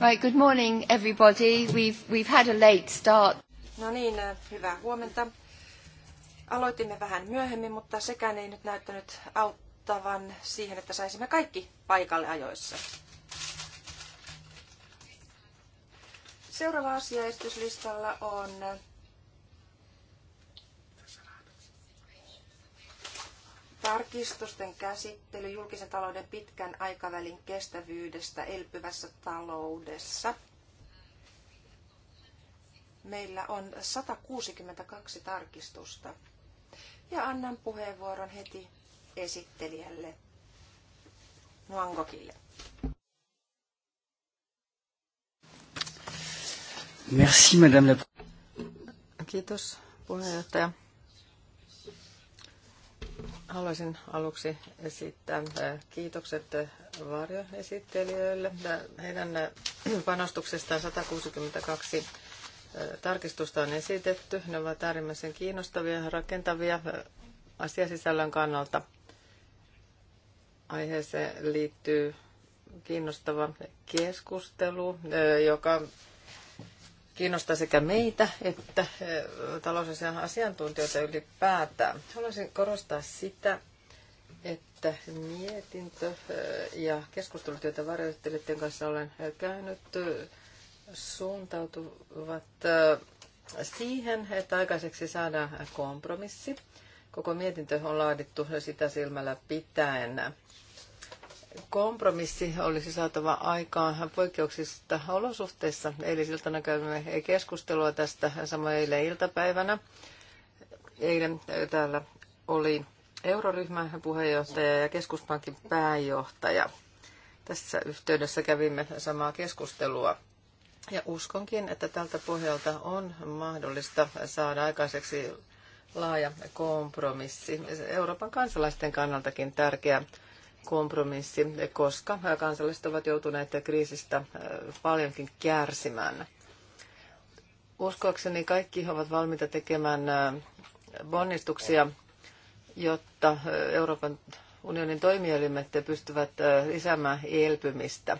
Right, good morning everybody. We've, we've had a late start. No niin, äh, hyvää huomenta. Aloitimme vähän myöhemmin, mutta sekään ei nyt näyttänyt auttavan siihen, että saisimme kaikki paikalle ajoissa. Seuraava asia esityslistalla on Tarkistusten käsittely julkisen talouden pitkän aikavälin kestävyydestä elpyvässä taloudessa. Meillä on 162 tarkistusta. Ja annan puheenvuoron heti esittelijälle Nuangokille. Merci, madame la... Kiitos puheenjohtaja. Haluaisin aluksi esittää äh, kiitokset äh, varjoesittelijöille äh, heidän panostuksestaan 162 tarkistusta on esitetty. Ne ovat äärimmäisen kiinnostavia, rakentavia asiasisällön kannalta. Aiheeseen liittyy kiinnostava keskustelu, joka kiinnostaa sekä meitä että talousasian asiantuntijoita ylipäätään. Haluaisin korostaa sitä, että mietintö ja keskustelut, joita varjoittelijoiden kanssa olen käynyt, suuntautuvat siihen, että aikaiseksi saadaan kompromissi. Koko mietintö on laadittu sitä silmällä pitäen kompromissi olisi saatava aikaan poikkeuksista olosuhteissa. Eilisiltana kävimme keskustelua tästä samoin eilen iltapäivänä. Eilen täällä oli euroryhmän puheenjohtaja ja keskuspankin pääjohtaja. Tässä yhteydessä kävimme samaa keskustelua. Ja uskonkin, että tältä pohjalta on mahdollista saada aikaiseksi laaja kompromissi. Euroopan kansalaisten kannaltakin tärkeä kompromissi, koska kansalaiset ovat joutuneet kriisistä paljonkin kärsimään. Uskoakseni kaikki ovat valmiita tekemään ponnistuksia, jotta Euroopan unionin toimielimet pystyvät lisäämään elpymistä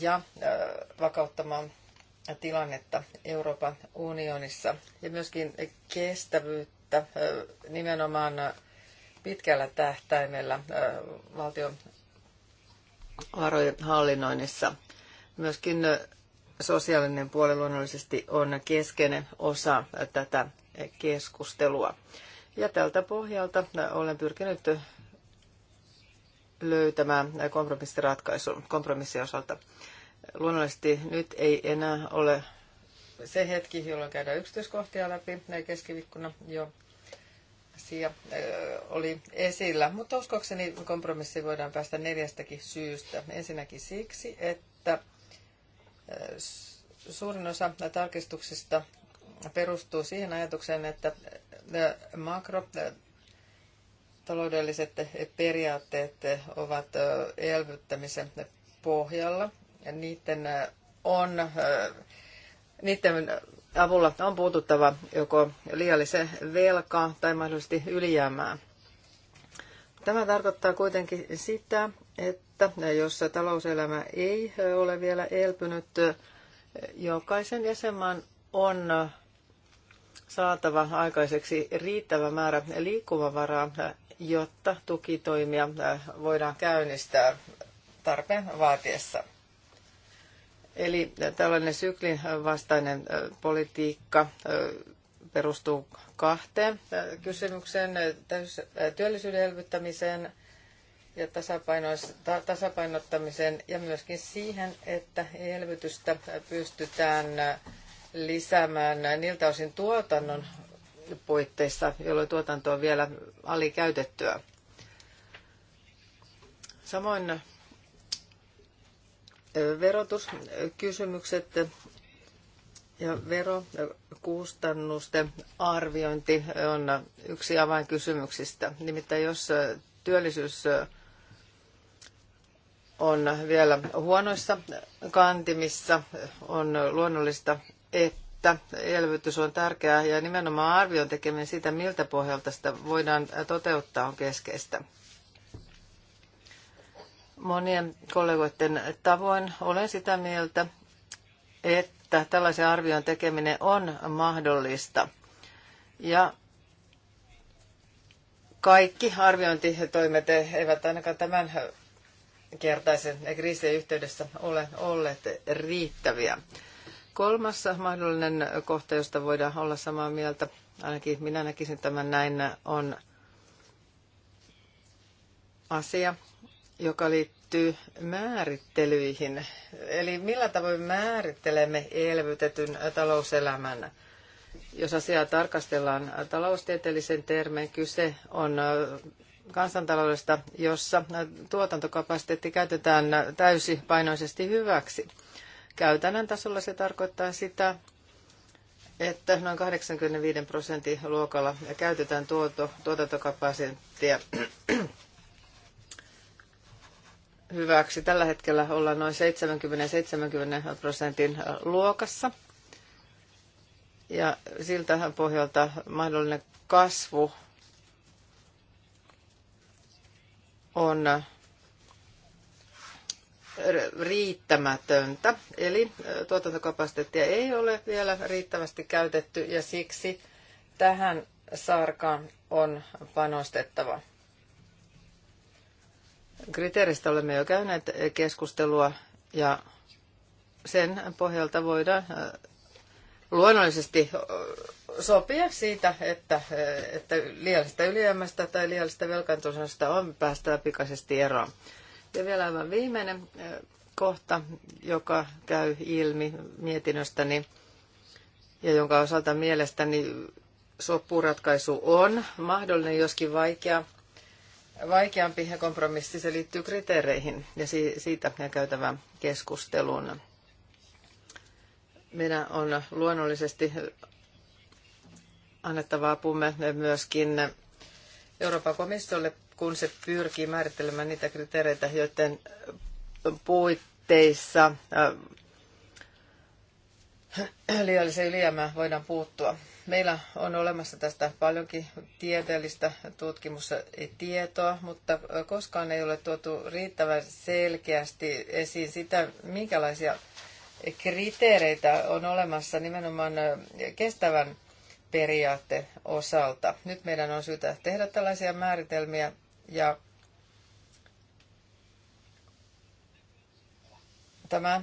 ja vakauttamaan tilannetta Euroopan unionissa ja myöskin kestävyyttä nimenomaan pitkällä tähtäimellä valtion varojen hallinnoinnissa. Myöskin sosiaalinen puoli luonnollisesti on keskeinen osa tätä keskustelua. Ja tältä pohjalta olen pyrkinyt löytämään kompromissiratkaisun kompromissin osalta. Luonnollisesti nyt ei enää ole se hetki, jolloin käydään yksityiskohtia läpi näin keskiviikkona jo asia oli esillä, mutta uskokseni kompromissi voidaan päästä neljästäkin syystä. Ensinnäkin siksi, että suurin osa tarkistuksista perustuu siihen ajatukseen, että makrotaloudelliset periaatteet ovat elvyttämisen pohjalla. ja Niiden on, niiden avulla on puututtava joko liialliseen velkaan tai mahdollisesti ylijäämään. Tämä tarkoittaa kuitenkin sitä, että jos talouselämä ei ole vielä elpynyt, jokaisen jäsenmaan on saatava aikaiseksi riittävä määrä liikkumavaraa, jotta tukitoimia voidaan käynnistää tarpeen vaatiessa. Eli tällainen syklin vastainen politiikka perustuu kahteen kysymykseen, työllisyyden elvyttämiseen ja tasapainottamiseen ja myöskin siihen, että elvytystä pystytään lisäämään niiltä osin tuotannon puitteissa, jolloin tuotanto on vielä alikäytettyä. Samoin verotuskysymykset ja verokustannusten arviointi on yksi avainkysymyksistä. Nimittäin jos työllisyys on vielä huonoissa kantimissa, on luonnollista, että elvytys on tärkeää ja nimenomaan arvion tekeminen siitä, miltä pohjalta sitä voidaan toteuttaa, on keskeistä monien kollegoiden tavoin olen sitä mieltä, että tällaisen arvion tekeminen on mahdollista. Ja kaikki arviointitoimet eivät ainakaan tämän kertaisen kriisin yhteydessä ole olleet riittäviä. Kolmas mahdollinen kohta, josta voidaan olla samaa mieltä, ainakin minä näkisin tämän näin, on asia, joka liittyy määrittelyihin. Eli millä tavoin määrittelemme elvytetyn talouselämän? Jos asiaa tarkastellaan taloustieteellisen termeen, kyse on kansantaloudesta, jossa tuotantokapasiteetti käytetään täysipainoisesti hyväksi. Käytännön tasolla se tarkoittaa sitä, että noin 85 prosentin luokalla käytetään tuoto, tuotantokapasiteettia hyväksi. Tällä hetkellä ollaan noin 70-70 prosentin luokassa. Ja siltä pohjalta mahdollinen kasvu on riittämätöntä. Eli tuotantokapasiteettia ei ole vielä riittävästi käytetty ja siksi tähän sarkaan on panostettava. Kriteeristä olemme jo käyneet keskustelua ja sen pohjalta voidaan luonnollisesti sopia siitä, että, että liiallisesta ylijäämästä tai liiallisesta velkaantumisesta on päästävä pikaisesti eroon. Ja vielä aivan viimeinen kohta, joka käy ilmi mietinnöstäni ja jonka osalta mielestäni sopuratkaisu on mahdollinen, joskin vaikea – vaikeampi kompromissi, se liittyy kriteereihin ja siitä käytävään keskusteluun. Meidän on luonnollisesti annettava apumme myöskin Euroopan komissiolle, kun se pyrkii määrittelemään niitä kriteereitä, joiden puitteissa äh, liialliseen ylijäämään voidaan puuttua. Meillä on olemassa tästä paljonkin tieteellistä tutkimustietoa, mutta koskaan ei ole tuotu riittävän selkeästi esiin sitä, minkälaisia kriteereitä on olemassa nimenomaan kestävän periaatteen osalta. Nyt meidän on syytä tehdä tällaisia määritelmiä ja tämä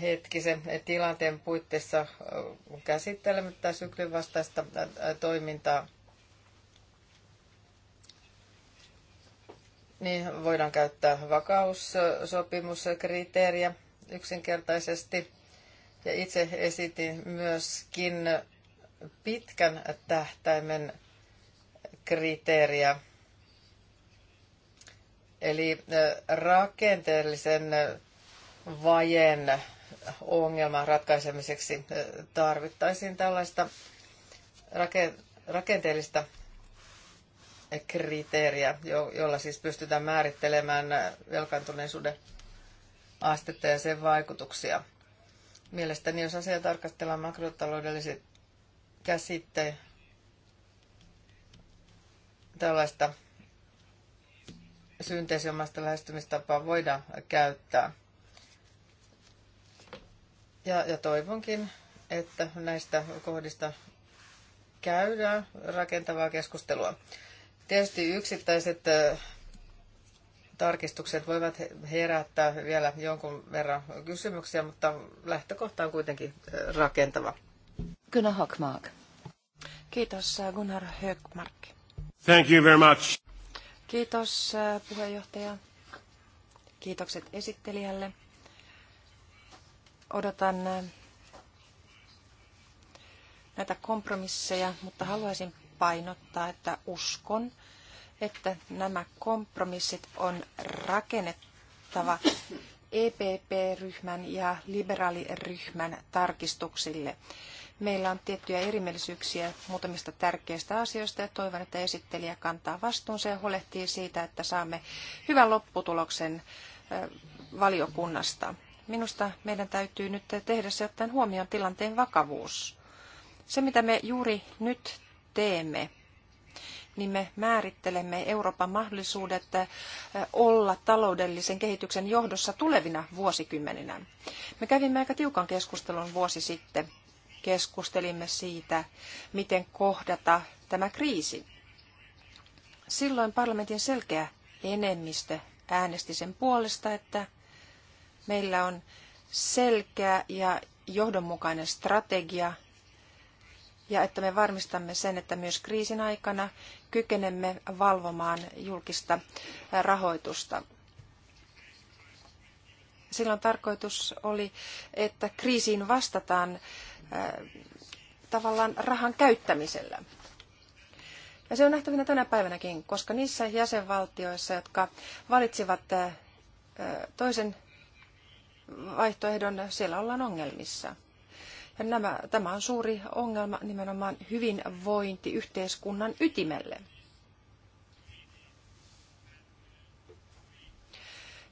hetkisen tilanteen puitteissa käsittelemme tätä syklin vastaista toimintaa, niin voidaan käyttää vakaussopimuskriteeriä yksinkertaisesti. Ja itse esitin myöskin pitkän tähtäimen kriteeriä, eli rakenteellisen vajen ongelman ratkaisemiseksi tarvittaisiin tällaista rakenteellista kriteeriä, jolla siis pystytään määrittelemään velkaantuneisuuden astetta ja sen vaikutuksia. Mielestäni jos asiaa tarkastellaan makrotaloudellisesti, käsitteen tällaista synteesiomasta lähestymistapaa voidaan käyttää. Ja, ja toivonkin, että näistä kohdista käydään rakentavaa keskustelua. Tietysti yksittäiset tarkistukset voivat herättää vielä jonkun verran kysymyksiä, mutta lähtökohta on kuitenkin rakentava. Gunnar Höckmark. Kiitos Gunnar Hökmark. Thank you very much. Kiitos puheenjohtaja. Kiitokset esittelijälle odotan äh, näitä kompromisseja, mutta haluaisin painottaa, että uskon, että nämä kompromissit on rakennettava EPP-ryhmän ja liberaaliryhmän tarkistuksille. Meillä on tiettyjä erimielisyyksiä muutamista tärkeistä asioista ja toivon, että esittelijä kantaa vastuunsa ja huolehtii siitä, että saamme hyvän lopputuloksen äh, valiokunnasta minusta meidän täytyy nyt tehdä se ottaen huomioon tilanteen vakavuus. Se, mitä me juuri nyt teemme, niin me määrittelemme Euroopan mahdollisuudet äh, olla taloudellisen kehityksen johdossa tulevina vuosikymmeninä. Me kävimme aika tiukan keskustelun vuosi sitten. Keskustelimme siitä, miten kohdata tämä kriisi. Silloin parlamentin selkeä enemmistö äänesti sen puolesta, että meillä on selkeä ja johdonmukainen strategia ja että me varmistamme sen, että myös kriisin aikana kykenemme valvomaan julkista rahoitusta. Silloin tarkoitus oli, että kriisiin vastataan tavallaan rahan käyttämisellä. Ja se on nähtävinä tänä päivänäkin, koska niissä jäsenvaltioissa, jotka valitsivat toisen vaihtoehdon, siellä ollaan ongelmissa. Ja nämä, tämä on suuri ongelma nimenomaan hyvinvointi yhteiskunnan ytimelle.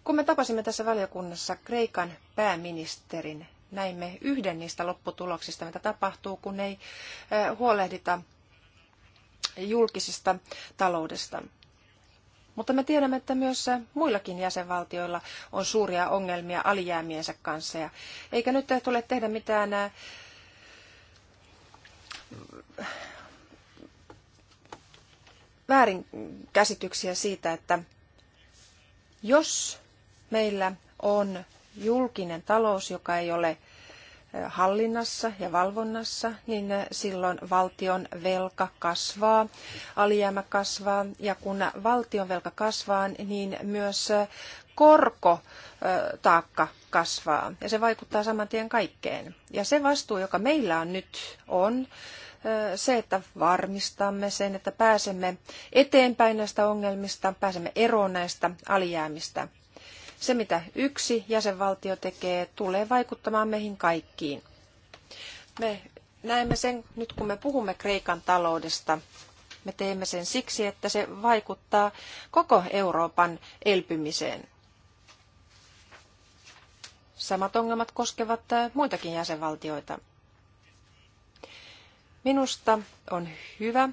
Kun me tapasimme tässä valiokunnassa Kreikan pääministerin, näimme yhden niistä lopputuloksista, mitä tapahtuu, kun ei eh, huolehdita julkisesta taloudesta. Mutta me tiedämme, että myös muillakin jäsenvaltioilla on suuria ongelmia alijäämiensä kanssa. Ja eikä nyt tule tehdä mitään äh, väärinkäsityksiä siitä, että jos meillä on julkinen talous, joka ei ole hallinnassa ja valvonnassa, niin silloin valtion velka kasvaa, alijäämä kasvaa ja kun valtion velka kasvaa, niin myös korkotaakka kasvaa ja se vaikuttaa saman tien kaikkeen. Ja se vastuu, joka meillä on nyt, on se, että varmistamme sen, että pääsemme eteenpäin näistä ongelmista, pääsemme eroon näistä alijäämistä. Se, mitä yksi jäsenvaltio tekee, tulee vaikuttamaan meihin kaikkiin. Me näemme sen nyt, kun me puhumme Kreikan taloudesta. Me teemme sen siksi, että se vaikuttaa koko Euroopan elpymiseen. Samat ongelmat koskevat äh, muitakin jäsenvaltioita. Minusta on hyvä,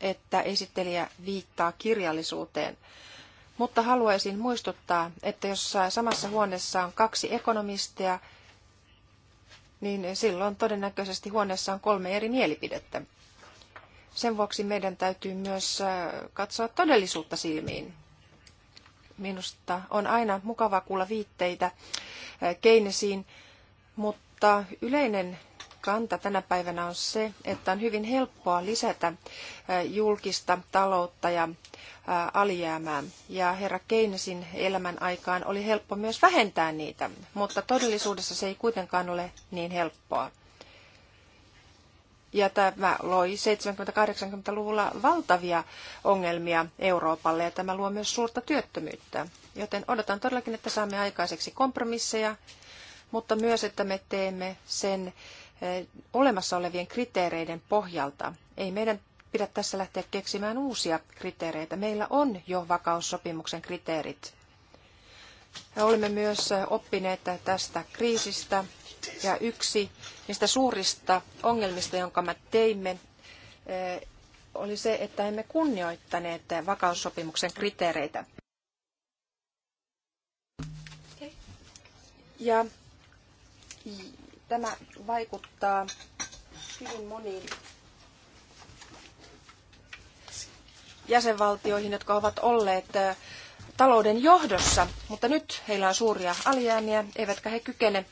että esittelijä viittaa kirjallisuuteen. Mutta haluaisin muistuttaa, että jos samassa huoneessa on kaksi ekonomistia, niin silloin todennäköisesti huoneessa on kolme eri mielipidettä. Sen vuoksi meidän täytyy myös äh, katsoa todellisuutta silmiin. Minusta on aina mukava kuulla viitteitä äh, Keinesiin, mutta yleinen kanta tänä päivänä on se, että on hyvin helppoa lisätä julkista taloutta ja alijäämää. Ja herra Keynesin elämän aikaan oli helppo myös vähentää niitä, mutta todellisuudessa se ei kuitenkaan ole niin helppoa. Ja tämä loi 70-80-luvulla valtavia ongelmia Euroopalle ja tämä luo myös suurta työttömyyttä. Joten odotan todellakin, että saamme aikaiseksi kompromisseja, mutta myös, että me teemme sen Eh, olemassa olevien kriteereiden pohjalta. Ei meidän pidä tässä lähteä keksimään uusia kriteereitä. Meillä on jo vakaussopimuksen kriteerit. Ja olemme myös eh, oppineet tästä kriisistä ja yksi niistä suurista ongelmista, jonka me teimme, eh, oli se, että emme kunnioittaneet vakaussopimuksen kriteereitä. Ja Tämä vaikuttaa hyvin moniin jäsenvaltioihin, jotka ovat olleet talouden johdossa, mutta nyt heillä on suuria alijäämiä, eivätkä he kykene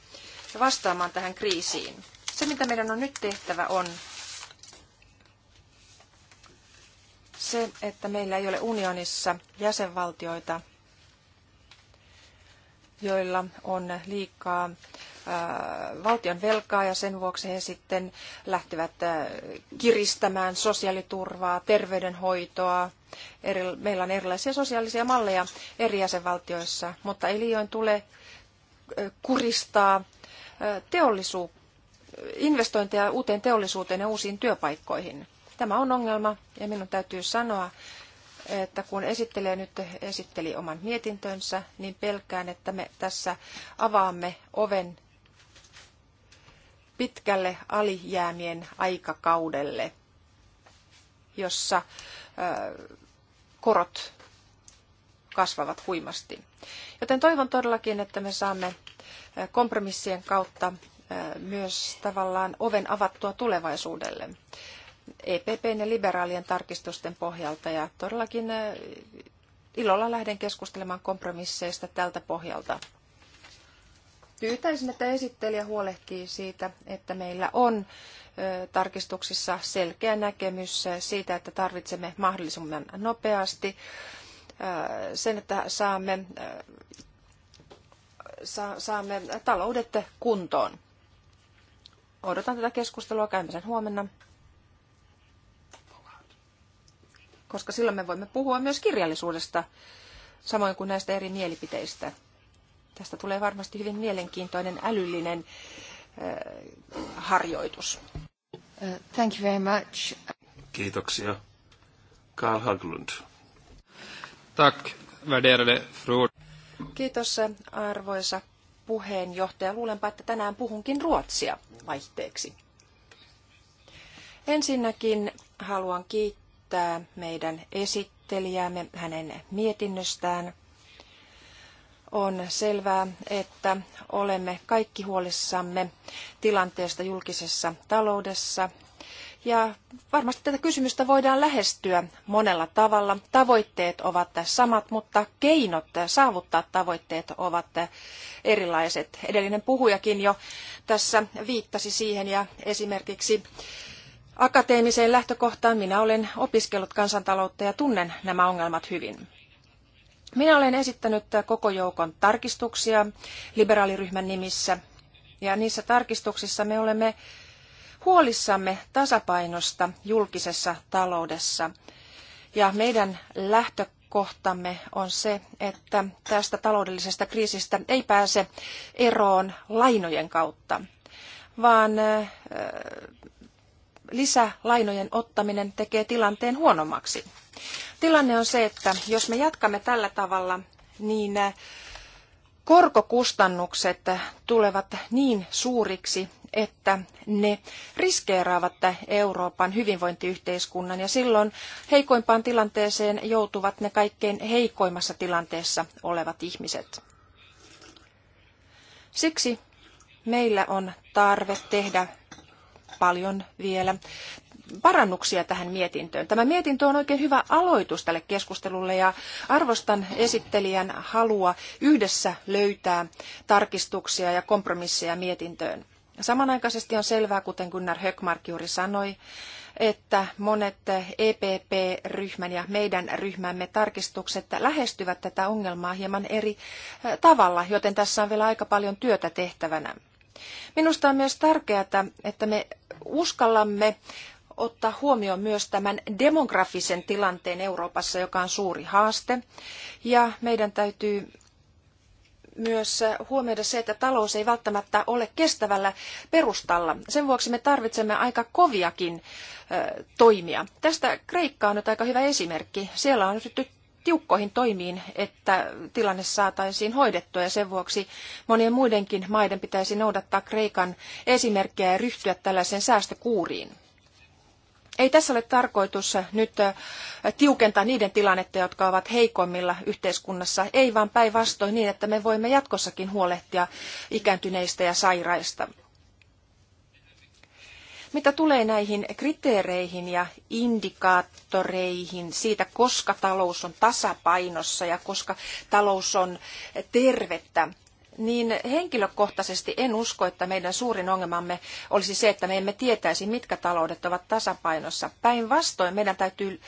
vastaamaan tähän kriisiin. Se, mitä meidän on nyt tehtävä, on se, että meillä ei ole unionissa jäsenvaltioita, joilla on liikaa Äh, valtion velkaa ja sen vuoksi he sitten lähtevät äh, kiristämään sosiaaliturvaa, terveydenhoitoa. meillä on erilaisia sosiaalisia malleja eri jäsenvaltioissa, mutta ei liioin tule äh, kuristaa teollisuus, investointeja uuteen teollisuuteen ja uusiin työpaikkoihin. Tämä on ongelma ja minun täytyy sanoa, että kun esittelee nyt esitteli oman mietintönsä, niin pelkään, että me tässä avaamme oven pitkälle alijäämien aikakaudelle, jossa korot kasvavat huimasti. Joten toivon todellakin, että me saamme kompromissien kautta myös tavallaan oven avattua tulevaisuudelle. EPPn ja liberaalien tarkistusten pohjalta ja todellakin ilolla lähden keskustelemaan kompromisseista tältä pohjalta pyytäisin, että esittelijä huolehtii siitä, että meillä on tarkistuksissa selkeä näkemys siitä, että tarvitsemme mahdollisimman nopeasti sen, että saamme, saamme taloudet kuntoon. Odotan tätä keskustelua, käymme sen huomenna, koska silloin me voimme puhua myös kirjallisuudesta, samoin kuin näistä eri mielipiteistä – Tästä tulee varmasti hyvin mielenkiintoinen älyllinen äh, harjoitus. Uh, thank you very much. Kiitoksia. Karl Haglund. Tack, värderade fru. Kiitos arvoisa puheenjohtaja. Luulenpa, että tänään puhunkin ruotsia vaihteeksi. Ensinnäkin haluan kiittää meidän esittelijäämme hänen mietinnöstään – on selvää, että olemme kaikki huolissamme tilanteesta julkisessa taloudessa. Ja varmasti tätä kysymystä voidaan lähestyä monella tavalla. Tavoitteet ovat samat, mutta keinot saavuttaa tavoitteet ovat erilaiset. Edellinen puhujakin jo tässä viittasi siihen ja esimerkiksi akateemiseen lähtökohtaan minä olen opiskellut kansantaloutta ja tunnen nämä ongelmat hyvin. Minä olen esittänyt koko joukon tarkistuksia liberaaliryhmän nimissä, ja niissä tarkistuksissa me olemme huolissamme tasapainosta julkisessa taloudessa. Ja meidän lähtökohtamme on se, että tästä taloudellisesta kriisistä ei pääse eroon lainojen kautta, vaan lisälainojen ottaminen tekee tilanteen huonommaksi. Tilanne on se, että jos me jatkamme tällä tavalla, niin korkokustannukset tulevat niin suuriksi, että ne riskeeraavat Euroopan hyvinvointiyhteiskunnan ja silloin heikoimpaan tilanteeseen joutuvat ne kaikkein heikoimmassa tilanteessa olevat ihmiset. Siksi meillä on tarve tehdä paljon vielä parannuksia tähän mietintöön. Tämä mietintö on oikein hyvä aloitus tälle keskustelulle ja arvostan esittelijän halua yhdessä löytää tarkistuksia ja kompromisseja mietintöön. Samanaikaisesti on selvää, kuten Gunnar Höckmark juuri sanoi, että monet EPP-ryhmän ja meidän ryhmämme tarkistukset lähestyvät tätä ongelmaa hieman eri tavalla, joten tässä on vielä aika paljon työtä tehtävänä. Minusta on myös tärkeää, että me uskallamme ottaa huomioon myös tämän demografisen tilanteen Euroopassa, joka on suuri haaste. Ja meidän täytyy myös huomioida se, että talous ei välttämättä ole kestävällä perustalla. Sen vuoksi me tarvitsemme aika koviakin toimia. Tästä Kreikka on nyt aika hyvä esimerkki. Siellä on ryhdytty tiukkoihin toimiin, että tilanne saataisiin hoidettua ja sen vuoksi monien muidenkin maiden pitäisi noudattaa Kreikan esimerkkiä ja ryhtyä tällaiseen säästökuuriin. Ei tässä ole tarkoitus nyt äh, tiukentaa niiden tilannetta, jotka ovat heikoimmilla yhteiskunnassa, ei vaan päinvastoin niin, että me voimme jatkossakin huolehtia ikääntyneistä ja sairaista. Mitä tulee näihin kriteereihin ja indikaattoreihin siitä, koska talous on tasapainossa ja koska talous on tervettä, niin henkilökohtaisesti en usko, että meidän suurin ongelmamme olisi se, että me emme tietäisi, mitkä taloudet ovat tasapainossa. Päinvastoin meidän täytyy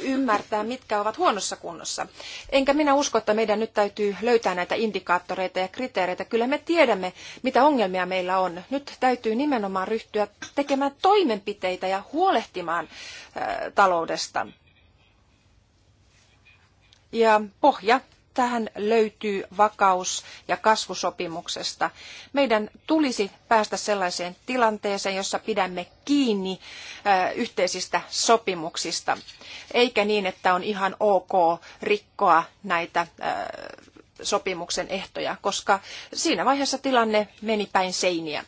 ymmärtää, mitkä ovat huonossa kunnossa. Enkä minä usko, että meidän nyt täytyy löytää näitä indikaattoreita ja kriteereitä. Kyllä me tiedämme, mitä ongelmia meillä on. Nyt täytyy nimenomaan ryhtyä tekemään toimenpiteitä ja huolehtimaan taloudesta. Ja pohja tähän löytyy vakaus- ja kasvusopimuksesta. Meidän tulisi päästä sellaiseen tilanteeseen, jossa pidämme kiinni yhteisistä sopimuksista, eikä niin, että on ihan ok rikkoa näitä sopimuksen ehtoja, koska siinä vaiheessa tilanne meni päin seiniä.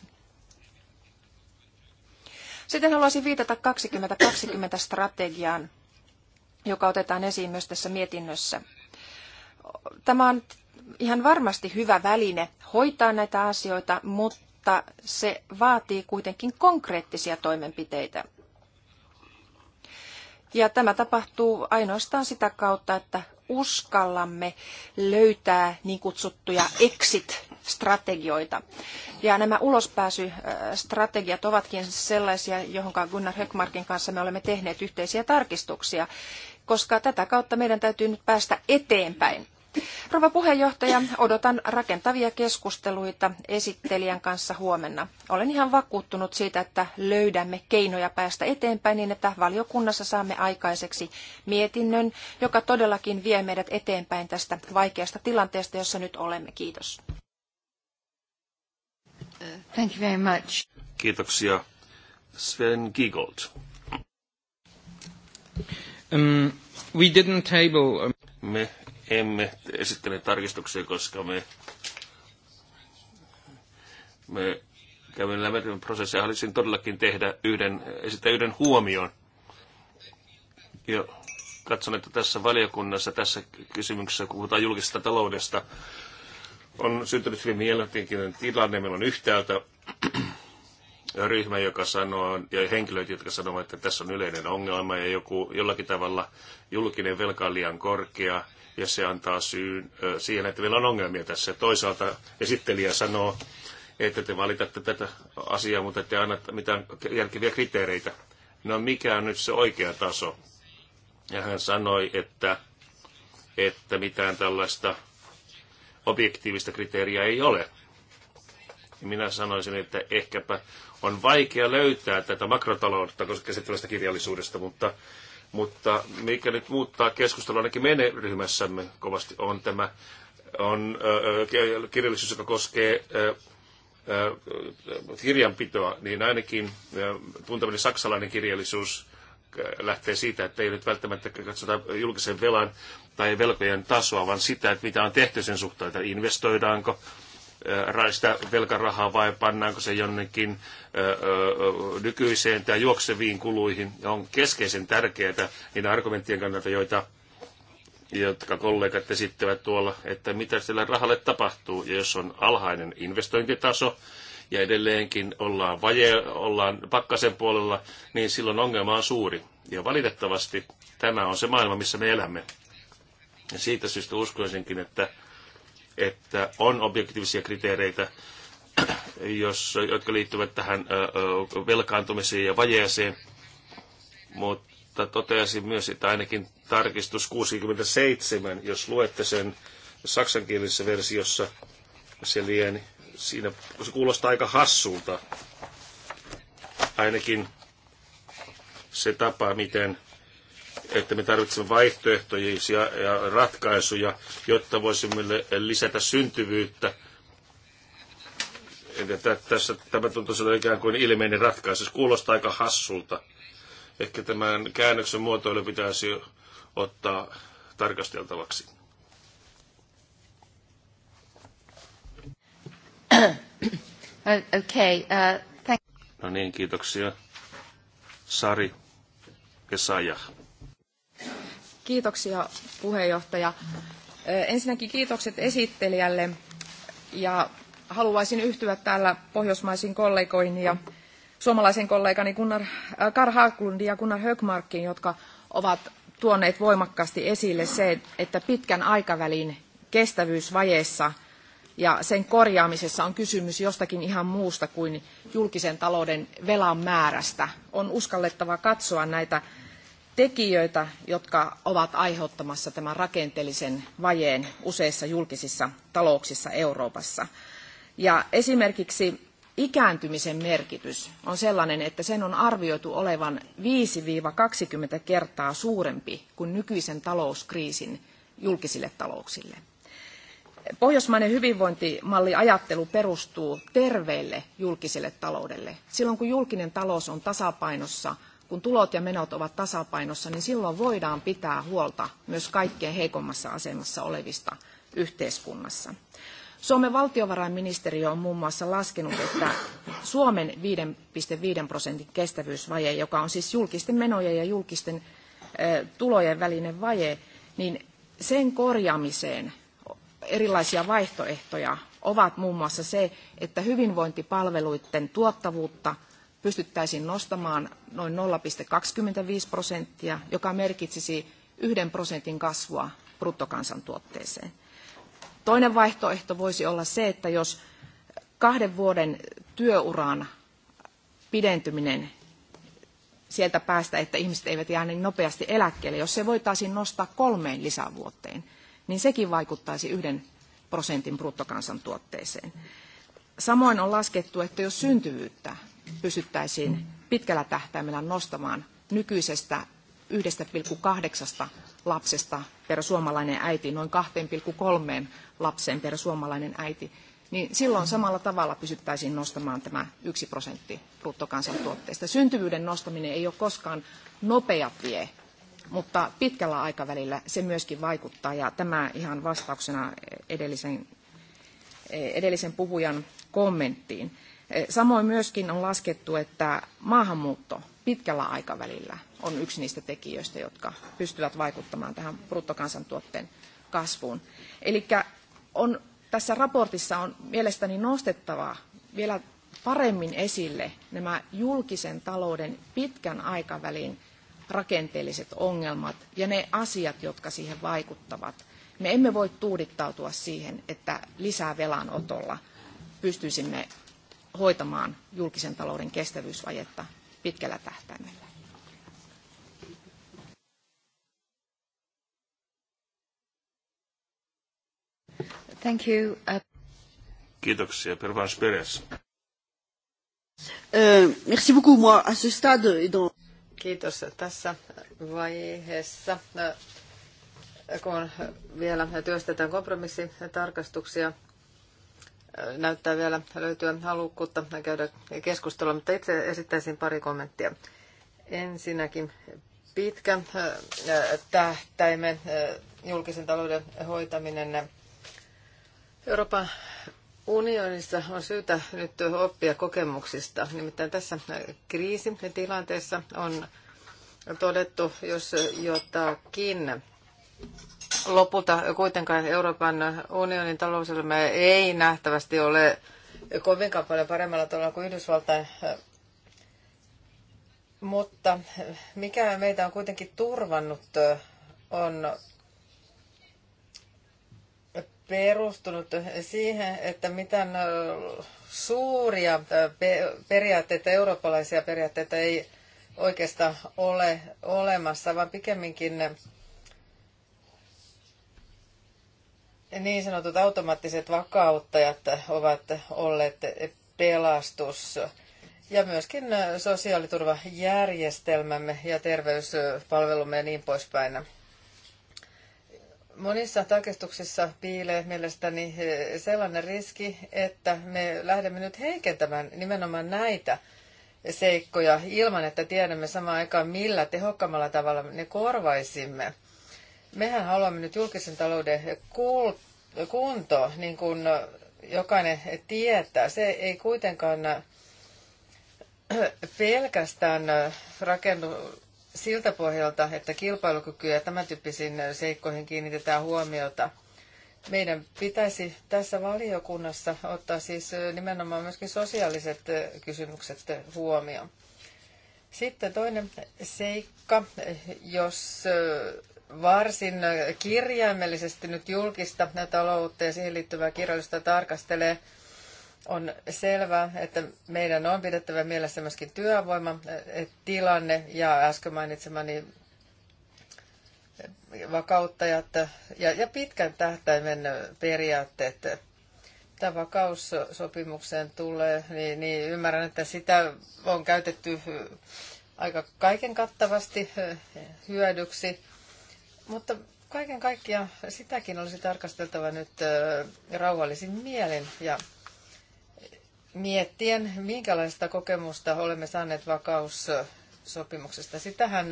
Sitten haluaisin viitata 2020 strategiaan, joka otetaan esiin myös tässä mietinnössä. Tämä on ihan varmasti hyvä väline hoitaa näitä asioita, mutta se vaatii kuitenkin konkreettisia toimenpiteitä. Ja tämä tapahtuu ainoastaan sitä kautta, että uskallamme löytää niin kutsuttuja exit-strategioita. Ja nämä ulospääsystrategiat ovatkin sellaisia, johon Gunnar Höckmarkin kanssa me olemme tehneet yhteisiä tarkistuksia koska tätä kautta meidän täytyy nyt päästä eteenpäin. Rova puheenjohtaja, odotan rakentavia keskusteluita esittelijän kanssa huomenna. Olen ihan vakuuttunut siitä, että löydämme keinoja päästä eteenpäin niin, että valiokunnassa saamme aikaiseksi mietinnön, joka todellakin vie meidät eteenpäin tästä vaikeasta tilanteesta, jossa nyt olemme. Kiitos. Thank you very much. Kiitoksia. Sven Giegold. Um, we didn't table... Um, me emme esittele tarkistuksia, koska me, me kävin läpi ja Haluaisin todellakin tehdä yhden, esittää yhden huomion. Jo. katson, että tässä valiokunnassa, tässä kysymyksessä, kun puhutaan julkisesta taloudesta, on syntynyt hyvin mielenkiintoinen tilanne. Meillä on yhtäältä ryhmä, joka sanoo, ja henkilöitä, jotka sanovat, että tässä on yleinen ongelma ja joku, jollakin tavalla julkinen velka on liian korkea, ja se antaa syyn siihen, että meillä on ongelmia tässä. Toisaalta esittelijä sanoo, että te valitatte tätä asiaa, mutta ette anna mitään järkeviä kriteereitä. No mikä on nyt se oikea taso? Ja hän sanoi, että, että mitään tällaista objektiivista kriteeriä ei ole niin minä sanoisin, että ehkäpä on vaikea löytää tätä makrotaloutta käsittelevästä kirjallisuudesta, mutta, mutta mikä nyt muuttaa keskustelua ainakin meidän ryhmässämme kovasti on tämä on äh, kirjallisuus, joka koskee äh, kirjanpitoa, niin ainakin tuntemani saksalainen kirjallisuus lähtee siitä, että ei nyt välttämättä katsota julkisen velan tai velkojen tasoa, vaan sitä, että mitä on tehty sen suhteen, että investoidaanko, sitä velkarahaa vai pannaanko se jonnekin nykyiseen tai juokseviin kuluihin. Ja on keskeisen tärkeää niiden argumenttien kannalta, joita jotka kollegat esittävät tuolla, että mitä sillä rahalle tapahtuu, ja jos on alhainen investointitaso, ja edelleenkin ollaan, vaje, ollaan pakkasen puolella, niin silloin ongelma on suuri. Ja valitettavasti tämä on se maailma, missä me elämme. Ja siitä syystä uskoisinkin, että että on objektiivisia kriteereitä, jos, jotka liittyvät tähän velkaantumiseen ja vajeeseen, mutta toteaisin myös, että ainakin tarkistus 67, jos luette sen saksankielisessä versiossa, se lieni, siinä se kuulostaa aika hassulta. Ainakin se tapa, miten että me tarvitsemme vaihtoehtoja ja ratkaisuja, jotta voisimme lisätä syntyvyyttä. Että tässä, tämä tuntuu ikään kuin ilmeinen ratkaisu. Se kuulostaa aika hassulta. Ehkä tämän käännöksen muotoilu pitäisi ottaa tarkasteltavaksi. okay, uh, thank- no niin, kiitoksia. Sari Kesajah. Kiitoksia puheenjohtaja. Ensinnäkin kiitokset esittelijälle ja haluaisin yhtyä täällä pohjoismaisiin kollegoihin ja suomalaisen kollegani Gunnar, Karl Haglundin ja Gunnar Högmarkin, jotka ovat tuoneet voimakkaasti esille se, että pitkän aikavälin kestävyysvajeessa ja sen korjaamisessa on kysymys jostakin ihan muusta kuin julkisen talouden velan määrästä. On uskallettava katsoa näitä tekijöitä, jotka ovat aiheuttamassa tämän rakenteellisen vajeen useissa julkisissa talouksissa Euroopassa. Ja esimerkiksi ikääntymisen merkitys on sellainen, että sen on arvioitu olevan 5-20 kertaa suurempi kuin nykyisen talouskriisin julkisille talouksille. Pohjoismainen hyvinvointimalliajattelu perustuu terveelle julkiselle taloudelle. Silloin kun julkinen talous on tasapainossa, kun tulot ja menot ovat tasapainossa, niin silloin voidaan pitää huolta myös kaikkein heikommassa asemassa olevista yhteiskunnassa. Suomen valtiovarainministeriö on muun muassa laskenut, että Suomen 5,5 prosentin kestävyysvaje, joka on siis julkisten menojen ja julkisten tulojen välinen vaje, niin sen korjaamiseen erilaisia vaihtoehtoja ovat muun muassa se, että hyvinvointipalveluiden tuottavuutta pystyttäisiin nostamaan noin 0,25 prosenttia, joka merkitsisi yhden prosentin kasvua bruttokansantuotteeseen. Toinen vaihtoehto voisi olla se, että jos kahden vuoden työuran pidentyminen sieltä päästä, että ihmiset eivät jää niin nopeasti eläkkeelle, jos se voitaisiin nostaa kolmeen lisävuoteen, niin sekin vaikuttaisi yhden prosentin bruttokansantuotteeseen. Samoin on laskettu, että jos syntyvyyttä pysyttäisiin pitkällä tähtäimellä nostamaan nykyisestä 1,8 lapsesta per suomalainen äiti noin 2,3 lapseen per suomalainen äiti, niin silloin samalla tavalla pysyttäisiin nostamaan tämä yksi prosentti bruttokansantuotteesta. Syntyvyyden nostaminen ei ole koskaan nopea tie, mutta pitkällä aikavälillä se myöskin vaikuttaa ja tämä ihan vastauksena edellisen, edellisen puhujan kommenttiin. Eh, samoin myöskin on laskettu, että maahanmuutto pitkällä aikavälillä on yksi niistä tekijöistä, jotka pystyvät vaikuttamaan tähän bruttokansantuotteen kasvuun. Eli on, tässä raportissa on mielestäni nostettava vielä paremmin esille nämä julkisen talouden pitkän aikavälin rakenteelliset ongelmat ja ne asiat, jotka siihen vaikuttavat. Me emme voi tuudittautua siihen, että lisää velanotolla pystyisimme hoitamaan julkisen talouden kestävyysvajetta pitkällä tähtäimellä. Thank you. Uh, Kiitoksia. Pervans Peres. Uh, merci beaucoup. Moi, à ce stade et dans... Kiitos tässä vaiheessa. Uh, kun vielä työstetään kompromissitarkastuksia, näyttää vielä löytyä halukkuutta käydä keskustelua, mutta itse esittäisin pari kommenttia. Ensinnäkin pitkän tähtäimen julkisen talouden hoitaminen Euroopan unionissa on syytä nyt oppia kokemuksista. Nimittäin tässä kriisitilanteessa on todettu, jos jotakin Lopulta kuitenkaan Euroopan unionin talouselämä ei nähtävästi ole kovinkaan paljon paremmalla tavalla kuin Yhdysvaltain. Mutta mikä meitä on kuitenkin turvannut, on perustunut siihen, että mitään suuria periaatteita, eurooppalaisia periaatteita ei oikeastaan ole olemassa, vaan pikemminkin niin sanotut automaattiset vakauttajat ovat olleet pelastus. Ja myöskin sosiaaliturvajärjestelmämme ja terveyspalvelumme ja niin poispäin. Monissa tarkistuksissa piilee mielestäni sellainen riski, että me lähdemme nyt heikentämään nimenomaan näitä seikkoja ilman, että tiedämme samaan aikaan, millä tehokkaammalla tavalla ne korvaisimme – Mehän haluamme nyt julkisen talouden kunto, niin kuin jokainen tietää. Se ei kuitenkaan pelkästään rakennu siltä pohjalta, että kilpailukykyä ja tämän tyyppisiin seikkoihin kiinnitetään huomiota. Meidän pitäisi tässä valiokunnassa ottaa siis nimenomaan myöskin sosiaaliset kysymykset huomioon. Sitten toinen seikka, jos varsin kirjaimellisesti nyt julkista taloutta ja siihen liittyvää kirjallisuutta tarkastelee, on selvää, että meidän on pidettävä mielessä myöskin työvoiman eh, tilanne ja äsken mainitsemani vakauttajat ja, ja pitkän tähtäimen periaatteet. Mitä vakaussopimukseen tulee, niin, niin ymmärrän, että sitä on käytetty aika kaiken kattavasti eh, hyödyksi. Mutta kaiken kaikkiaan sitäkin olisi tarkasteltava nyt rauhallisin mielin ja miettien, minkälaista kokemusta olemme saaneet vakaussopimuksesta. Sitähän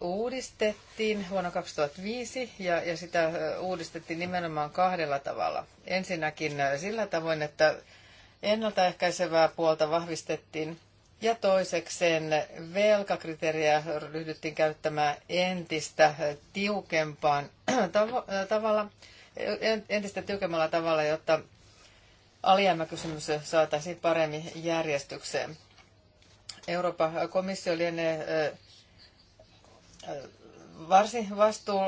uudistettiin vuonna 2005 ja, ja sitä uudistettiin nimenomaan kahdella tavalla. Ensinnäkin sillä tavoin, että ennaltaehkäisevää puolta vahvistettiin – ja toisekseen velkakriteeriä ryhdyttiin käyttämään entistä tiukempaan tavalla, entistä tiukemmalla tavalla, jotta alijäämäkysymys saataisiin paremmin järjestykseen. Euroopan komissio lienee varsin vastuu,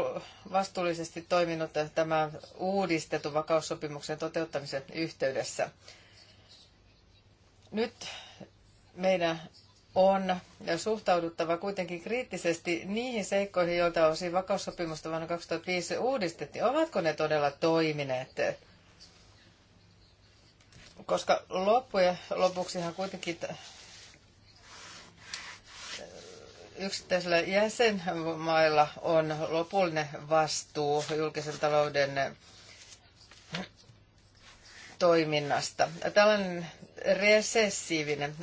vastuullisesti toiminut tämän uudistetun vakaussopimuksen toteuttamisen yhteydessä. Nyt meidän on suhtauduttava kuitenkin kriittisesti niihin seikkoihin, joilta osin vakaussopimusta vuonna 2005 uudistettiin. Ovatko ne todella toimineet? Koska loppujen lopuksihan kuitenkin yksittäisillä jäsenmailla on lopullinen vastuu julkisen talouden toiminnasta. Tällainen resessiivinen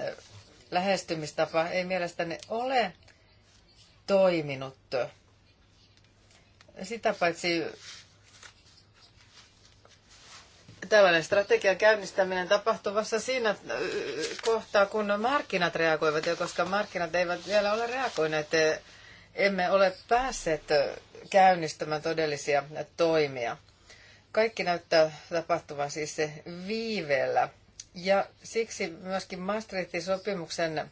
lähestymistapa ei mielestäni ole toiminut. Sitä paitsi tällainen strategian käynnistäminen tapahtuvassa siinä äh, kohtaa, kun markkinat reagoivat, ja koska markkinat eivät vielä ole reagoineet, emme ole päässeet käynnistämään todellisia toimia. Kaikki näyttää tapahtuvan siis se viiveellä. Ja siksi myöskin Maastrichtin sopimuksen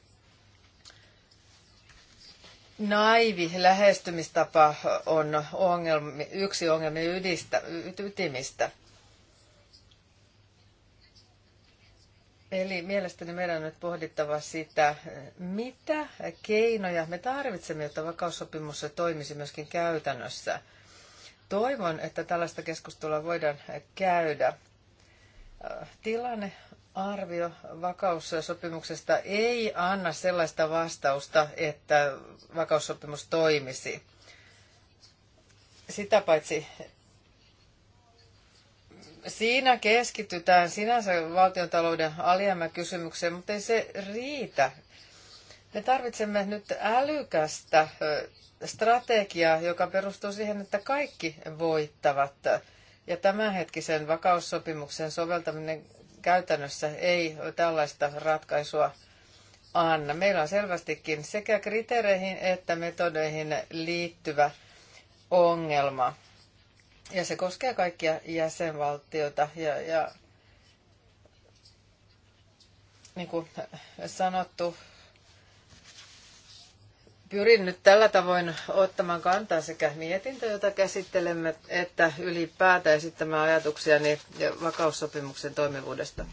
naivi lähestymistapa on ongelmi, yksi ongelmi ydistä, ytimistä. Eli mielestäni meidän on nyt pohdittava sitä, mitä keinoja me tarvitsemme, jotta vakaussopimus toimisi myöskin käytännössä. Toivon, että tällaista keskustelua voidaan käydä. Tilanne arvio vakaussopimuksesta ei anna sellaista vastausta, että vakaussopimus toimisi. Sitä paitsi siinä keskitytään sinänsä valtiontalouden alijäämäkysymykseen, mutta ei se riitä. Me tarvitsemme nyt älykästä strategiaa, joka perustuu siihen, että kaikki voittavat. Ja tämänhetkisen vakaussopimuksen soveltaminen käytännössä ei tällaista ratkaisua anna. Meillä on selvästikin sekä kriteereihin että metodeihin liittyvä ongelma. Ja se koskee kaikkia jäsenvaltioita. Ja, ja niin kuin sanottu, Pyrin nyt tällä tavoin ottamaan kantaa sekä mietintö, jota käsittelemme, että ylipäätään esittämään ajatuksiani vakaussopimuksen toimivuudesta.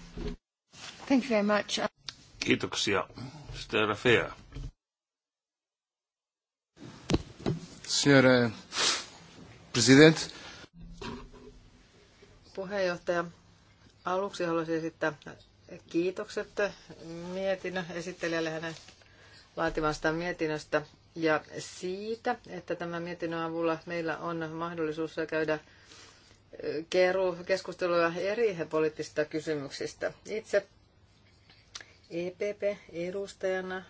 Thank you very much. Kiitoksia. Stella Fea. Signore President. Puheenjohtaja, aluksi haluaisin esittää kiitokset mietinnön esittelijälle hänen laativasta mietinnöstä ja siitä, että tämän mietinnön avulla meillä on mahdollisuus käydä keskustelua eri poliittisista kysymyksistä. Itse EPP-edustajana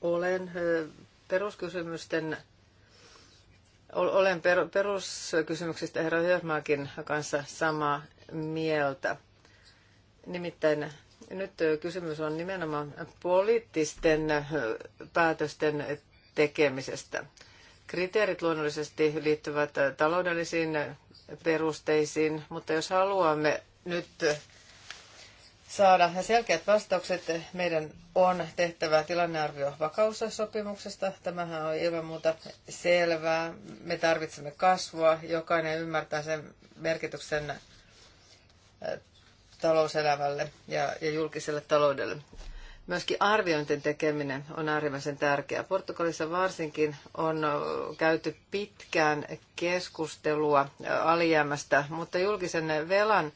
olen peruskysymysten olen peruskysymyksistä herra Hörmaakin kanssa samaa mieltä. Nimittäin nyt kysymys on nimenomaan poliittisten päätösten tekemisestä. Kriteerit luonnollisesti liittyvät taloudellisiin perusteisiin, mutta jos haluamme nyt saada selkeät vastaukset, meidän on tehtävä tilannearvio vakaussopimuksesta. Tämähän on ilman muuta selvää. Me tarvitsemme kasvua. Jokainen ymmärtää sen merkityksen talouselävälle ja, ja julkiselle taloudelle. Myöskin arviointien tekeminen on äärimmäisen tärkeää. Portugalissa varsinkin on käyty pitkään keskustelua alijäämästä, mutta julkisen velan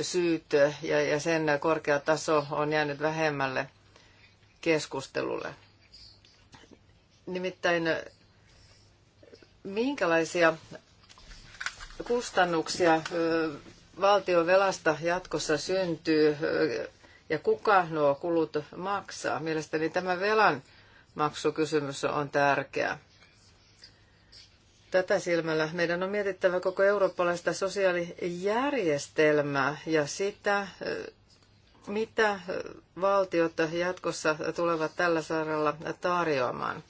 syyt ja, ja sen korkea taso on jäänyt vähemmälle keskustelulle. Nimittäin minkälaisia kustannuksia valtiovelasta jatkossa syntyy ja kuka nuo kulut maksaa. Mielestäni tämä velan maksukysymys on tärkeä. Tätä silmällä meidän on mietittävä koko eurooppalaista sosiaalijärjestelmää ja sitä, mitä valtiot jatkossa tulevat tällä saaralla tarjoamaan.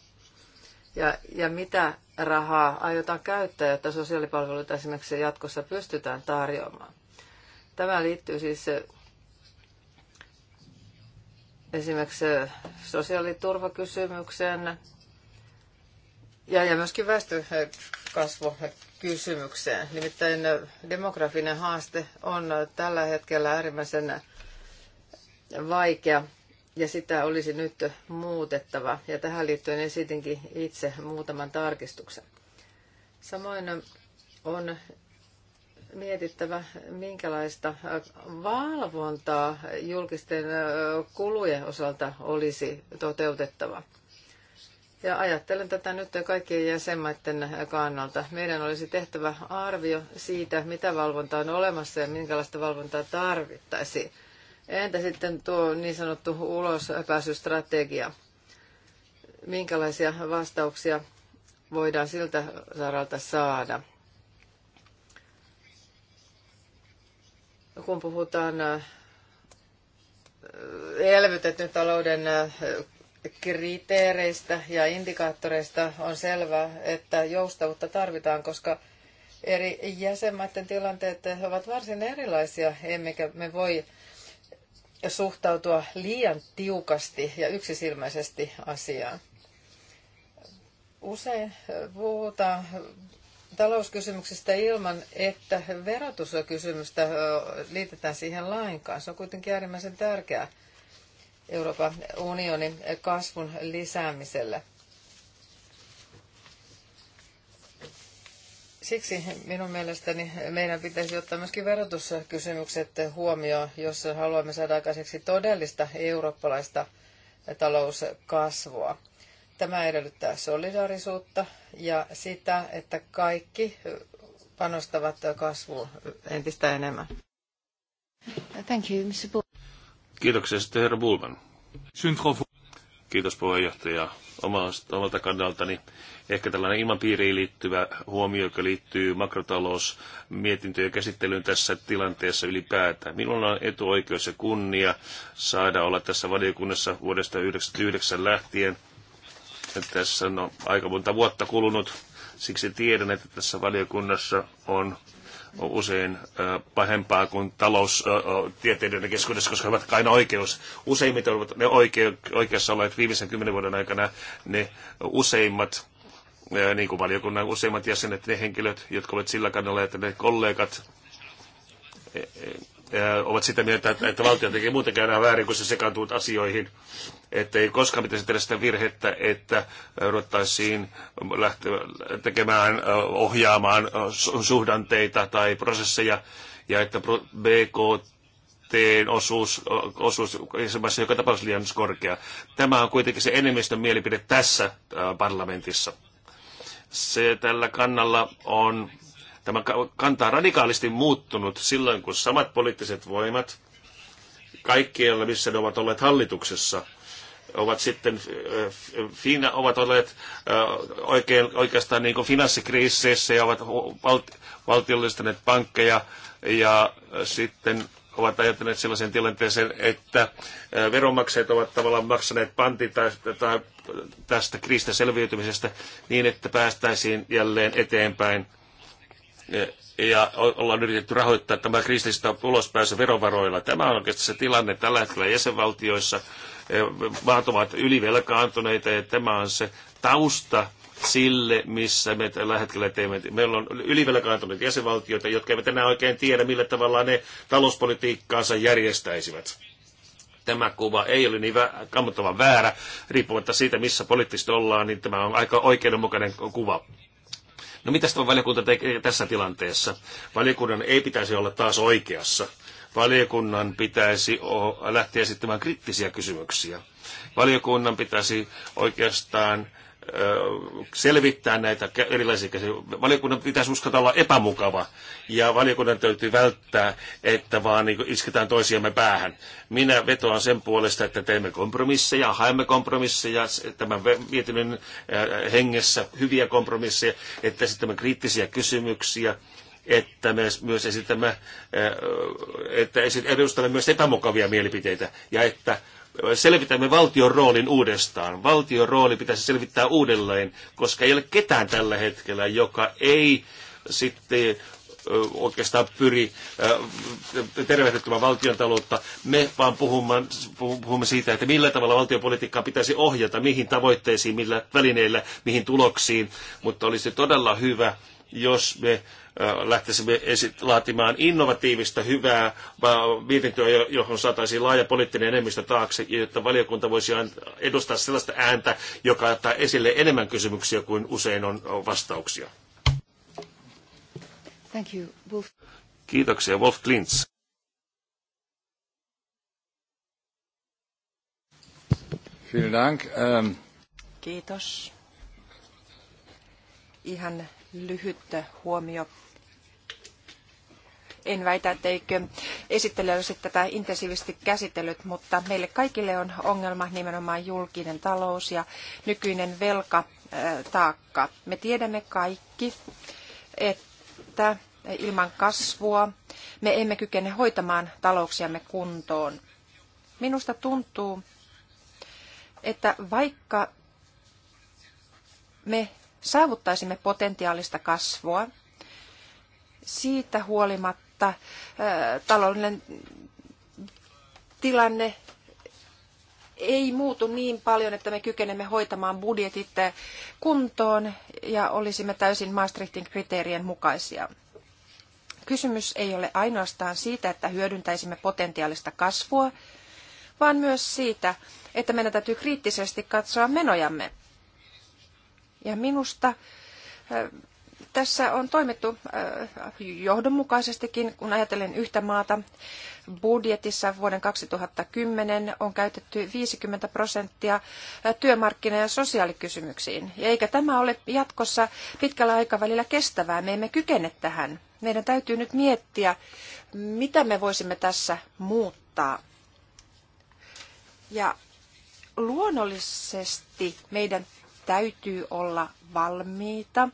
Ja, ja mitä rahaa aiotaan käyttää, jotta sosiaalipalveluita esimerkiksi jatkossa pystytään tarjoamaan. Tämä liittyy siis eh, esimerkiksi eh, sosiaaliturvakysymykseen ja, ja myöskin väestökasvukysymykseen. Nimittäin eh, demografinen haaste on tällä hetkellä äärimmäisen vaikea ja sitä olisi nyt muutettava. Ja tähän liittyen esitinkin itse muutaman tarkistuksen. Samoin on mietittävä, minkälaista valvontaa julkisten kulujen osalta olisi toteutettava. Ja ajattelen tätä nyt kaikkien jäsenmaiden kannalta. Meidän olisi tehtävä arvio siitä, mitä valvontaa on olemassa ja minkälaista valvontaa tarvittaisiin. Entä sitten tuo niin sanottu ulospääsystrategia? Minkälaisia vastauksia voidaan siltä saralta saada? kun puhutaan äh, elvytetyn talouden äh, kriteereistä ja indikaattoreista, on selvää, että joustavuutta tarvitaan, koska eri jäsenmaiden tilanteet ovat varsin erilaisia, emmekä me voi suhtautua liian tiukasti ja yksisilmäisesti asiaan. Usein puhutaan talouskysymyksistä ilman, että verotuskysymystä liitetään siihen lainkaan. Se on kuitenkin äärimmäisen tärkeää Euroopan unionin kasvun lisäämiselle. Siksi minun mielestäni meidän pitäisi ottaa myöskin verotuskysymykset huomioon, jos haluamme saada aikaiseksi todellista eurooppalaista talouskasvua. Tämä edellyttää solidaarisuutta ja sitä, että kaikki panostavat kasvuun entistä enemmän. Thank you, Mr. Bull. Kiitoksia sitten herra Bulman. Kiitos puheenjohtaja omalta kannaltani. Ehkä tällainen ilmapiiriin liittyvä huomio, joka liittyy makrotalousmietintöjen käsittelyyn tässä tilanteessa ylipäätään. Minulla on etuoikeus ja kunnia saada olla tässä valiokunnassa vuodesta 1999 lähtien – tässä on no, aika monta vuotta kulunut, siksi tiedän, että tässä valiokunnassa on usein pahempaa kuin taloustieteiden keskuudessa, koska he ovat aina oikeus. Useimmiten ovat ne oikeassa olleet viimeisen kymmenen vuoden aikana ne useimmat niin kuin valiokunnan useimmat jäsenet, ne henkilöt, jotka ovat sillä kannalla, että ne kollegat e, e, Äh, ovat sitä mieltä, että, että valtio tekee muutenkin aina väärin, kun se sekaantuu asioihin. Että ei koskaan pitäisi tehdä sitä virhettä, että ruvettaisiin tekemään, ohjaamaan suhdanteita tai prosesseja, ja että BKT osuus osuus, osuus esimerkiksi joka tapauksessa liian korkea. Tämä on kuitenkin se enemmistön mielipide tässä parlamentissa. Se tällä kannalla on Tämä kanta on radikaalisti muuttunut silloin, kun samat poliittiset voimat, kaikkialla missä ne ovat olleet hallituksessa, ovat sitten fina, ovat olleet oikein, oikeastaan niin finanssikriisseissä ja ovat valti, valtiollistaneet pankkeja ja sitten ovat ajatelleet sellaisen tilanteeseen, että veronmaksajat ovat tavallaan maksaneet panti tai tästä kriisistä selviytymisestä niin, että päästäisiin jälleen eteenpäin ja ollaan yritetty rahoittaa tämä kriisistä ulospääsy verovaroilla. Tämä on oikeastaan se tilanne tällä hetkellä jäsenvaltioissa. E, maat ovat ylivelkaantuneita ja tämä on se tausta sille, missä me tällä hetkellä teemme. Meillä on ylivelkaantuneita jäsenvaltioita, jotka eivät enää oikein tiedä, millä tavalla ne talouspolitiikkaansa järjestäisivät tämä kuva ei ole niin kammottavan väärä, riippumatta siitä, missä poliittisesti ollaan, niin tämä on aika oikeudenmukainen kuva. No mitä tämä valiokunta tekee tässä tilanteessa? Valiokunnan ei pitäisi olla taas oikeassa. Valiokunnan pitäisi lähteä esittämään kriittisiä kysymyksiä. Valiokunnan pitäisi oikeastaan selvittää näitä erilaisia Valiokunnan pitäisi uskata olla epämukava ja valiokunnan täytyy välttää, että vaan niin isketään toisiamme päähän. Minä vetoan sen puolesta, että teemme kompromisseja, haemme kompromisseja tämän mietinnön hengessä, hyviä kompromisseja, että esitämme kriittisiä kysymyksiä, että me myös esitämme, että edustamme myös epämukavia mielipiteitä ja että selvitämme valtion roolin uudestaan. Valtion rooli pitäisi selvittää uudelleen, koska ei ole ketään tällä hetkellä, joka ei sitten oikeastaan pyri tervehdyttämään taloutta. Me vaan puhumme, puhumme siitä, että millä tavalla valtiopolitiikkaa pitäisi ohjata, mihin tavoitteisiin, millä välineillä, mihin tuloksiin, mutta olisi todella hyvä, jos me lähtisimme laatimaan innovatiivista, hyvää mietintöä, johon saataisiin laaja poliittinen enemmistö taakse, jotta valiokunta voisi edustaa sellaista ääntä, joka ottaa esille enemmän kysymyksiä kuin usein on vastauksia. Thank you, Wolf. Kiitoksia, Wolf Klintz. Vielen Dank. Ähm. Kiitos. Ihan lyhyt huomio en väitä, etteikö esittelijä olisi tätä intensiivisesti käsitellyt, mutta meille kaikille on ongelma nimenomaan julkinen talous ja nykyinen velkataakka. Äh, me tiedämme kaikki, että ilman kasvua me emme kykene hoitamaan talouksiamme kuntoon. Minusta tuntuu, että vaikka me saavuttaisimme potentiaalista kasvua, siitä huolimatta jotta taloudellinen tilanne ei muutu niin paljon, että me kykenemme hoitamaan budjetit kuntoon ja olisimme täysin Maastrichtin kriteerien mukaisia. Kysymys ei ole ainoastaan siitä, että hyödyntäisimme potentiaalista kasvua, vaan myös siitä, että meidän täytyy kriittisesti katsoa menojamme. Ja minusta tässä on toimittu äh, johdonmukaisestikin, kun ajatellen yhtä maata. Budjetissa vuoden 2010 on käytetty 50 prosenttia äh, työmarkkina- ja sosiaalikysymyksiin. Eikä tämä ole jatkossa pitkällä aikavälillä kestävää. Me emme kykene tähän. Meidän täytyy nyt miettiä, mitä me voisimme tässä muuttaa. Ja luonnollisesti meidän täytyy olla valmiita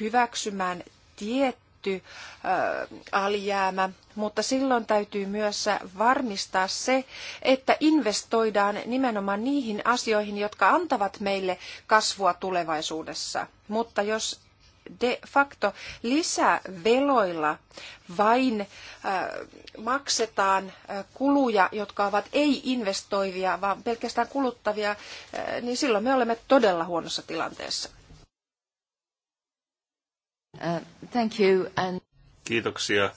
hyväksymään tietty alijäämä, mutta silloin täytyy myös varmistaa se, että investoidaan nimenomaan niihin asioihin, jotka antavat meille kasvua tulevaisuudessa. Mutta jos de facto lisäveloilla vain maksetaan kuluja, jotka ovat ei-investoivia, vaan pelkästään kuluttavia, niin silloin me olemme todella huonossa tilanteessa. Uh, thank you and... Kiitoksia.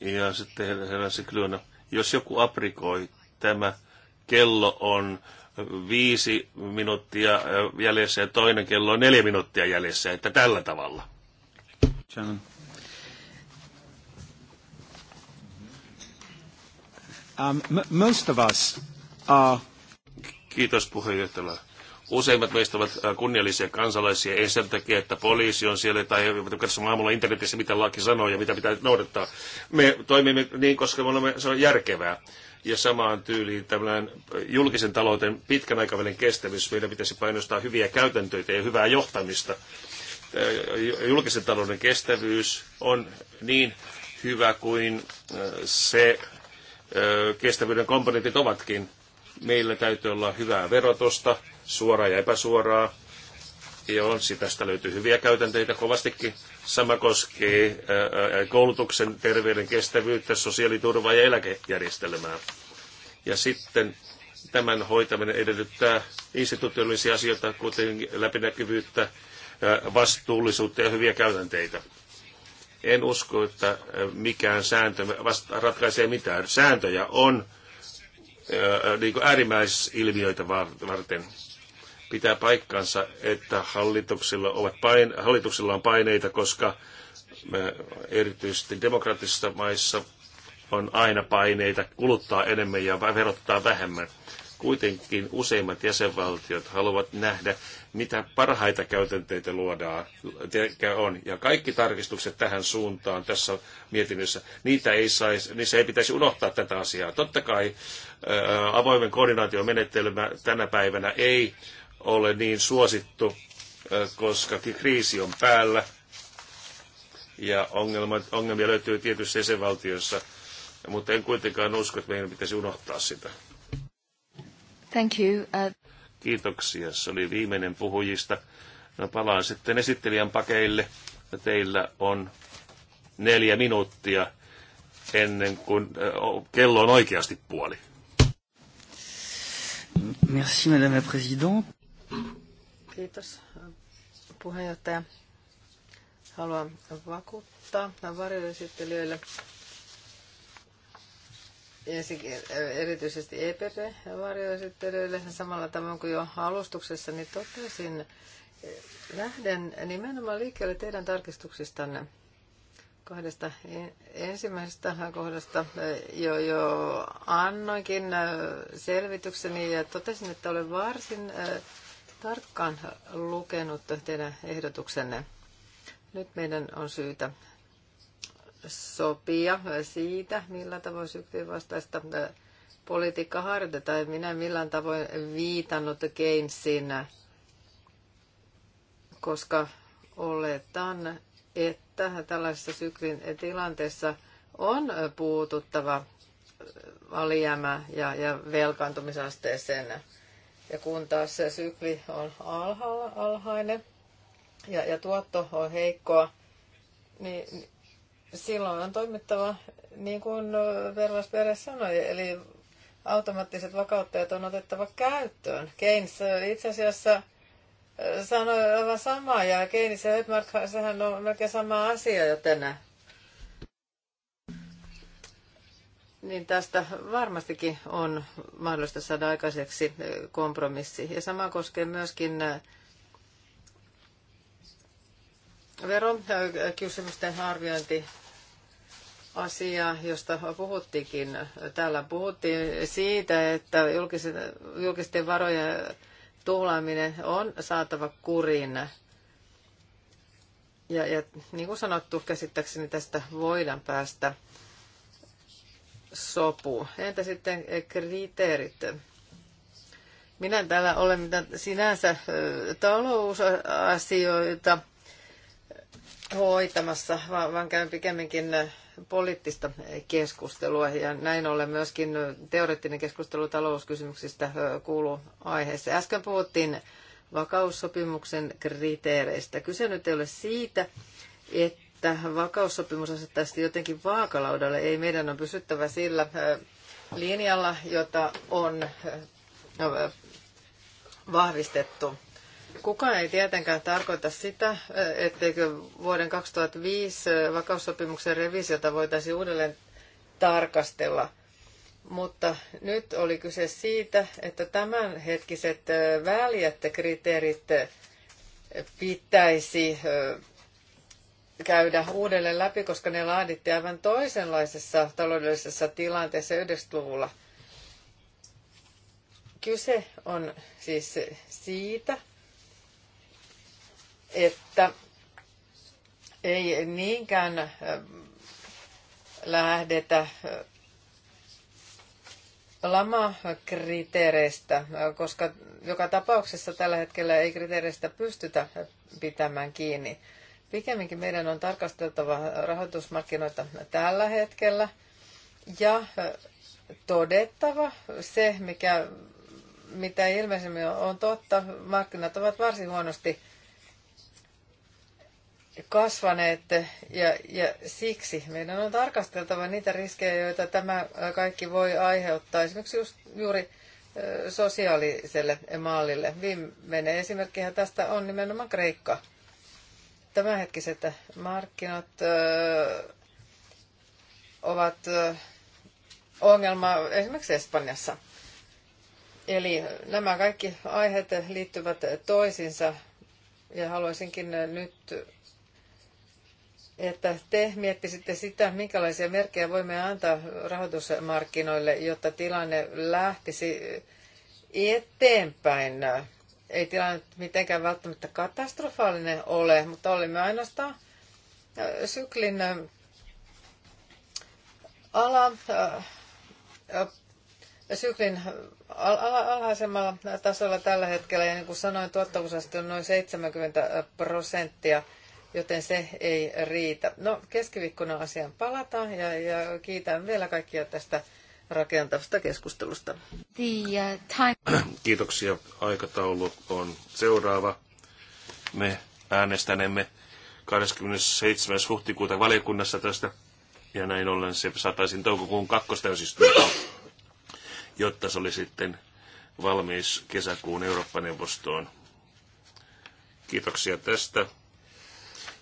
Ja sitten heräsi Klyona. jos joku aprikoi, tämä kello on viisi minuuttia äh, jäljessä ja toinen kello on neljä minuuttia jäljessä, että tällä tavalla. Um, most of us are... Kiitos puheenjohtaja. Useimmat meistä ovat äh, kunniallisia kansalaisia, ei sen takia, että poliisi on siellä tai katsomaan aamulla internetissä, mitä laki sanoo ja mitä pitää noudattaa. Me toimimme niin, koska me olemme, se on järkevää. Ja samaan tyyliin tämmöinen äh, julkisen talouden pitkän aikavälin kestävyys, meidän pitäisi painostaa hyviä käytäntöitä ja hyvää johtamista. Äh, julkisen talouden kestävyys on niin hyvä kuin se kestävyyden komponentit ovatkin. Meillä täytyy olla hyvää verotusta, suoraa ja epäsuoraa. Ja on, tästä löytyy hyviä käytänteitä kovastikin. Sama koskee koulutuksen, terveyden kestävyyttä, sosiaaliturvaa ja eläkejärjestelmää. Ja sitten tämän hoitaminen edellyttää instituutiollisia asioita, kuten läpinäkyvyyttä, vastuullisuutta ja hyviä käytänteitä. En usko, että mikään sääntö vasta ratkaisee mitään. Sääntöjä on niin äärimmäisilmiöitä varten. Pitää paikkansa, että hallituksilla, ovat pain, hallituksilla on paineita, koska erityisesti demokraattisissa maissa on aina paineita kuluttaa enemmän ja verottaa vähemmän. Kuitenkin useimmat jäsenvaltiot haluavat nähdä, mitä parhaita käytänteitä luodaan on. Ja kaikki tarkistukset tähän suuntaan tässä mietinnössä, niitä ei saisi, se ei pitäisi unohtaa tätä asiaa. Totta kai ää, avoimen koordinaatiomenetelmä tänä päivänä ei ole niin suosittu, koska kriisi on päällä ja ongelmat, ongelmia löytyy tietyissä jäsenvaltioissa, mutta en kuitenkaan usko, että meidän pitäisi unohtaa sitä. Thank you. Uh... Kiitoksia. Se oli viimeinen puhujista. No palaan sitten esittelijän pakeille. Teillä on neljä minuuttia ennen kuin kello on oikeasti puoli. Merci, madame la présidente. Kiitos puheenjohtaja. Haluan vakuuttaa varjoesittelijöille erityisesti EPP-varjoesittelijöille samalla tavoin kuin jo alustuksessa, niin totesin, lähden nimenomaan liikkeelle teidän tarkistuksistanne kahdesta ensimmäisestä kohdasta jo, jo annoinkin selvitykseni ja totesin, että olen varsin tarkkaan lukenut teidän ehdotuksenne. Nyt meidän on syytä sopia siitä, millä tavoin syklin vastaista äh, politiikka harjoitetaan. Minä millään tavoin viitannut Keynesin, koska oletan, että tällaisessa syklin tilanteessa on puututtava alijäämä- ja, ja velkaantumisasteeseen ja kun taas se sykli on alhaalla, alhainen ja, ja tuotto on heikkoa, niin, niin silloin on toimittava niin kuin Pervaspere sanoi, eli automaattiset vakauttajat on otettava käyttöön. Keynes itse asiassa äh, sanoi aivan samaa ja Keynes ja Edmark, sehän on melkein sama asia, joten niin tästä varmastikin on mahdollista saada aikaiseksi eh, kompromissi. Ja sama koskee myöskin eh, verokysymysten eh, arviointi asia, josta puhuttiinkin. Täällä puhuttiin siitä, että julkisten varojen tuhlaaminen on saatava kuriin. Ja, ja niin kuin sanottu, käsittääkseni tästä voidaan päästä sopu. Entä sitten eh, kriteerit? Minä täällä olen mitä sinänsä eh, talousasioita hoitamassa, vaan käyn pikemminkin eh, poliittista keskustelua ja näin ollen myöskin teoreettinen keskustelu talouskysymyksistä kuuluu aiheeseen. Äsken puhuttiin vakaussopimuksen kriteereistä. Kyse nyt ei ole siitä, että että vakaussopimus asettaisi jotenkin vaakalaudalle. Ei, meidän on pysyttävä sillä linjalla, jota on vahvistettu. Kukaan ei tietenkään tarkoita sitä, etteikö vuoden 2005 vakaussopimuksen revisiota voitaisiin uudelleen tarkastella. Mutta nyt oli kyse siitä, että tämänhetkiset väljät kriteerit pitäisi käydä uudelleen läpi, koska ne laadittiin aivan toisenlaisessa taloudellisessa tilanteessa 90-luvulla. Kyse on siis siitä, että ei niinkään lähdetä lamakriteereistä, koska joka tapauksessa tällä hetkellä ei kriteereistä pystytä pitämään kiinni. Pikemminkin meidän on tarkasteltava rahoitusmarkkinoita tällä hetkellä ja todettava se, mikä, mitä ilmeisemmin on totta. Markkinat ovat varsin huonosti kasvaneet ja, ja siksi meidän on tarkasteltava niitä riskejä, joita tämä kaikki voi aiheuttaa esimerkiksi just, juuri sosiaaliselle mallille. Viimeinen esimerkkihän tästä on nimenomaan Kreikka tämänhetkiset markkinat ovat ongelma esimerkiksi Espanjassa. Eli nämä kaikki aiheet liittyvät toisiinsa ja haluaisinkin nyt, että te miettisitte sitä, minkälaisia merkkejä voimme antaa rahoitusmarkkinoille, jotta tilanne lähtisi eteenpäin ei tilanne mitenkään välttämättä katastrofaalinen ole, mutta olimme ainoastaan syklin ala, syklin alhaisemmalla tasolla tällä hetkellä, ja niin kuin sanoin, tuottavuusaste on noin 70 prosenttia, joten se ei riitä. No, keskiviikkona asiaan palataan, ja, ja kiitän vielä kaikkia tästä rakentavasta keskustelusta. Uh, Kiitoksia. Aikataulu on seuraava. Me äänestänemme 27. huhtikuuta valiokunnassa tästä, ja näin ollen se saataisiin toukokuun kakkostäysistuntoon, jotta se oli sitten valmis kesäkuun Eurooppa-neuvostoon. Kiitoksia tästä.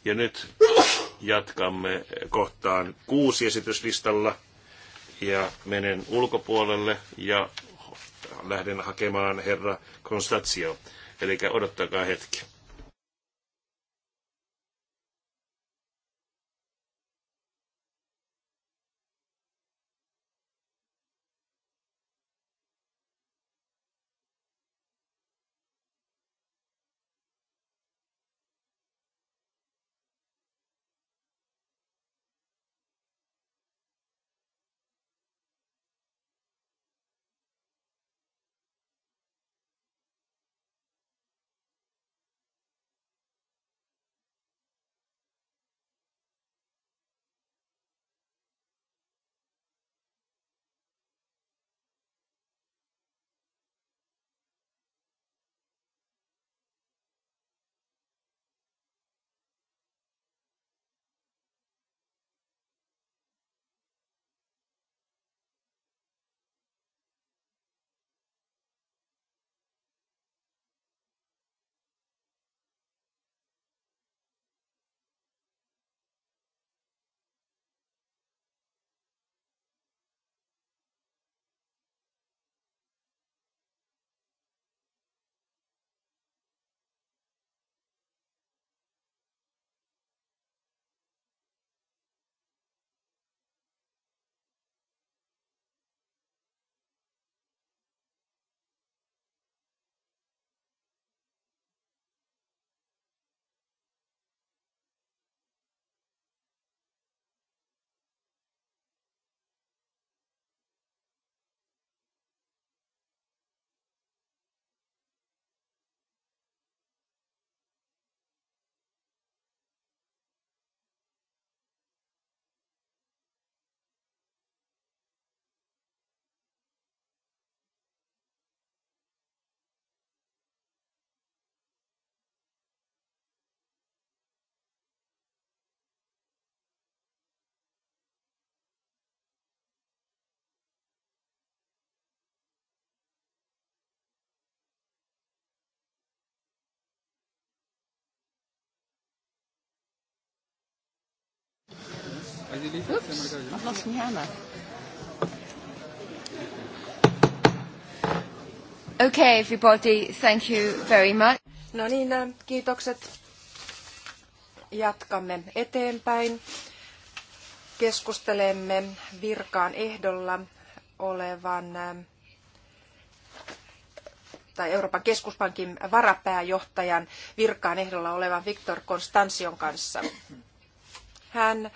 Ja nyt jatkamme kohtaan kuusi esityslistalla – ja menen ulkopuolelle ja lähden hakemaan herra Konstatio. Eli odottakaa hetki. Oops, I've lost my hammer. Okay, everybody, thank you very much. No niin, kiitokset. Jatkamme eteenpäin. Keskustelemme virkaan ehdolla olevan tai Euroopan keskuspankin varapääjohtajan virkaan ehdolla olevan Viktor Konstansion kanssa. Hän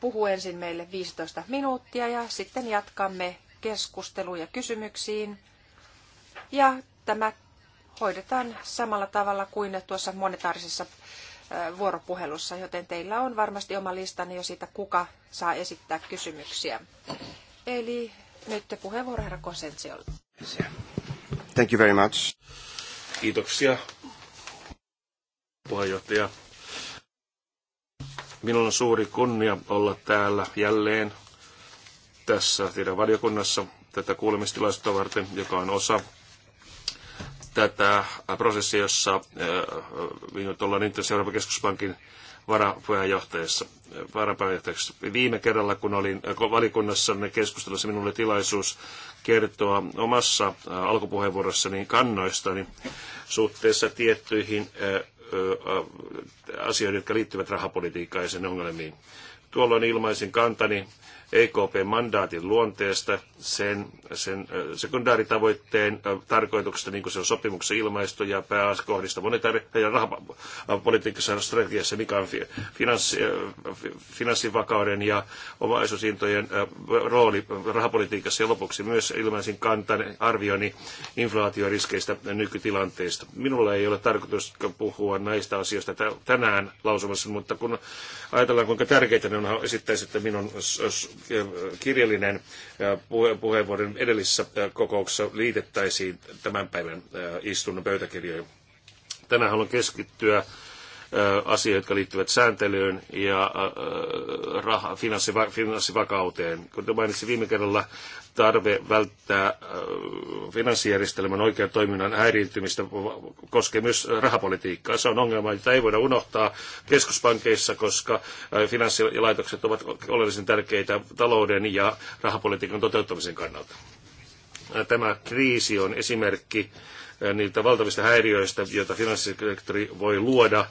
puhuu ensin meille 15 minuuttia ja sitten jatkamme keskusteluun ja kysymyksiin. Ja tämä hoidetaan samalla tavalla kuin tuossa monetaarisessa vuoropuhelussa, joten teillä on varmasti oma listanne jo siitä, kuka saa esittää kysymyksiä. Eli nyt puheenvuoro herra Konsentsiolle. Thank you very much. Kiitoksia, puheenjohtaja. Minulla on suuri kunnia olla täällä jälleen tässä teidän valiokunnassa tätä kuulemistilaisuutta varten, joka on osa tätä prosessia, jossa minut ollaan nyt Euroopan keskuspankin varapuheenjohtajassa, varapuheenjohtajassa. Viime kerralla, kun olin valikunnassamme keskustelussa, minulle tilaisuus kertoa omassa alkupuheenvuorossani kannoistani suhteessa tiettyihin asioihin, jotka liittyvät rahapolitiikkaan ja sen ongelmiin. Tuolloin ilmaisin kantani EKP-mandaatin luonteesta, sen, sen sekundaaritavoitteen tarkoituksesta, niin kuin se on sopimuksessa ilmaistu, ja pääaskohdista monetaari- ja rahapolitiikassa strategiassa, mikä on finanssi, finanssivakauden ja omaisuusintojen rooli rahapolitiikassa, ja lopuksi myös ilmaisin kantan arvioni inflaatioriskeistä nykytilanteesta. Minulla ei ole tarkoitus puhua näistä asioista tänään lausumassa, mutta kun ajatellaan, kuinka tärkeitä ne on, esittäisin, että minun kirjallinen puheenvuoron edellisessä kokouksessa liitettäisiin tämän päivän istunnon pöytäkirjoihin. Tänään haluan keskittyä asioihin, jotka liittyvät sääntelyyn ja finanssivakauteen. Kuten mainitsin viime kerralla, tarve välttää äh, finanssijärjestelmän oikean toiminnan häiriintymistä koskee myös rahapolitiikkaa. Se on ongelma, jota ei voida unohtaa keskuspankeissa, koska äh, finanssilaitokset ovat oleellisen tärkeitä talouden ja rahapolitiikan toteuttamisen kannalta. Äh, tämä kriisi on esimerkki niiltä valtavista häiriöistä, joita finanssisektori voi luoda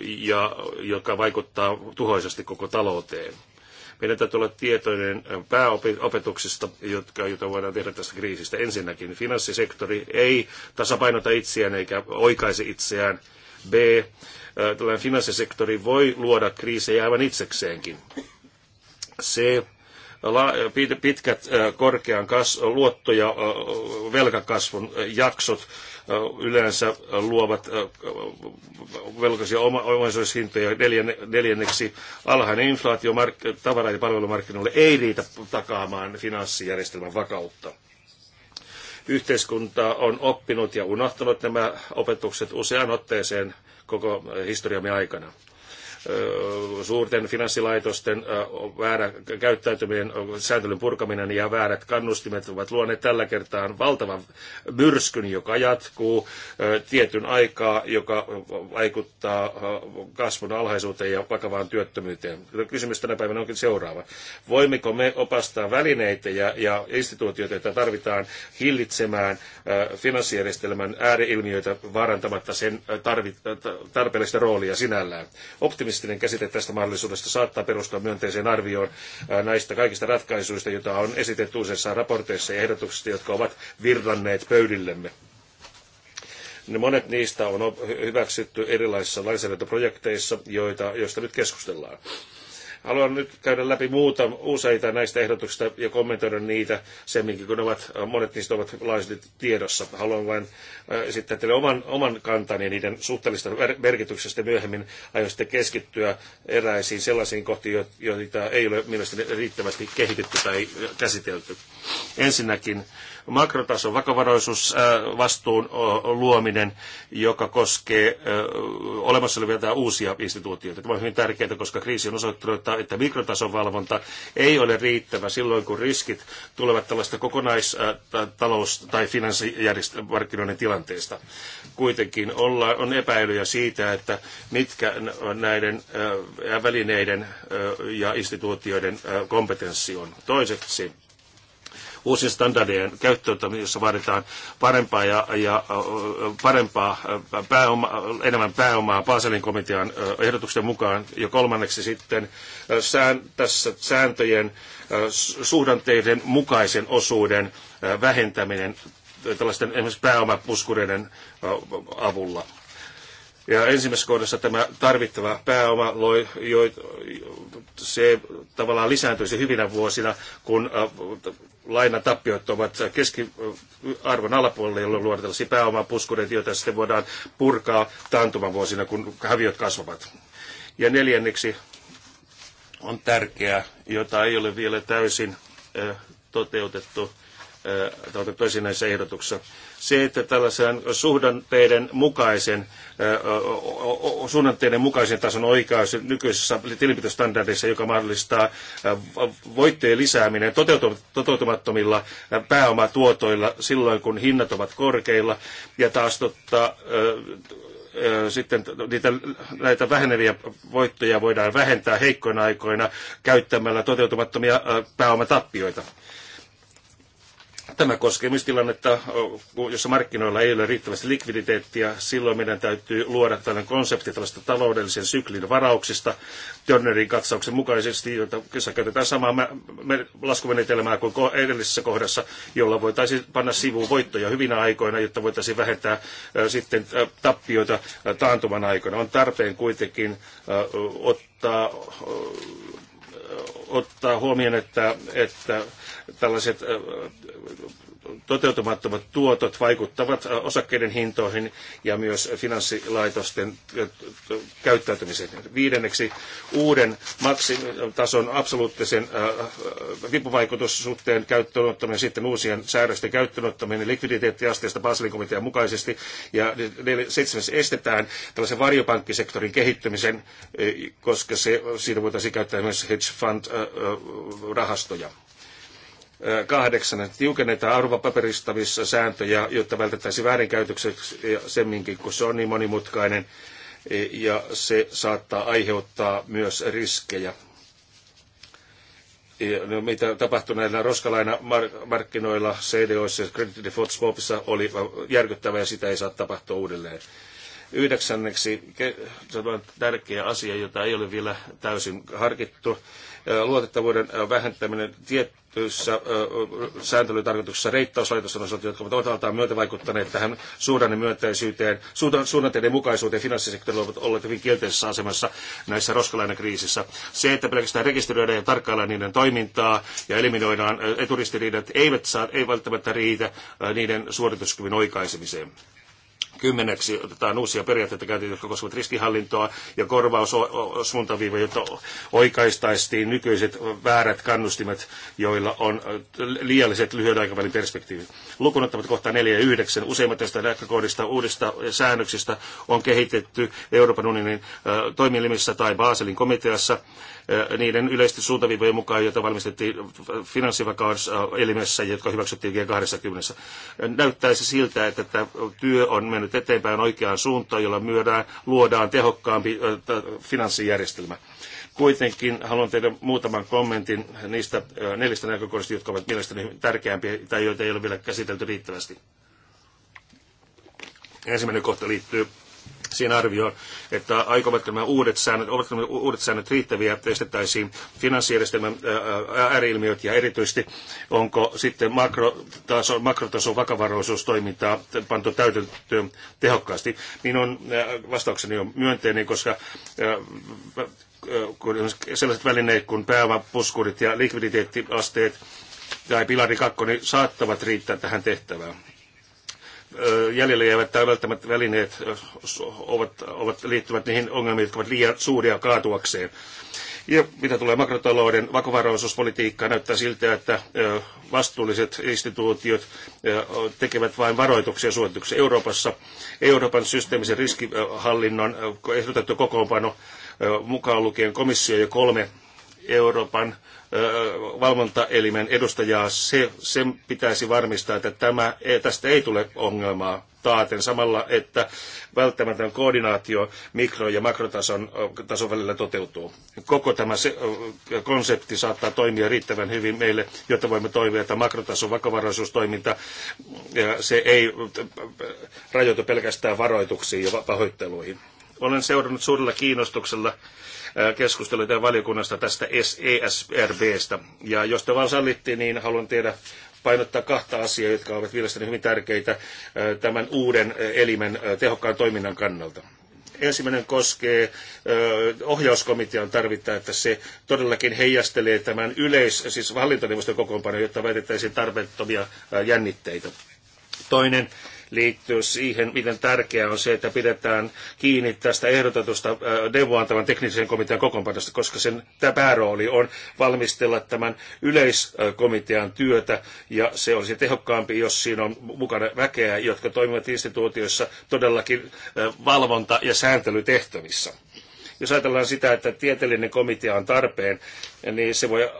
ja joka vaikuttaa tuhoisasti koko talouteen meidän täytyy olla tietoinen äh, pääopetuksista, jotka, joita voidaan tehdä tästä kriisistä. Ensinnäkin finanssisektori ei tasapainota itseään eikä oikaise itseään. B. Äh, tällainen finanssisektori voi luoda kriisejä aivan itsekseenkin. C pitkät äh, korkean kas, luotto- ja velkakasvun jaksot yleensä luovat velkaisia omaisuushintoja neljänneksi. Alhainen inflaatio mark- tavara- ja palvelumarkkinoille ei riitä takaamaan finanssijärjestelmän vakautta yhteiskunta on oppinut ja unohtanut nämä opetukset useaan otteeseen koko historiamme aikana suurten finanssilaitosten väärä käyttäytyminen, sääntelyn purkaminen ja väärät kannustimet ovat luoneet tällä kertaa valtavan myrskyn, joka jatkuu tietyn aikaa, joka vaikuttaa kasvun alhaisuuteen ja vakavaan työttömyyteen. Kysymys tänä päivänä onkin seuraava. Voimmeko me opastaa välineitä ja, ja instituutioita, joita tarvitaan hillitsemään finanssijärjestelmän ääriilmiöitä vaarantamatta sen tarvi, tarpeellista roolia sinällään? Optimis optimistinen käsite tästä mahdollisuudesta saattaa perustua myönteiseen arvioon näistä kaikista ratkaisuista, joita on esitetty useissa raporteissa ja ehdotuksista, jotka ovat virranneet pöydillemme. Monet niistä on hyväksytty erilaisissa lainsäädäntöprojekteissa, joita, joista nyt keskustellaan. Haluan nyt käydä läpi muuta, useita näistä ehdotuksista ja kommentoida niitä semminkin, kun ovat, monet niistä ovat laajasti tiedossa. Haluan vain äh, esittää teille oman, oman kantani ja niiden suhteellista merkityksestä myöhemmin aion sitten keskittyä eräisiin sellaisiin kohtiin, joita ei ole mielestäni riittävästi kehitetty tai äh, käsitelty. Ensinnäkin makrotason vakavaraisuusvastuun äh, luominen, joka koskee olemassa olevia uusia instituutioita. Tämä on hyvin tärkeää, koska kriisi on osoittanut, että mikrotason valvonta ei ole riittävä silloin, kun riskit tulevat tällaista kokonaistalous- äh, tai finanssijärjestelmarkkinoiden tilanteesta. Kuitenkin on epäilyjä siitä, että mitkä näiden välineiden ja instituutioiden kompetenssi on. Toiseksi uusien standardien käyttöön, jossa vaaditaan parempaa ja, ja parempaa pääoma, enemmän pääomaa Baselin komitean ehdotuksen mukaan. Ja kolmanneksi sitten sään, tässä sääntöjen suhdanteiden mukaisen osuuden vähentäminen tällaisten esimerkiksi pääomapuskureiden avulla. Ja ensimmäisessä kohdassa tämä tarvittava pääoma, loi, jo, se tavallaan lisääntyisi hyvinä vuosina, kun lainatappiot ovat keskiarvon alapuolella, jolloin luodaan tällaisia pääomapuskureita, joita sitten voidaan purkaa vuosina, kun häviöt kasvavat. Ja neljänneksi on tärkeää, jota ei ole vielä täysin eh, toteutettu, otettu ehdotuksessa. Se, että tällaisen suhdanteiden mukaisen, suhdanteiden mukaisen tason oikeus nykyisessä tilinpitostandardissa, joka mahdollistaa voittojen lisääminen toteutumattomilla pääomatuotoilla silloin, kun hinnat ovat korkeilla, ja taas totta, sitten niitä, näitä väheneviä voittoja voidaan vähentää heikkoina aikoina käyttämällä toteutumattomia pääomatappioita. Tämä koskee myös tilannetta, jossa markkinoilla ei ole riittävästi likviditeettiä. Silloin meidän täytyy luoda tällainen konsepti tällaista taloudellisen syklin varauksista Turnerin katsauksen mukaisesti, jossa käytetään samaa laskumenetelmää kuin edellisessä kohdassa, jolla voitaisiin panna sivuun voittoja hyvinä aikoina, jotta voitaisiin vähentää sitten tappioita taantuman aikoina. On tarpeen kuitenkin ottaa, ottaa huomioon, että, että tällaiset toteutumattomat tuotot vaikuttavat osakkeiden hintoihin ja myös finanssilaitosten käyttäytymiseen. Viidenneksi uuden maksimitason absoluuttisen vipuvaikutussuhteen käyttöönottaminen, sitten uusien säädösten käyttöönottaminen likviditeettiasteesta Baselin komitean mukaisesti ja seitsemäs estetään tällaisen varjopankkisektorin kehittymisen, koska se, siitä voitaisiin käyttää myös hedge fund rahastoja. Kahdeksan, että tiukennetaan arvopaperistamissa sääntöjä, jotta vältettäisiin väärinkäytökseksi semminkin, kun se on niin monimutkainen e, ja se saattaa aiheuttaa myös riskejä. E, no, mitä tapahtui näillä roskalainamarkkinoilla, CDOissa ja Credit Default Swapissa oli järkyttävää ja sitä ei saa tapahtua uudelleen. Yhdeksänneksi tärkeä asia, jota ei ole vielä täysin harkittu, luotettavuuden vähentäminen tietyissä sääntelytarkoituksissa reittauslaitosten osalta, jotka ovat osaltaan myötävaikuttaneet tähän suhdanne myönteisyyteen, suhdanteiden mukaisuuteen finanssisektorilla ovat olleet hyvin kielteisessä asemassa näissä roskalainakriisissä. Se, että pelkästään rekisteröidään ja tarkkaillaan niiden toimintaa ja eliminoidaan eturistiriidat, eivät saa, ei välttämättä riitä niiden suorituskyvyn oikaisemiseen vuosikymmeneksi otetaan uusia periaatteita käytettyä, jotka koskevat riskihallintoa ja korvaussuuntaviiva, jotta oikaistaistiin nykyiset väärät kannustimet, joilla on liialliset lyhyen aikavälin perspektiivit. Lukunottamat kohta 4 ja 9. Useimmat tästä näkökohdista uudista säännöksistä on kehitetty Euroopan unionin äh, toimielimissä tai Baselin komiteassa äh, niiden yleisesti suuntaviivojen mukaan, joita valmistettiin finanssivakauselimessä, jotka hyväksyttiin G20. Näyttäisi siltä, että tämä työ on mennyt nyt eteenpäin oikeaan suuntaan, jolla myödään, luodaan tehokkaampi finanssijärjestelmä. Kuitenkin haluan tehdä muutaman kommentin niistä neljästä näkökohdista, jotka ovat mielestäni tärkeämpiä tai joita ei ole vielä käsitelty riittävästi. Ensimmäinen kohta liittyy siihen arvioon, että aikovatko nämä uudet säännöt, ovatko nämä uudet säännöt riittäviä, testattaisiin finanssijärjestelmän ääriilmiöt ja erityisesti onko sitten makrotaso, makrotason vakavaroisuustoimintaa pantu täytäntöön tehokkaasti, niin on, vastaukseni on myönteinen, koska sellaiset välineet kuin pääomapuskurit ja likviditeettiasteet tai pilari 2 niin saattavat riittää tähän tehtävään jäljellä jäävät tai välttämättä välineet ovat, ovat, liittyvät niihin ongelmiin, jotka ovat liian suuria kaatuakseen. Ja mitä tulee makrotalouden vakavaraisuuspolitiikkaan, näyttää siltä, että vastuulliset instituutiot tekevät vain varoituksia suosituksia Euroopassa. Euroopan systeemisen riskihallinnon ehdotettu kokoonpano mukaan lukien komissio ja kolme Euroopan valvontaelimen edustajaa, se, sen pitäisi varmistaa, että tämä, e, tästä ei tule ongelmaa taaten samalla, että välttämätön koordinaatio mikro- ja makrotason tason välillä toteutuu. Koko tämä se, konsepti saattaa toimia riittävän hyvin meille, jotta voimme toivoa, että makrotason vakavaraisuustoiminta se ei rajoitu pelkästään varoituksiin ja pahoitteluihin. Olen seurannut suurella kiinnostuksella keskustelu teidän valiokunnasta tästä ESRBstä. Ja jos te vaan sallitte, niin haluan tehdä painottaa kahta asiaa, jotka ovat mielestäni hyvin tärkeitä tämän uuden elimen tehokkaan toiminnan kannalta. Ensimmäinen koskee ohjauskomitean tarvittaa, että se todellakin heijastelee tämän yleis, siis hallintoneuvoston kokoonpano, jotta vältettäisiin tarpeettomia jännitteitä. Toinen liittyy siihen, miten tärkeää on se, että pidetään kiinni tästä ehdotetusta äh, neuvoantavan teknisen komitean kokoonpanosta, koska sen päärooli on valmistella tämän yleiskomitean työtä, ja se olisi tehokkaampi, jos siinä on mukana väkeä, jotka toimivat instituutioissa todellakin äh, valvonta- ja sääntelytehtävissä jos ajatellaan sitä, että tieteellinen komitea on tarpeen, niin se voi,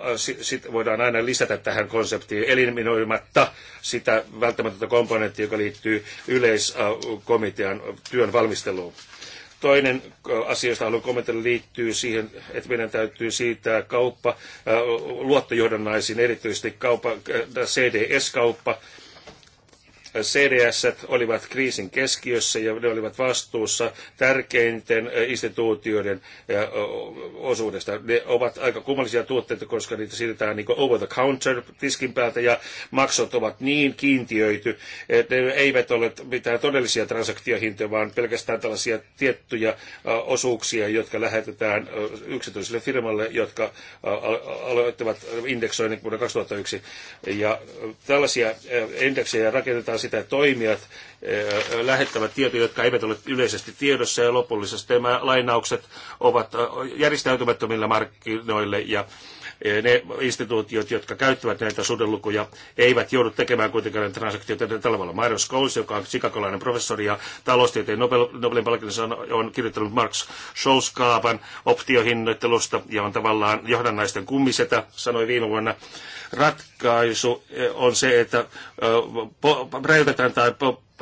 sit voidaan aina lisätä tähän konseptiin eliminoimatta sitä välttämätöntä komponenttia, joka liittyy yleiskomitean työn valmisteluun. Toinen äh, asia, josta haluan kommentoida, liittyy siihen, että meidän täytyy siirtää kauppa äh, luottojohdannaisiin, erityisesti kauppa, äh, CDS-kauppa, CDS olivat kriisin keskiössä ja ne olivat vastuussa tärkeinten instituutioiden osuudesta. Ne ovat aika kummallisia tuotteita, koska niitä siirretään niin over the counter tiskin päältä ja maksut ovat niin kiintiöity, että ne eivät ole mitään todellisia transaktiohintoja, vaan pelkästään tällaisia tiettyjä osuuksia, jotka lähetetään yksityisille firmalle, jotka aloittavat indeksoinnin vuonna 2001. Ja tällaisia indeksejä rakennetaan sitä toimijat eh, lähettävät tietoja, jotka eivät ole yleisesti tiedossa ja lopullisesti nämä lainaukset ovat eh, järjestäytymättömillä markkinoille ja ne instituutiot, jotka käyttävät näitä sudenlukuja, eivät joudu tekemään kuitenkaan näitä transaktioita tällä tavalla. Myron Scholes, joka on sikakolainen professori ja taloustieteen Nobel, Nobelin palkinnon on, on kirjoittanut Marx scholes kaapan optiohinnoittelusta ja on tavallaan johdannaisten kummisetä, sanoi viime vuonna. Ratkaisu eh, on se, että eh, räjäytetään tai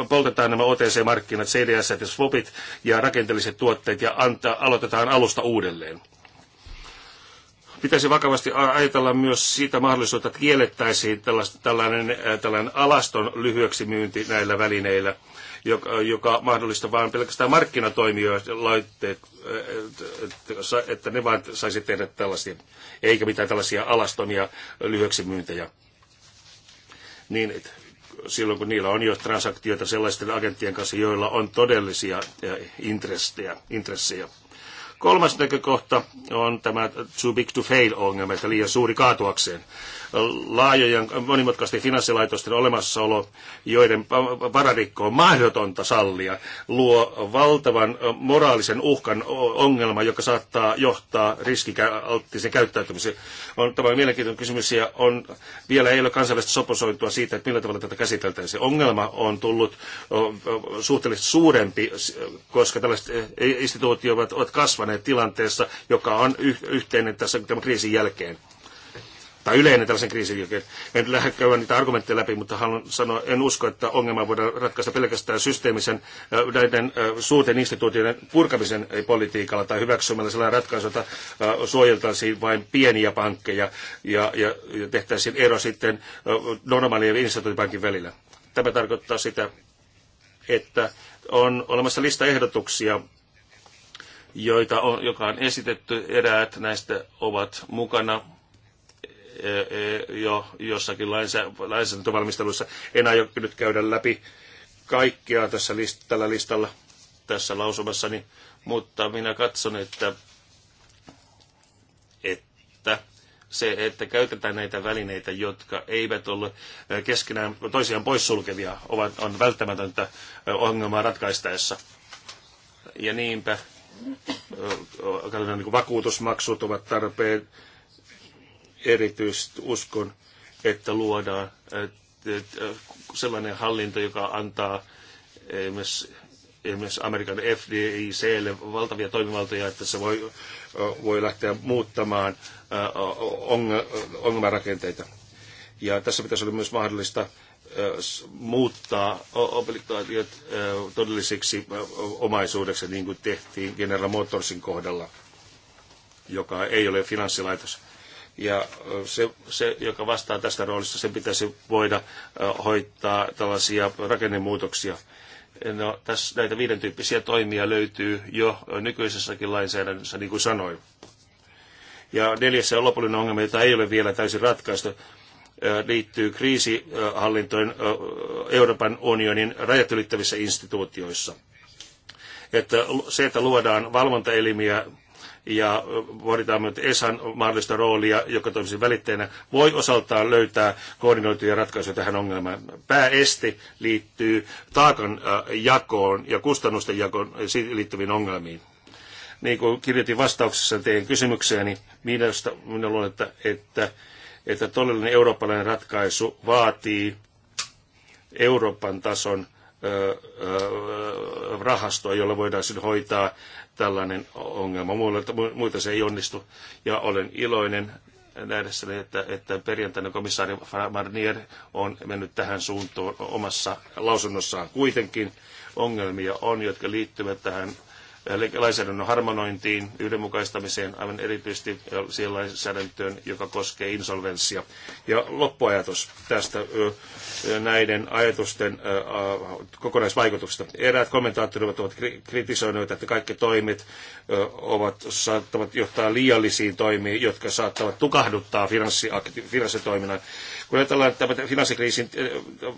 poltetaan nämä OTC-markkinat, CDS ja swapit ja rakenteelliset tuotteet ja antaa aloitetaan alusta uudelleen. Pitäisi vakavasti ajatella myös siitä mahdollisuutta, että kiellettäisiin tällainen, tällainen alaston lyhyeksi myynti näillä välineillä, joka, joka mahdollista vain pelkästään laitteet, että ne vain saisi tehdä tällaisia, eikä mitään tällaisia alastomia lyhyeksi myyntejä. Niin, että silloin kun niillä on jo transaktioita sellaisten agenttien kanssa, joilla on todellisia intressejä. intressejä. Kolmas näkökohta on tämä too big to fail ongelma, eli liian suuri kaatuakseen. Laajojen monimutkaisten finanssilaitosten olemassaolo, joiden vararikko on mahdotonta sallia, luo valtavan moraalisen uhkan ongelma, joka saattaa johtaa riskialttisen käyttäytymiseen. On tämä mielenkiintoinen kysymys ja on, vielä ei ole kansainvälistä soposointua siitä, että millä tavalla tätä käsiteltäisiin. Ongelma on tullut suhteellisesti suurempi, koska tällaiset instituutiot ovat kasvaneet joutuneet tilanteessa, joka on yhteinen tässä tämän kriisin jälkeen tai yleinen tällaisen kriisin jälkeen. En lähde käydä niitä argumentteja läpi, mutta haluan sanoa, en usko, että ongelma voidaan ratkaista pelkästään systeemisen näiden suurten instituutioiden purkamisen politiikalla tai hyväksymällä sellainen ratkaisu, että suojeltaisiin vain pieniä pankkeja ja, ja, ja tehtäisiin ero sitten normaalien instituutipankin välillä. Tämä tarkoittaa sitä, että on olemassa lista ehdotuksia joita on, joka on esitetty. Eräät näistä ovat mukana e, e, jo jossakin lainsäädäntövalmistelussa. En aio nyt käydä läpi kaikkea tässä list- tällä listalla tässä lausumassani, mutta minä katson, että, että se, että käytetään näitä välineitä, jotka eivät ole keskenään toisiaan poissulkevia, ovat, on välttämätöntä ongelmaa ratkaistaessa. Ja niinpä niin vakuutusmaksut ovat tarpeen. Erityisesti uskon, että luodaan sellainen hallinto, joka antaa myös esimerkiksi Amerikan FDIClle valtavia toimivaltoja, että se voi, voi lähteä muuttamaan ongelmarakenteita. Ja tässä pitäisi olla myös mahdollista muuttaa obligaatiot todelliseksi omaisuudeksi, niin kuin tehtiin General Motorsin kohdalla, joka ei ole finanssilaitos. Ja se, se, joka vastaa tästä roolista, sen pitäisi voida hoitaa tällaisia rakennemuutoksia. No, tässä näitä viiden tyyppisiä toimia löytyy jo nykyisessäkin lainsäädännössä, niin kuin sanoin. Ja neljässä on lopullinen ongelma, jota ei ole vielä täysin ratkaistu, liittyy kriisihallintoon Euroopan unionin rajat ylittävissä instituutioissa. Että se, että luodaan valvontaelimiä ja pohditaan myös ESAn mahdollista roolia, joka toimisi välitteenä, voi osaltaan löytää koordinoituja ratkaisuja tähän ongelmaan. Pääesti liittyy taakan jakoon ja kustannusten jakoon liittyviin ongelmiin. Niin kuin kirjoitin vastauksessa teidän kysymykseeni, minusta minä luulen, että, että että todellinen eurooppalainen ratkaisu vaatii Euroopan tason rahastoa, jolla voidaan sitten hoitaa tällainen ongelma. Muilta, muita se ei onnistu. Ja olen iloinen nähdessäni, että, että perjantaina komissaari Marnier on mennyt tähän suuntaan omassa lausunnossaan. Kuitenkin ongelmia on, jotka liittyvät tähän lainsäädännön harmonointiin, yhdenmukaistamiseen, aivan erityisesti siihen lainsäädäntöön, joka koskee insolvenssia. Ja loppuajatus tästä näiden ajatusten kokonaisvaikutuksesta. Eräät kommentaattorit ovat kritisoineet, että kaikki toimet ovat, saattavat johtaa liiallisiin toimiin, jotka saattavat tukahduttaa finanssitoiminnan. Kun ajatellaan, että finanssikriisin,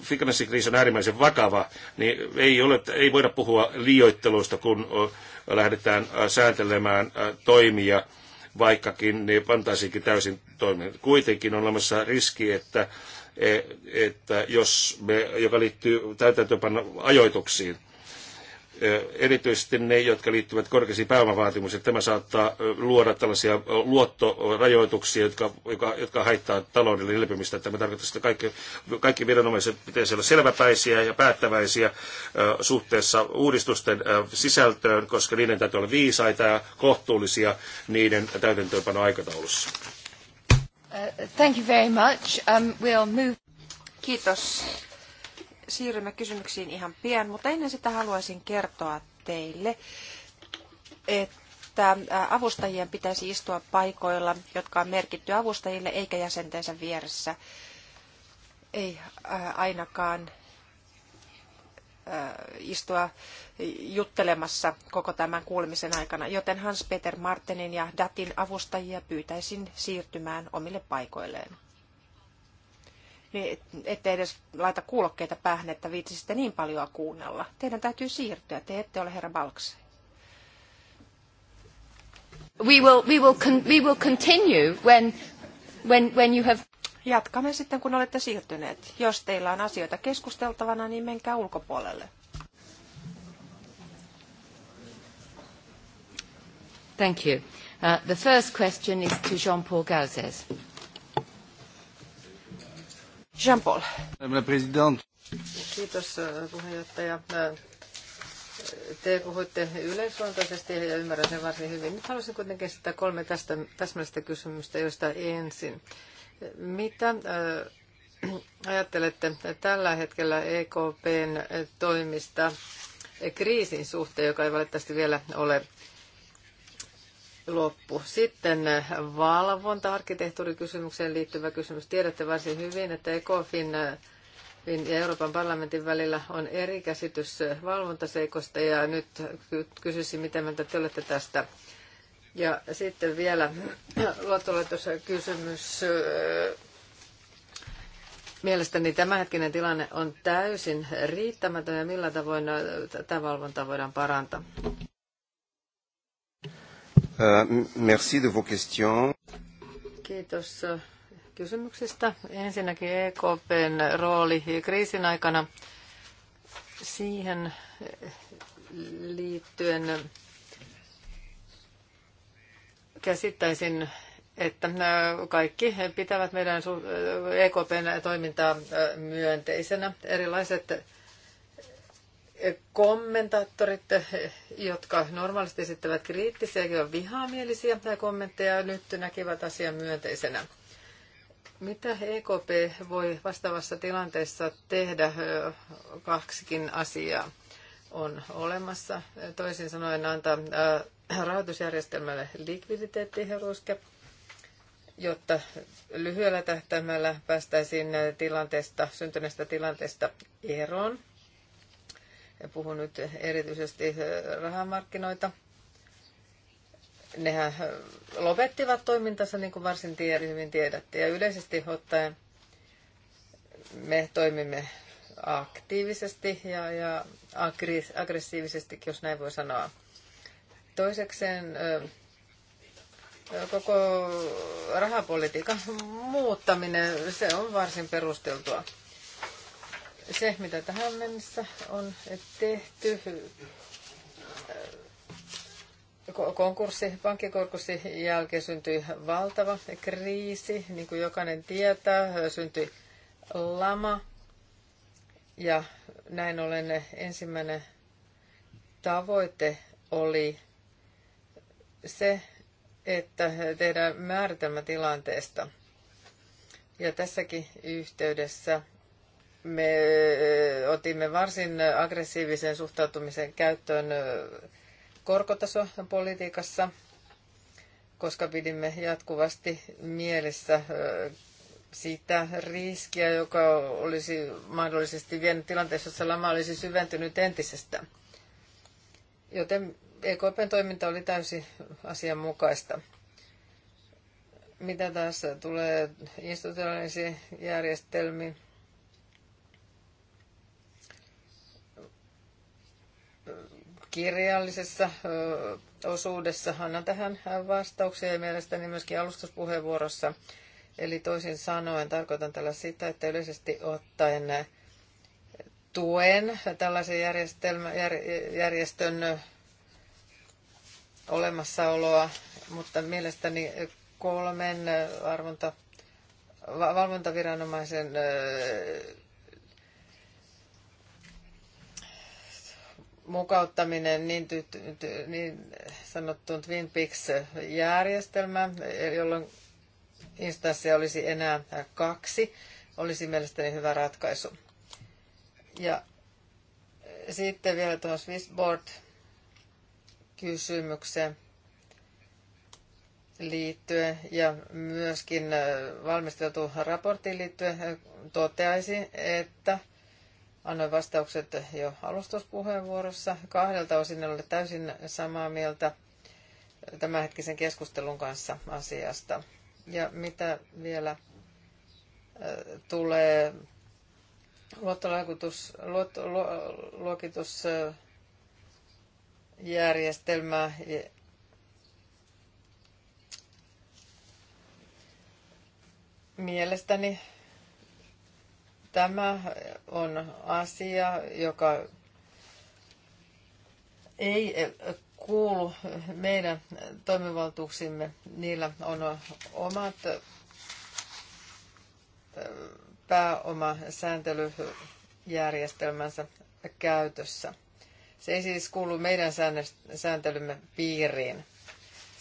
finanssikriisi on äärimmäisen vakava, niin ei, ole, ei voida puhua liioitteluista, kun lähdetään äh, sääntelemään äh, toimia, vaikkakin ne pantaisiinkin täysin toimintaan. Kuitenkin on olemassa riski, että, e, että jos me, joka liittyy täytäntöönpanna ajoituksiin, erityisesti ne, jotka liittyvät korkeisiin pääomavaatimuksiin. Tämä saattaa luoda tällaisia luottorajoituksia, jotka, jotka, jotka haittaa talouden elpymistä. Tämä tarkoittaa, että kaikki, kaikki viranomaiset pitäisi olla selväpäisiä ja päättäväisiä suhteessa uudistusten sisältöön, koska niiden täytyy olla viisaita ja kohtuullisia niiden täytäntöönpanoaikataulussa. Uh, thank you very much. Um, we'll move... Kiitos siirrymme kysymyksiin ihan pian, mutta ennen sitä haluaisin kertoa teille, että avustajien pitäisi istua paikoilla, jotka on merkitty avustajille eikä jäsentensä vieressä. Ei ainakaan istua juttelemassa koko tämän kuulemisen aikana, joten Hans-Peter Martenin ja Datin avustajia pyytäisin siirtymään omille paikoilleen niin ette edes laita kuulokkeita päähän, että viitsisitte niin paljon kuunnella. Teidän täytyy siirtyä, te ette ole herra Balks. We will, we will, con, we will continue when, when, when you have... Jatkamme sitten, kun olette siirtyneet. Jos teillä on asioita keskusteltavana, niin menkää ulkopuolelle. Thank you. Uh, the first question is to Jean-Paul Gauzès. Jean-Paul. Kiitos äh, puheenjohtaja. Äh, te puhuitte yleisluontoisesti ja ymmärrän sen varsin hyvin. Nyt haluaisin kuitenkin esittää kolme tästä, täsmällistä kysymystä, joista ensin. Mitä äh, ajattelette tällä hetkellä EKPn toimista kriisin suhteen, joka ei valitettavasti vielä ole loppu. Sitten valvonta, arkkitehtuurikysymykseen liittyvä kysymys. Tiedätte varsin hyvin, että ECOFIN äh, ja Euroopan parlamentin välillä on eri käsitys valvontaseikosta ja nyt kysyisin, mitä mieltä te olette tästä. Ja sitten vielä kysymys. Mielestäni tämänhetkinen tilanne on täysin riittämätön ja millä tavoin äh, tätä valvontaa voidaan parantaa. Euh, merci de vos questions. Kiitos äh, kysymyksistä. Ensinnäkin EKPn rooli kriisin aikana. Siihen äh, liittyen käsittäisin, että äh, kaikki pitävät meidän EKPn toimintaa myönteisenä. Erilaiset kommentaattorit, jotka normaalisti esittävät kriittisiä ja vihamielisiä kommentteja, nyt näkivät asian myönteisenä. Mitä EKP voi vastaavassa tilanteessa tehdä? Kaksikin asiaa on olemassa. Toisin sanoen antaa äh, rahoitusjärjestelmälle likviditeettiheruskä, jotta lyhyellä tähtäimellä päästäisiin tilanteesta, syntyneestä tilanteesta eroon – ja puhun nyt erityisesti eh, rahamarkkinoita, nehän eh, lopettivat toimintansa, niin kuin varsin tiedä, hyvin tiedätte. Ja yleisesti ottaen me toimimme aktiivisesti ja, ja aggressiivisesti, jos näin voi sanoa. Toisekseen eh, koko rahapolitiikan muuttaminen, se on varsin perusteltua. Se, mitä tähän mennessä on tehty, konkurssi, pankkikonkurssin jälkeen syntyi valtava kriisi, niin kuin jokainen tietää, syntyi lama. Ja näin ollen ensimmäinen tavoite oli se, että tehdään määritelmä tilanteesta. Ja tässäkin yhteydessä me otimme varsin aggressiivisen suhtautumisen käyttöön korkotasopolitiikassa, koska pidimme jatkuvasti mielessä sitä riskiä, joka olisi mahdollisesti vienyt tilanteessa, jossa lama olisi syventynyt entisestä. Joten EKPn toiminta oli täysin asianmukaista. Mitä taas tulee institutionaalisiin järjestelmiin, kirjallisessa osuudessa annan tähän vastauksia ja mielestäni myöskin alustuspuheenvuorossa. Eli toisin sanoen tarkoitan tällä sitä, että yleisesti ottaen tuen tällaisen järjestelmä, jär, järjestön olemassaoloa, mutta mielestäni kolmen arvonta, valvontaviranomaisen mukauttaminen niin, ty, ty, niin sanottuun Twin Peaks-järjestelmään, jolloin instanssia olisi enää kaksi, olisi mielestäni hyvä ratkaisu. Ja sitten vielä tuohon Swissboard-kysymykseen liittyen ja myöskin valmisteltu raporttiin liittyen toteaisin, että – annoin vastaukset jo alustuspuheenvuorossa. Kahdelta osin en ole täysin samaa mieltä tämänhetkisen keskustelun kanssa asiasta. Ja mitä vielä äh, tulee luottoluokitusjärjestelmää mielestäni Tämä on asia, joka ei kuulu meidän toimivaltuuksimme. Niillä on omat pääomasääntelyjärjestelmänsä käytössä. Se ei siis kuulu meidän sääntelymme piiriin.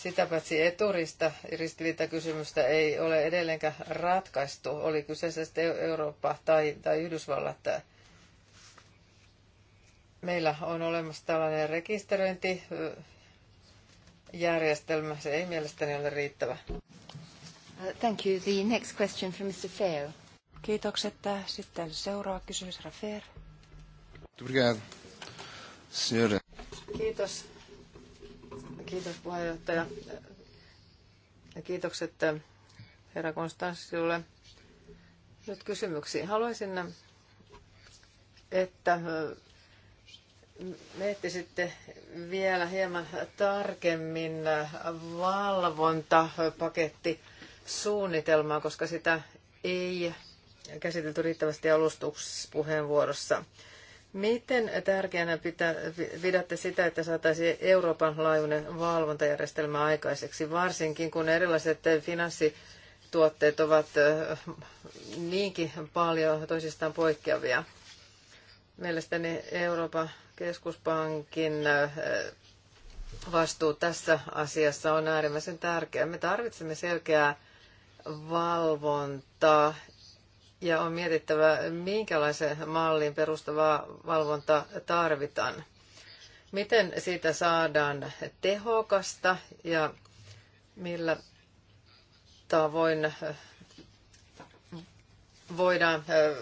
Sitä paitsi eturista ristiriitakysymystä ei ole edelleenkään ratkaistu, oli kyseessä sitten Eurooppa tai, tai Yhdysvallat. Meillä on olemassa tällainen rekisteröintijärjestelmä, se ei mielestäni ole riittävä. Uh, thank you. The next question from Mr. Feo. Kiitokset. Sitten seuraava kysymys, Rafer. Kiitos, Kiitos puheenjohtaja. Ja kiitokset eh, herra Konstanssilulle. Nyt kysymyksiin. Haluaisin, että eh, miettisitte vielä hieman tarkemmin eh, valvontapaketti suunnitelmaa, koska sitä ei käsitelty riittävästi alustuspuheenvuorossa. Miten tärkeänä pitää, pidätte sitä, että saataisiin Euroopan laajuinen valvontajärjestelmä aikaiseksi, varsinkin kun erilaiset finanssituotteet ovat niinkin paljon toisistaan poikkeavia? Mielestäni Euroopan keskuspankin vastuu tässä asiassa on äärimmäisen tärkeä. Me tarvitsemme selkeää valvontaa ja on mietittävä, minkälaisen mallin perustavaa valvontaa tarvitaan. Miten siitä saadaan tehokasta ja millä tavoin eh, voidaan eh,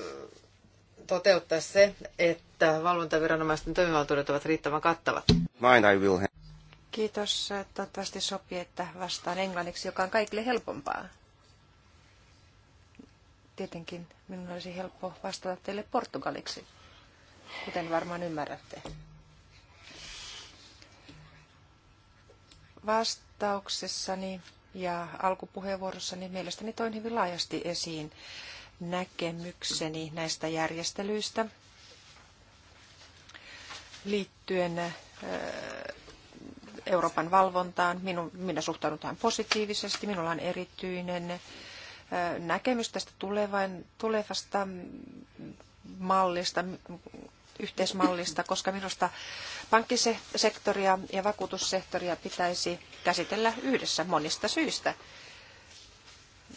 toteuttaa se, että valvontaviranomaisten toimivaltuudet ovat riittävän kattavat. Mine I will Kiitos. Toivottavasti sopii, että vastaan englanniksi, joka on kaikille helpompaa tietenkin minun olisi helppo vastata teille portugaliksi, kuten varmaan ymmärrätte. Vastauksessani ja alkupuheenvuorossani mielestäni toin hyvin laajasti esiin näkemykseni näistä järjestelyistä liittyen äh, Euroopan valvontaan. Minun, minä suhtaudun tähän positiivisesti. Minulla on erityinen näkemys tästä tulevasta mallista, yhteismallista, koska minusta pankkisektoria ja vakuutussektoria pitäisi käsitellä yhdessä monista syistä.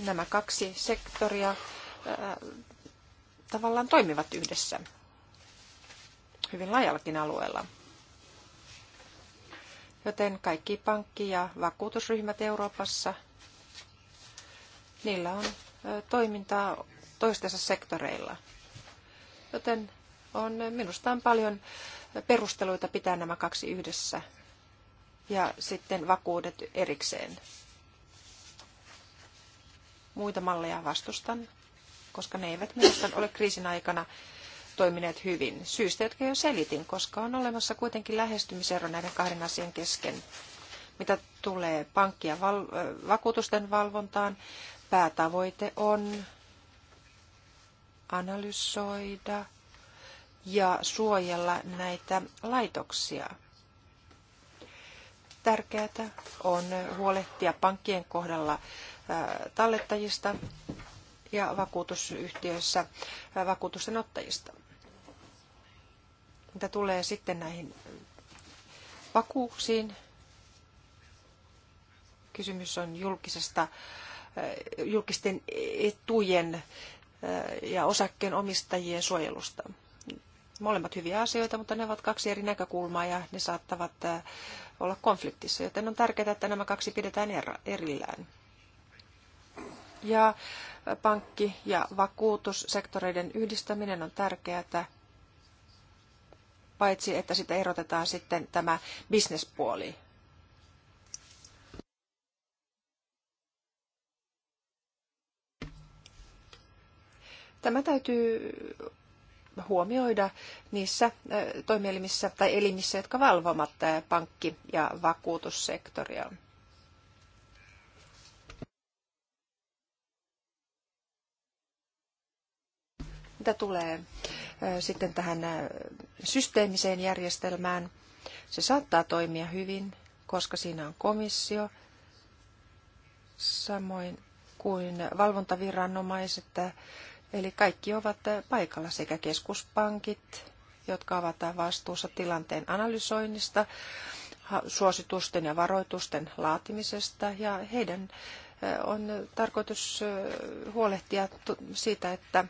Nämä kaksi sektoria tavallaan toimivat yhdessä hyvin laajallakin alueella. Joten kaikki pankki- ja vakuutusryhmät Euroopassa Niillä on toimintaa toistensa sektoreilla. Joten on minusta on paljon perusteluita pitää nämä kaksi yhdessä ja sitten vakuudet erikseen. Muita malleja vastustan, koska ne eivät minusta ole kriisin aikana toimineet hyvin. Syystä, jotka jo selitin, koska on olemassa kuitenkin lähestymisero näiden kahden asian kesken. Mitä tulee pankkia val- vakuutusten valvontaan, päätavoite on analysoida ja suojella näitä laitoksia. Tärkeää on huolehtia pankkien kohdalla tallettajista ja vakuutusyhtiöissä vakuutusten ottajista. Mitä tulee sitten näihin vakuuksiin, kysymys on julkisesta äh, julkisten etujen äh, ja osakkeen omistajien suojelusta. Molemmat hyviä asioita, mutta ne ovat kaksi eri näkökulmaa ja ne saattavat äh, olla konfliktissa, joten on tärkeää, että nämä kaksi pidetään erillään. Ja äh, pankki- ja vakuutussektoreiden yhdistäminen on tärkeää, paitsi että sitä erotetaan sitten tämä bisnespuoli Tämä täytyy huomioida niissä toimielimissä tai elimissä, jotka valvomat pankki- ja vakuutussektoria. Mitä tulee sitten tähän systeemiseen järjestelmään, se saattaa toimia hyvin, koska siinä on komissio, samoin kuin valvontaviranomaiset, Eli kaikki ovat paikalla sekä keskuspankit, jotka ovat vastuussa tilanteen analysoinnista, suositusten ja varoitusten laatimisesta ja heidän on tarkoitus huolehtia siitä, että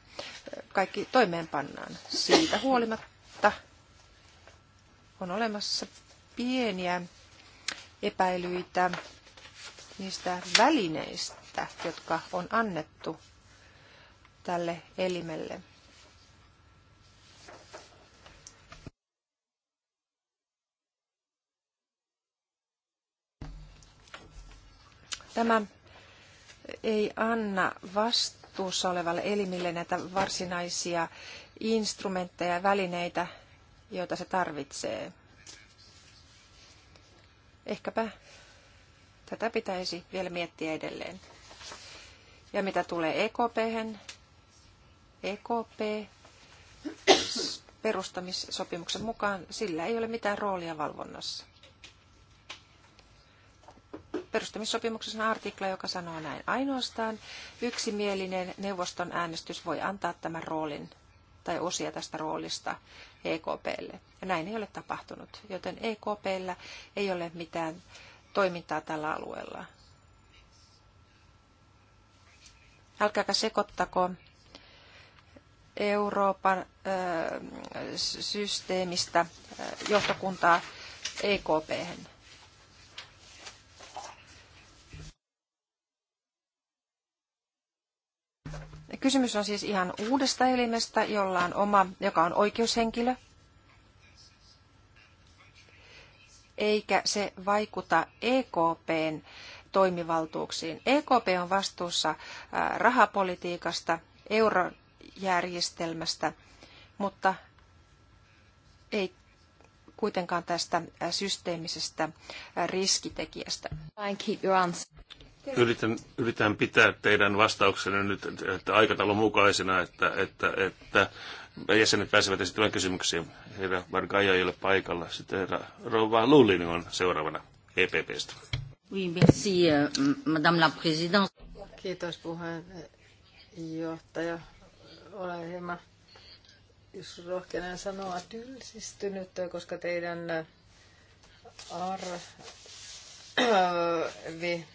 kaikki toimeenpannaan. Siitä huolimatta on olemassa pieniä epäilyitä niistä välineistä, jotka on annettu tälle elimelle. Tämä ei anna vastuussa olevalle elimille näitä varsinaisia instrumentteja ja välineitä, joita se tarvitsee. Ehkäpä tätä pitäisi vielä miettiä edelleen. Ja mitä tulee EKP, EKP perustamissopimuksen mukaan sillä ei ole mitään roolia valvonnassa. Perustamissopimuksessa on artikla, joka sanoo näin, ainoastaan yksimielinen neuvoston äänestys voi antaa tämän roolin tai osia tästä roolista EKPlle. Ja näin ei ole tapahtunut, joten EKPllä ei ole mitään toimintaa tällä alueella. Älkääkä sekoittako Euroopan systeemistä johtokuntaa EKP. hen. Kysymys on siis ihan uudesta elimestä, jolla on oma, joka on oikeushenkilö, eikä se vaikuta EKPn toimivaltuuksiin. EKP on vastuussa rahapolitiikasta, euron järjestelmästä, mutta ei kuitenkaan tästä systeemisestä äh, riskitekijästä. Yritän, yritän pitää teidän vastauksenne nyt että aikataulun mukaisena, että, että, että jäsenet pääsevät esittämään kysymyksiä. Herra Vargaja ei ole paikalla. Sitten herra Rouva Lullin on seuraavana EPPstä. Euh, Kiitos puheenjohtaja. Ole hieman, jos rohkenen sanoa, tylsistynyt, koska teidän arvi,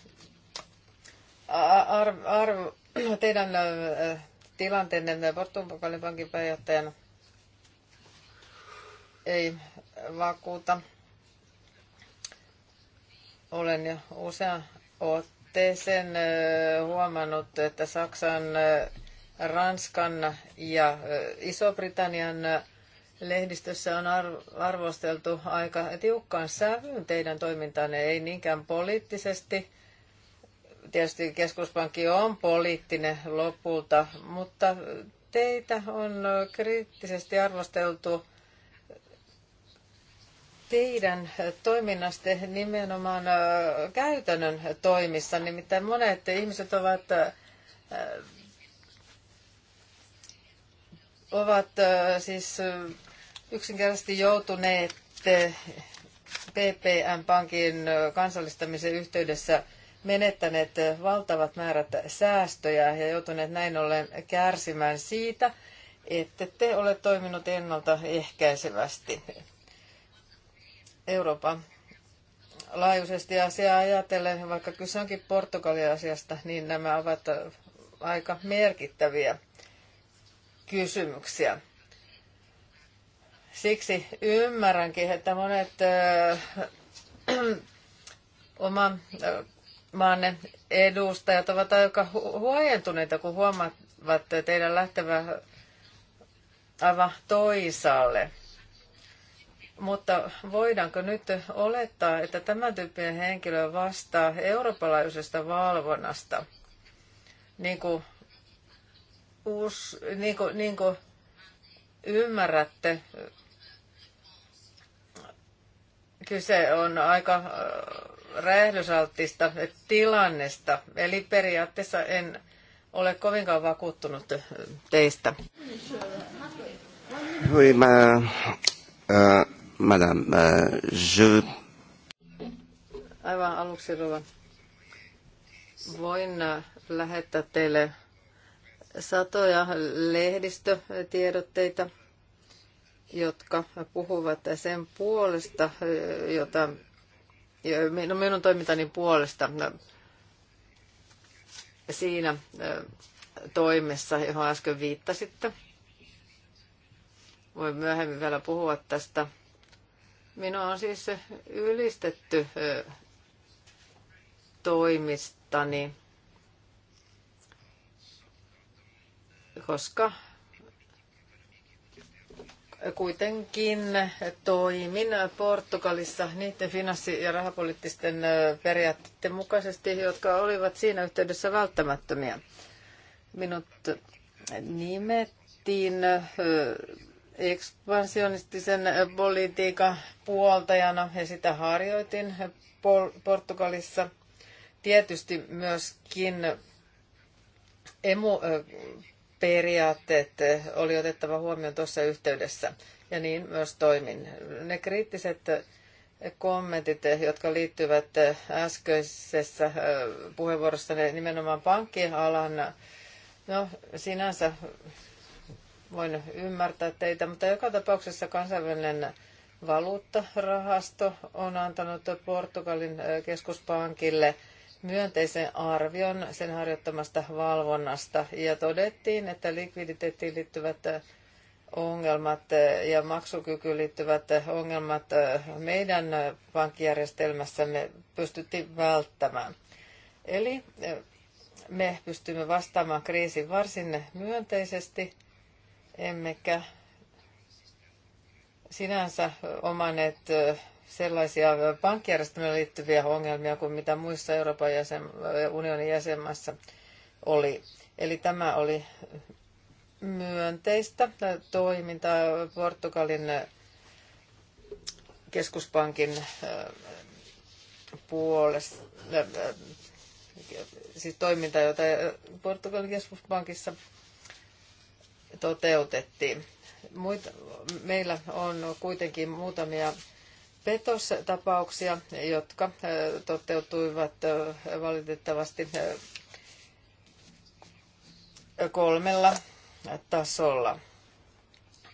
ar, ar, teidän tilanteenne Portugalin pankin pääjohtajana ei vakuuta. Olen jo usean otteeseen eh, huomannut, että Saksan eh, Ranskan ja Iso-Britannian lehdistössä on arvosteltu aika tiukkaan sävyyn teidän toimintanne, ei niinkään poliittisesti. Tietysti keskuspankki on poliittinen lopulta, mutta teitä on kriittisesti arvosteltu teidän toiminnasta nimenomaan käytännön toimissa. Nimittäin monet ihmiset ovat ovat siis yksinkertaisesti joutuneet PPM-pankin kansallistamisen yhteydessä menettäneet valtavat määrät säästöjä ja joutuneet näin ollen kärsimään siitä, että te ole toiminut ennaltaehkäisevästi. Euroopan laajuisesti asiaa ajatellen, vaikka kyse onkin Portugalia asiasta, niin nämä ovat aika merkittäviä kysymyksiä. Siksi ymmärränkin, että monet äh, maanne edustajat ovat aika huojentuneita, kun huomaavat teidän lähtevän aivan toisaalle. Mutta voidaanko nyt olettaa, että tämä tyyppinen henkilö vastaa eurooppalaisesta valvonnasta, niin kuin uus, niin kuin, niin kuin ymmärrätte, kyse on aika räjähdysaltista tilannesta. Eli periaatteessa en ole kovinkaan vakuuttunut teistä. Oui, ma, äh, madame, äh, je... Aivan aluksi ruvan. Voin lähettää teille satoja lehdistötiedotteita, jotka puhuvat sen puolesta, jota, no minun toimintani puolesta siinä toimessa, johon äsken viittasitte. Voin myöhemmin vielä puhua tästä. Minua on siis ylistetty toimistani koska kuitenkin toimin Portugalissa niiden finanssi- ja rahapoliittisten periaatteiden mukaisesti, jotka olivat siinä yhteydessä välttämättömiä. Minut nimettiin ekspansionistisen politiikan puoltajana ja sitä harjoitin Portugalissa. Tietysti myöskin emu periaatteet oli otettava huomioon tuossa yhteydessä. Ja niin myös toimin. Ne kriittiset kommentit, jotka liittyvät äskeisessä puheenvuorossa nimenomaan pankkialan, no sinänsä voin ymmärtää teitä, mutta joka tapauksessa kansainvälinen valuuttarahasto on antanut Portugalin keskuspankille – myönteisen arvion sen harjoittamasta valvonnasta ja todettiin, että likviditeettiin liittyvät äh, ongelmat äh, ja maksukykyyn liittyvät äh, ongelmat meidän pankkijärjestelmässämme pystyttiin välttämään. Eli me pystymme vastaamaan kriisin varsin myönteisesti, emmekä sinänsä omaneet sellaisia pankkijärjestelmään liittyviä ongelmia kuin mitä muissa Euroopan jäsen, unionin jäsenmaissa oli. Eli tämä oli myönteistä toimintaa Portugalin äh, keskuspankin äh, puolesta, äh, siis toimintaa, jota Portugalin keskuspankissa toteutettiin. Muita, meillä on kuitenkin muutamia petostapauksia, jotka toteutuivat valitettavasti kolmella tasolla.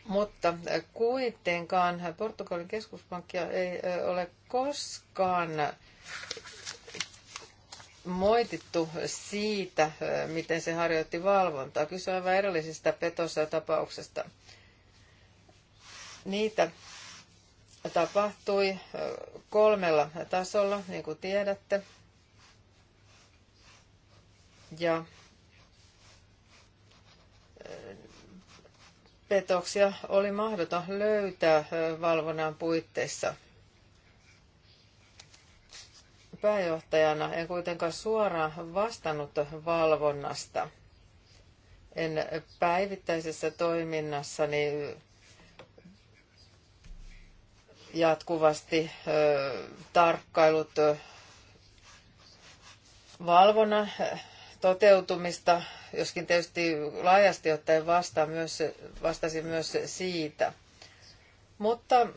Mutta kuitenkaan Portugalin keskuspankkia ei ole koskaan moitittu siitä, miten se harjoitti valvontaa. Kyse on aivan erillisistä petossa tapauksesta. Niitä tapahtui kolmella tasolla, niin kuin tiedätte. Ja petoksia oli mahdoton löytää valvonnan puitteissa. Pääjohtajana en kuitenkaan suoraan vastannut valvonnasta. En päivittäisessä toiminnassani jatkuvasti tarkkailut valvona toteutumista, joskin tietysti laajasti ottaen vastaan myös, vastasi myös siitä. Mutta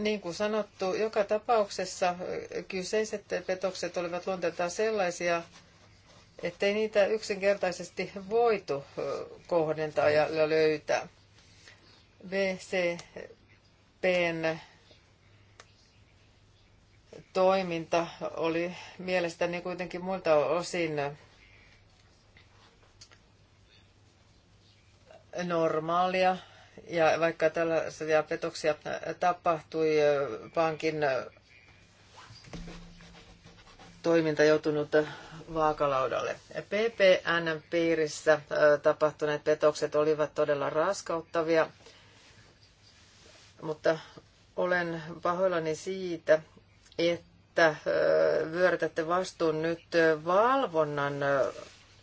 niin kuin sanottu, joka tapauksessa kyseiset petokset olivat luonteeltaan sellaisia, ettei niitä yksinkertaisesti voitu kohdentaa ja löytää. VC EKPn toiminta oli mielestäni kuitenkin muilta osin normaalia. Ja vaikka tällaisia petoksia tapahtui, pankin toiminta joutunut vaakalaudalle. PPN piirissä tapahtuneet petokset olivat todella raskauttavia mutta olen pahoillani siitä, että vyörytätte vastuun nyt valvonnan,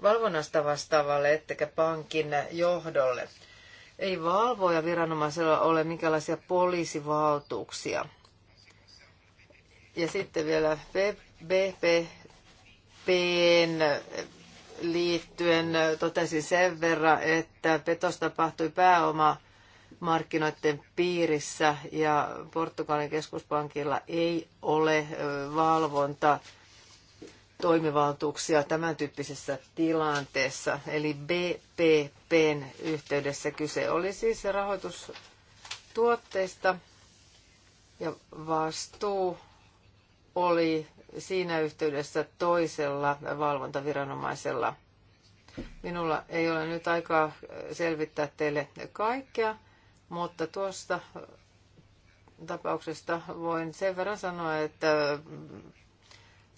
valvonnasta vastaavalle, ettekä pankin johdolle. Ei valvoja viranomaisella ole minkälaisia poliisivaltuuksia. Ja sitten vielä BPPn liittyen totesin sen verran, että petos tapahtui pääoma markkinoiden piirissä ja Portugalin keskuspankilla ei ole valvonta toimivaltuuksia tämän tyyppisessä tilanteessa. Eli BPPn yhteydessä kyse oli siis rahoitustuotteista ja vastuu oli siinä yhteydessä toisella valvontaviranomaisella. Minulla ei ole nyt aikaa selvittää teille kaikkea, mutta tuosta tapauksesta voin sen verran sanoa, että mm,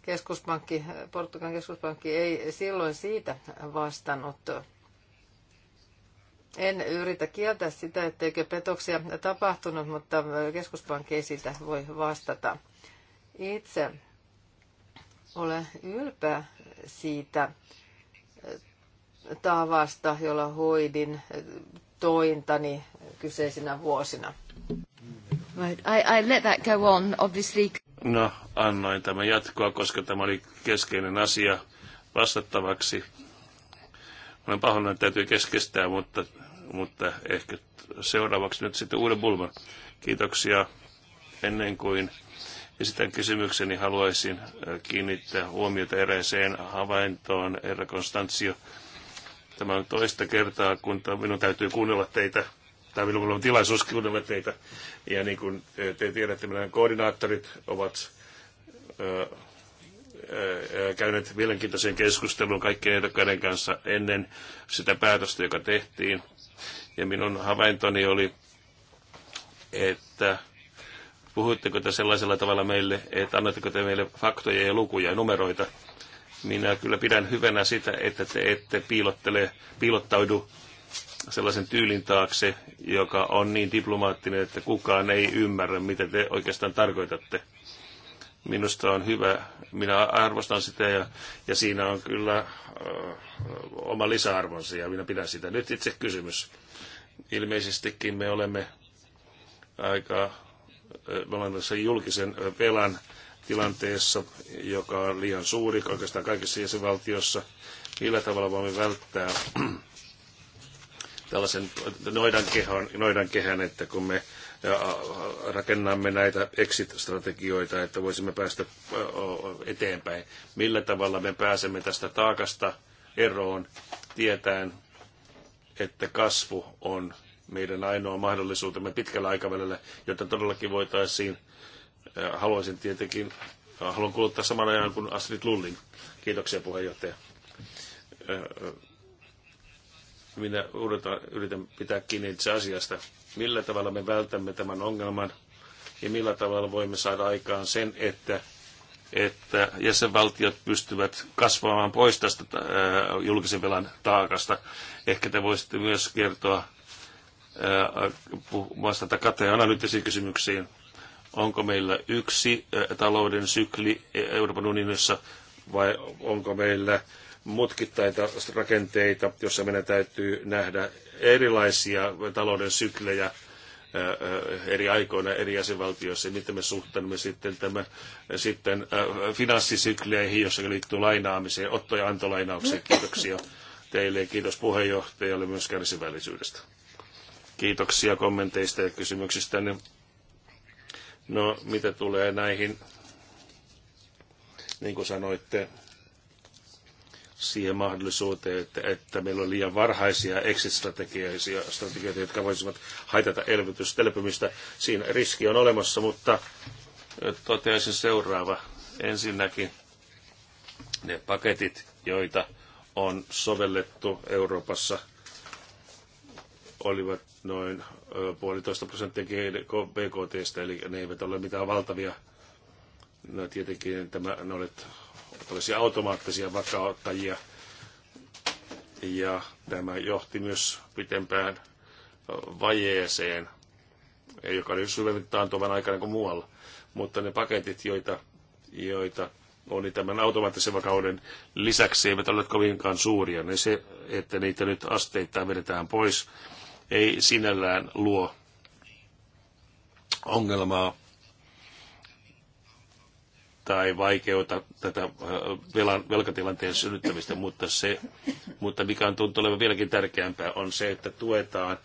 keskuspankki, Portugalin keskuspankki ei silloin siitä vastannut. En yritä kieltää sitä, etteikö petoksia tapahtunut, mutta keskuspankki ei siitä voi vastata. Itse olen ylpeä siitä tavasta, jolla hoidin tointani kyseisinä vuosina. Right. I, I let that go on, obviously. No, annoin tämä jatkoa, koska tämä oli keskeinen asia vastattavaksi. Olen pahoin että täytyy keskestää, mutta, mutta ehkä seuraavaksi nyt sitten uuden Bulman. Kiitoksia. Ennen kuin esitän kysymykseni, haluaisin äh, kiinnittää huomiota eräiseen havaintoon, herra Konstantio Tämä on toista kertaa, kun minun täytyy kuunnella teitä, tai minulla on tilaisuus kuunnella teitä. Ja niin kuin eh, te tiedätte, meidän koordinaattorit ovat eh, eh, käyneet mielenkiintoisen keskustelun kaikkien ehdokkaiden kanssa ennen sitä päätöstä, joka tehtiin. Ja minun havaintoni oli, että puhuitteko te sellaisella tavalla meille, että annatteko te meille faktoja ja lukuja ja numeroita, minä kyllä pidän hyvänä sitä, että te ette piilottele, piilottaudu sellaisen tyylin taakse, joka on niin diplomaattinen, että kukaan ei ymmärrä, mitä te oikeastaan tarkoitatte. Minusta on hyvä, minä arvostan sitä ja, ja siinä on kyllä ö, oma lisäarvonsa ja minä pidän sitä. Nyt itse kysymys. Ilmeisestikin me olemme aika, me olemme julkisen velan tilanteessa, joka on liian suuri oikeastaan kaikissa jäsenvaltioissa, Millä tavalla voimme välttää tällaisen noidankehän, noidankehän että kun me rakennamme näitä exit-strategioita, että voisimme päästä eteenpäin. Millä tavalla me pääsemme tästä taakasta eroon tietäen, että kasvu on meidän ainoa mahdollisuutemme pitkällä aikavälillä, jotta todellakin voitaisiin haluaisin tietenkin, äh, haluan kuluttaa saman ajan kuin Astrid Lullin. Kiitoksia puheenjohtaja. Äh, äh, minä yritän pitää kiinni itse asiasta, millä tavalla me vältämme tämän ongelman ja millä tavalla voimme saada aikaan sen, että että jäsenvaltiot pystyvät kasvamaan pois tästä julkisen velan taakasta. Ehkä te voisitte myös kertoa vastata kateen analyyttisiin kysymyksiin Onko meillä yksi talouden sykli e, Euroopan unionissa vai onko meillä mutkittaita rakenteita, jossa meidän täytyy nähdä erilaisia talouden syklejä eri aikoina eri jäsenvaltioissa, miten me suhtaudumme sitten, tämä, sitten finanssisykleihin, jossa liittyy lainaamiseen, otto- ja antolainaukseen. Kiitoksia teille ja kiitos puheenjohtajalle myös kärsivällisyydestä. Kiitoksia kommenteista ja kysymyksistä. No, mitä tulee näihin, niin kuin sanoitte, siihen mahdollisuuteen, että, että meillä on liian varhaisia exit-strategioita, jotka voisivat haitata elvytystä, elpymistä. Siinä riski on olemassa, mutta toteaisin seuraava. Ensinnäkin ne paketit, joita on sovellettu Euroopassa, olivat noin puolitoista prosenttia BKTstä, eli ne eivät ole mitään valtavia. No tietenkin tämä, ne olet tällaisia automaattisia vakauttajia. Ja tämä johti myös pitempään vajeeseen, joka oli syvemmin taantuvan aikana kuin muualla. Mutta ne paketit, joita, joita oli tämän automaattisen vakauden lisäksi, eivät ole kovinkaan suuria. Ne se, että niitä nyt asteittain vedetään pois, ei sinällään luo ongelmaa tai vaikeuta tätä äh, velan, velkatilanteen synnyttämistä, mutta, se, mutta mikä on tuntuu olevan vieläkin tärkeämpää, on se, että tuetaan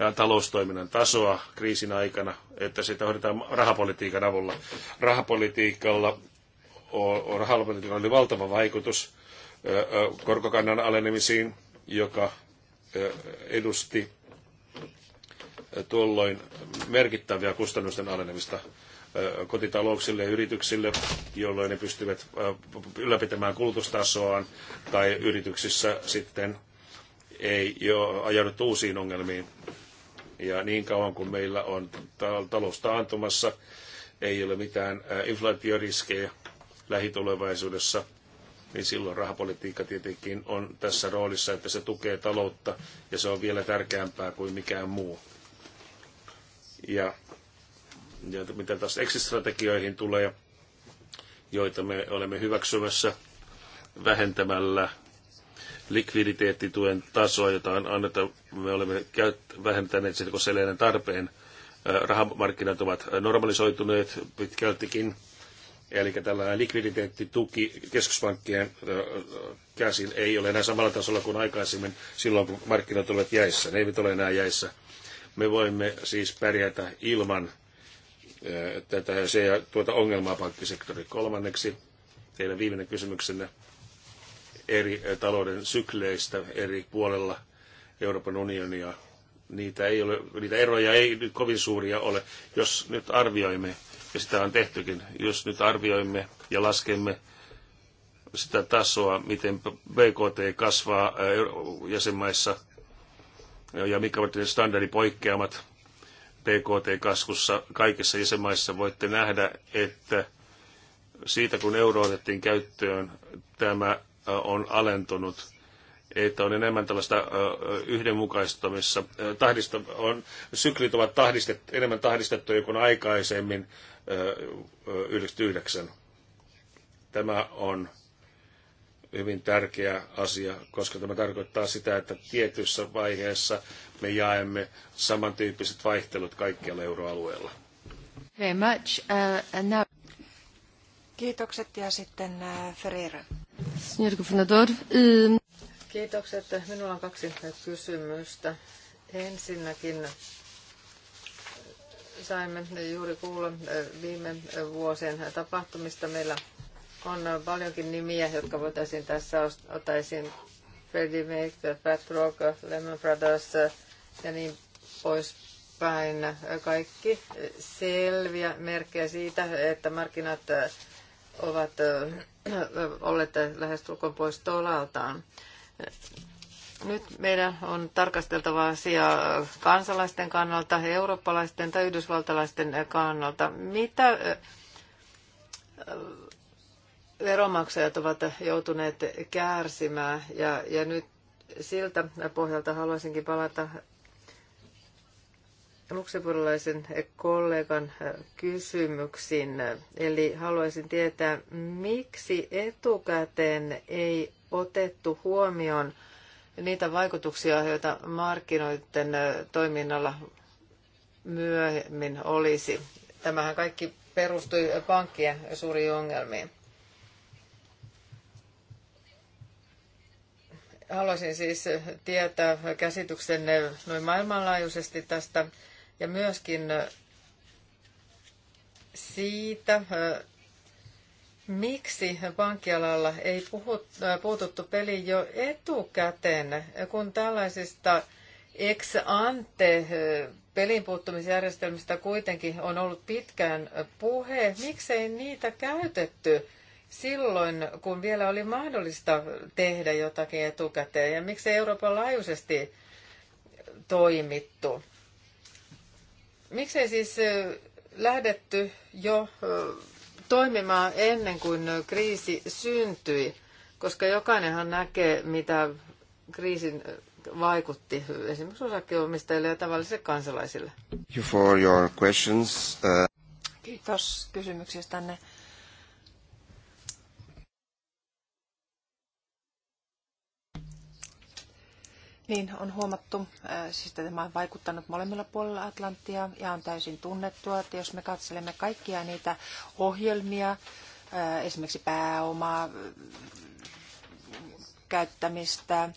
äh, taloustoiminnan tasoa kriisin aikana, että sitä hoidetaan rahapolitiikan avulla. Rahapolitiikalla, rahapolitiikalla oli valtava vaikutus äh, korkokannan alenemisiin, joka edusti tuolloin merkittäviä kustannusten alenemista kotitalouksille ja yrityksille, jolloin ne pystyvät ylläpitämään kulutustasoaan, tai yrityksissä sitten ei jo ajauduttu uusiin ongelmiin. Ja niin kauan kuin meillä on talous taantumassa, ei ole mitään inflaatioriskejä lähitulevaisuudessa, niin silloin rahapolitiikka tietenkin on tässä roolissa, että se tukee taloutta ja se on vielä tärkeämpää kuin mikään muu. Ja, ja mitä taas exit-strategioihin tulee, joita me olemme hyväksymässä vähentämällä likviditeettituen tasoa, jota on annettu, me olemme käyt- vähentäneet sen, kun tarpeen. Rahamarkkinat ovat normalisoituneet pitkältikin, eli tällainen likviditeettituki keskuspankkien käsin ei ole enää samalla tasolla kuin aikaisemmin silloin, kun markkinat olivat jäissä. Ne eivät ole enää jäissä. Me voimme siis pärjätä ilman eh, tätä se, tuota ongelmaa pankkisektori kolmanneksi. Teidän viimeinen kysymyksenne eri eh, talouden sykleistä eri puolella Euroopan unionia. Niitä, ei ole, niitä eroja ei nyt kovin suuria ole. Jos nyt arvioimme, ja sitä on tehtykin, jos nyt arvioimme ja laskemme sitä tasoa, miten BKT kasvaa eh, jäsenmaissa – ja mitkä ovat ne standardipoikkeamat PKT-kasvussa kaikissa jäsenmaissa. Voitte nähdä, että siitä kun euro otettiin käyttöön, tämä äh, on alentunut että on enemmän tällaista äh, yhdenmukaistamissa. Äh, tahdista, on, syklit ovat tahdistet, enemmän tahdistettuja kuin aikaisemmin 99. Tämä on hyvin tärkeä asia, koska tämä tarkoittaa sitä, että tietyssä vaiheessa me jaemme samantyyppiset vaihtelut kaikkialla euroalueella. Very much. Uh, and now... Kiitokset ja sitten uh, Ferreira. Um, Kiitokset. Minulla on kaksi kysymystä. Ensinnäkin saimme juuri kuulla uh, viime vuosien tapahtumista. Meillä on paljonkin nimiä, jotka voitaisiin tässä otaisin Freddie Mac, Pat Rock, Lemon Brothers ja niin poispäin. Kaikki selviä merkkejä siitä, että markkinat äh, ovat äh, olleet lähestulkoon pois tolaltaan. Nyt meidän on tarkasteltava asia kansalaisten kannalta, eurooppalaisten tai yhdysvaltalaisten kannalta. Mitä äh, veronmaksajat ovat joutuneet kärsimään ja, ja nyt siltä pohjalta haluaisinkin palata luksemburilaisen kollegan kysymyksiin. Eli haluaisin tietää, miksi etukäteen ei otettu huomioon niitä vaikutuksia, joita markkinoiden toiminnalla myöhemmin olisi. Tämähän kaikki perustui pankkien suuriin ongelmiin. Haluaisin siis tietää käsityksenne noin maailmanlaajuisesti tästä ja myöskin siitä, miksi pankkialalla ei puhut, puututtu peliin jo etukäteen, kun tällaisista ex ante pelin puuttumisjärjestelmistä kuitenkin on ollut pitkään puhe. Miksei niitä käytetty? silloin, kun vielä oli mahdollista tehdä jotakin etukäteen, ja miksi Euroopan laajuisesti toimittu? Miksei siis lähdetty jo toimimaan ennen kuin kriisi syntyi, koska jokainenhan näkee, mitä kriisin vaikutti esimerkiksi osakkeenomistajille ja tavallisille kansalaisille. You for your questions. Uh, Kiitos kysymyksestänne. Niin, on huomattu, äh, siis tämä on vaikuttanut molemmilla puolilla Atlanttia ja on täysin tunnettua, että jos me katselemme kaikkia niitä ohjelmia, äh, esimerkiksi pääomaa, äh, käyttämistä,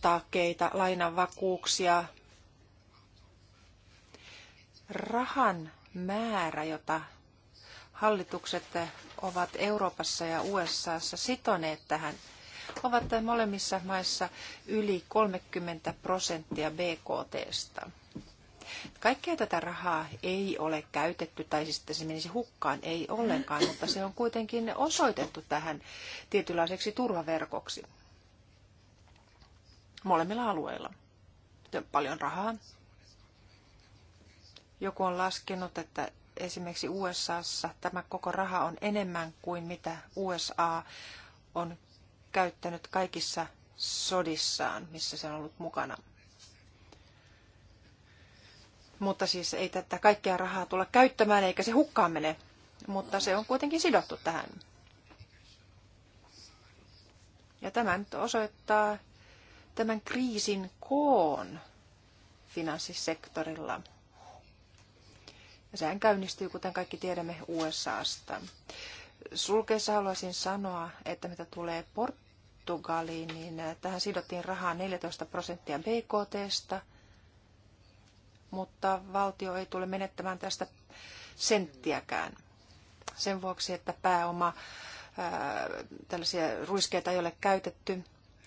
takeita, lainavakuuksia, rahan määrä, jota hallitukset ovat Euroopassa ja USAssa sitoneet tähän – ovat molemmissa maissa yli 30 prosenttia BKTstä. Kaikkea tätä rahaa ei ole käytetty, tai siis että se menisi hukkaan, ei ollenkaan, mutta se on kuitenkin osoitettu tähän tietynlaiseksi turvaverkoksi molemmilla alueilla. on Paljon rahaa. Joku on laskenut, että esimerkiksi USAssa tämä koko raha on enemmän kuin mitä USA on käyttänyt kaikissa sodissaan, missä se on ollut mukana. Mutta siis ei tätä kaikkea rahaa tulla käyttämään, eikä se hukkaan mene. Mutta se on kuitenkin sidottu tähän. Ja tämä nyt osoittaa tämän kriisin koon finanssisektorilla. Ja sehän käynnistyy, kuten kaikki tiedämme, USAsta. Sulkeessa haluaisin sanoa, että mitä tulee Port Portugaliin, niin äh, tähän sidottiin rahaa 14 prosenttia BKTstä, mutta valtio ei tule menettämään tästä senttiäkään. Sen vuoksi, että pääoma, ää, äh, tällaisia ruiskeita ei ole käytetty.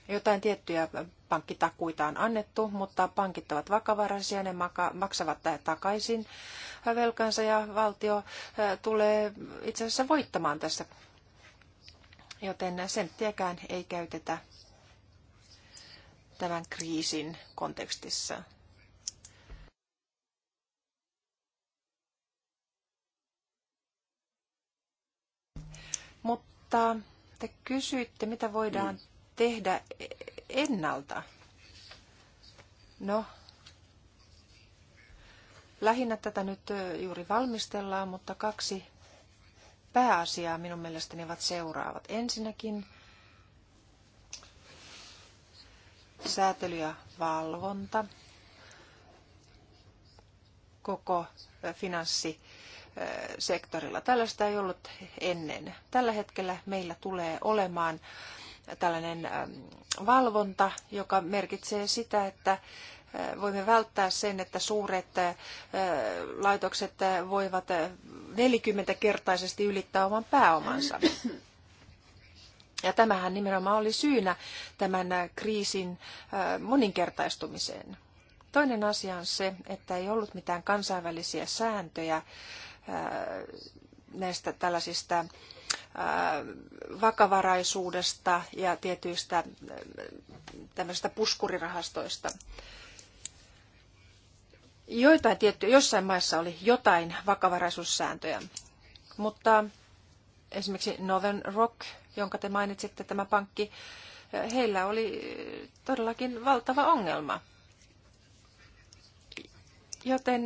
Jotain tiettyjä pankkitakuita on annettu, mutta pankit ovat vakavaraisia, ne maksavat takaisin velkansa ja valtio äh, tulee itse asiassa voittamaan tässä joten senttiäkään ei käytetä tämän kriisin kontekstissa. Mutta te kysyitte, mitä voidaan tehdä ennalta. No, lähinnä tätä nyt juuri valmistellaan, mutta kaksi pääasiaa minun mielestäni ovat seuraavat. Ensinnäkin säätely ja valvonta koko finanssisektorilla. Tällaista ei ollut ennen. Tällä hetkellä meillä tulee olemaan tällainen valvonta, joka merkitsee sitä, että voimme välttää sen, että suuret laitokset voivat 40-kertaisesti ylittää oman pääomansa. Ja tämähän nimenomaan oli syynä tämän kriisin moninkertaistumiseen. Toinen asia on se, että ei ollut mitään kansainvälisiä sääntöjä näistä tällaisista vakavaraisuudesta ja tietyistä tämmöisistä puskurirahastoista. Joitain tiettyjä, jossain maissa oli jotain vakavaraisuussääntöjä, mutta esimerkiksi Northern Rock, jonka te mainitsitte, tämä pankki, heillä oli todellakin valtava ongelma. Joten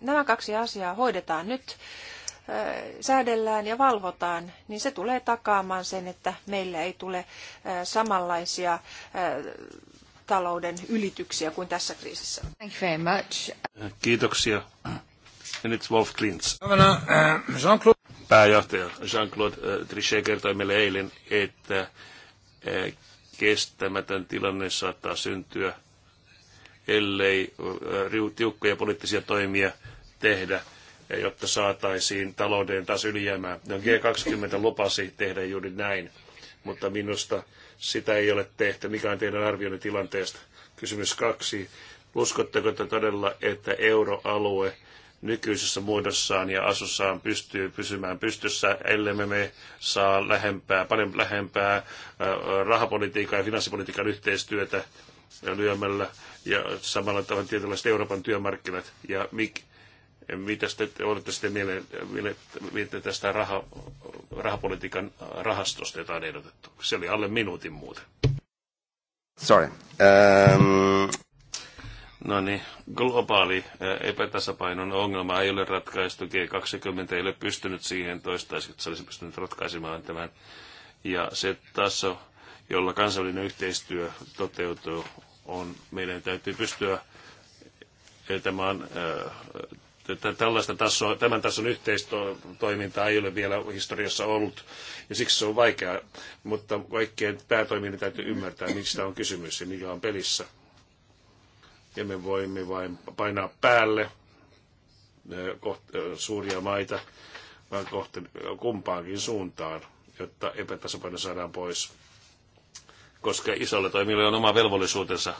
nämä kaksi asiaa hoidetaan nyt, säädellään ja valvotaan, niin se tulee takaamaan sen, että meillä ei tule samanlaisia talouden ylityksiä kuin tässä kriisissä. Thank you very much. Kiitoksia. Ja nyt Wolf Klintz. Uh, Jean-Claude. Pääjohtaja Jean-Claude uh, Trichet kertoi meille eilen, että uh, kestämätön tilanne saattaa syntyä, ellei tiukkoja poliittisia toimia tehdä, jotta saataisiin talouden taas ylijäämää. No G20 lupasi tehdä juuri näin, mutta minusta sitä ei ole tehty. Mikä on teidän arvioinnin tilanteesta? Kysymys kaksi. Uskotteko te todella, että euroalue nykyisessä muodossaan ja asussaan pystyy pysymään pystyssä, ellei me saa lähempää, paljon lähempää äh, rahapolitiikan ja finanssipolitiikan yhteistyötä lyömällä ja samalla tavalla tietynlaiset Euroopan työmarkkinat. Ja mik, mitä te olette sitten mieltä tästä raha, rahapolitiikan rahastosta, jota on ehdotettu? Se oli alle minuutin muuten. Sorry. Um... No niin, globaali äh, epätasapainon ongelma ei ole ratkaistu. G20 ei ole pystynyt siihen toistaiseksi, se olisi pystynyt ratkaisemaan tämän. Ja se taso, jolla kansainvälinen yhteistyö toteutuu, on, meidän täytyy pystyä, tämä on tällaista tasoa, tämän tason yhteistoimintaa ei ole vielä historiassa ollut, ja siksi se on vaikeaa. Mutta kaikkien päätoiminnan täytyy ymmärtää, mistä on kysymys ja mikä on pelissä. Ja me voimme vain painaa päälle suuria maita vaan kohti kumpaankin suuntaan, jotta epätasapaino saadaan pois. Koska isolle toimille on oma velvollisuutensa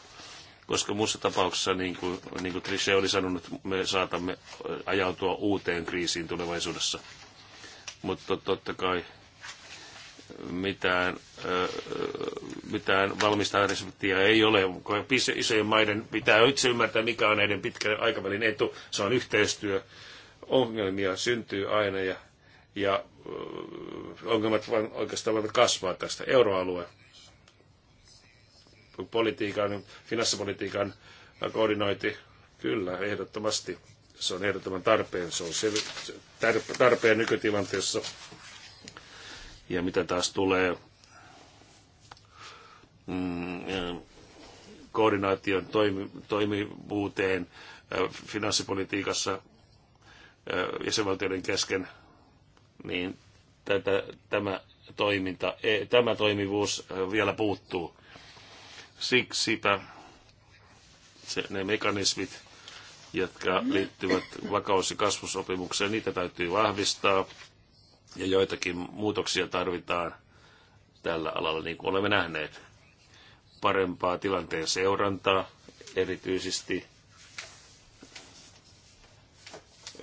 koska muussa tapauksessa, niin kuin, niin kuin Trichet oli sanonut, me saatamme ajautua uuteen kriisiin tulevaisuudessa. Mutta totta kai mitään, mitään valmista reseptiä ei ole. Isojen maiden pitää itse ymmärtää, mikä on näiden pitkän aikavälin etu. Se on yhteistyö. Ongelmia syntyy aina ja, ja ongelmat vain oikeastaan voivat kasvaa tästä. Euroalue politiikan, finanssipolitiikan koordinointi, kyllä, ehdottomasti. Se on ehdottoman tarpeen, se on se, tarpeen nykytilanteessa. Ja mitä taas tulee mm, eh, koordinaation toimi, toimivuuteen eh, finanssipolitiikassa eh, jäsenvaltioiden kesken, niin tätä, tämä, toiminta, tämä toimivuus vielä puuttuu. Siksipä se, ne mekanismit, jotka liittyvät vakaus- ja kasvusopimukseen, niitä täytyy vahvistaa ja joitakin muutoksia tarvitaan tällä alalla, niin kuin olemme nähneet. Parempaa tilanteen seurantaa, erityisesti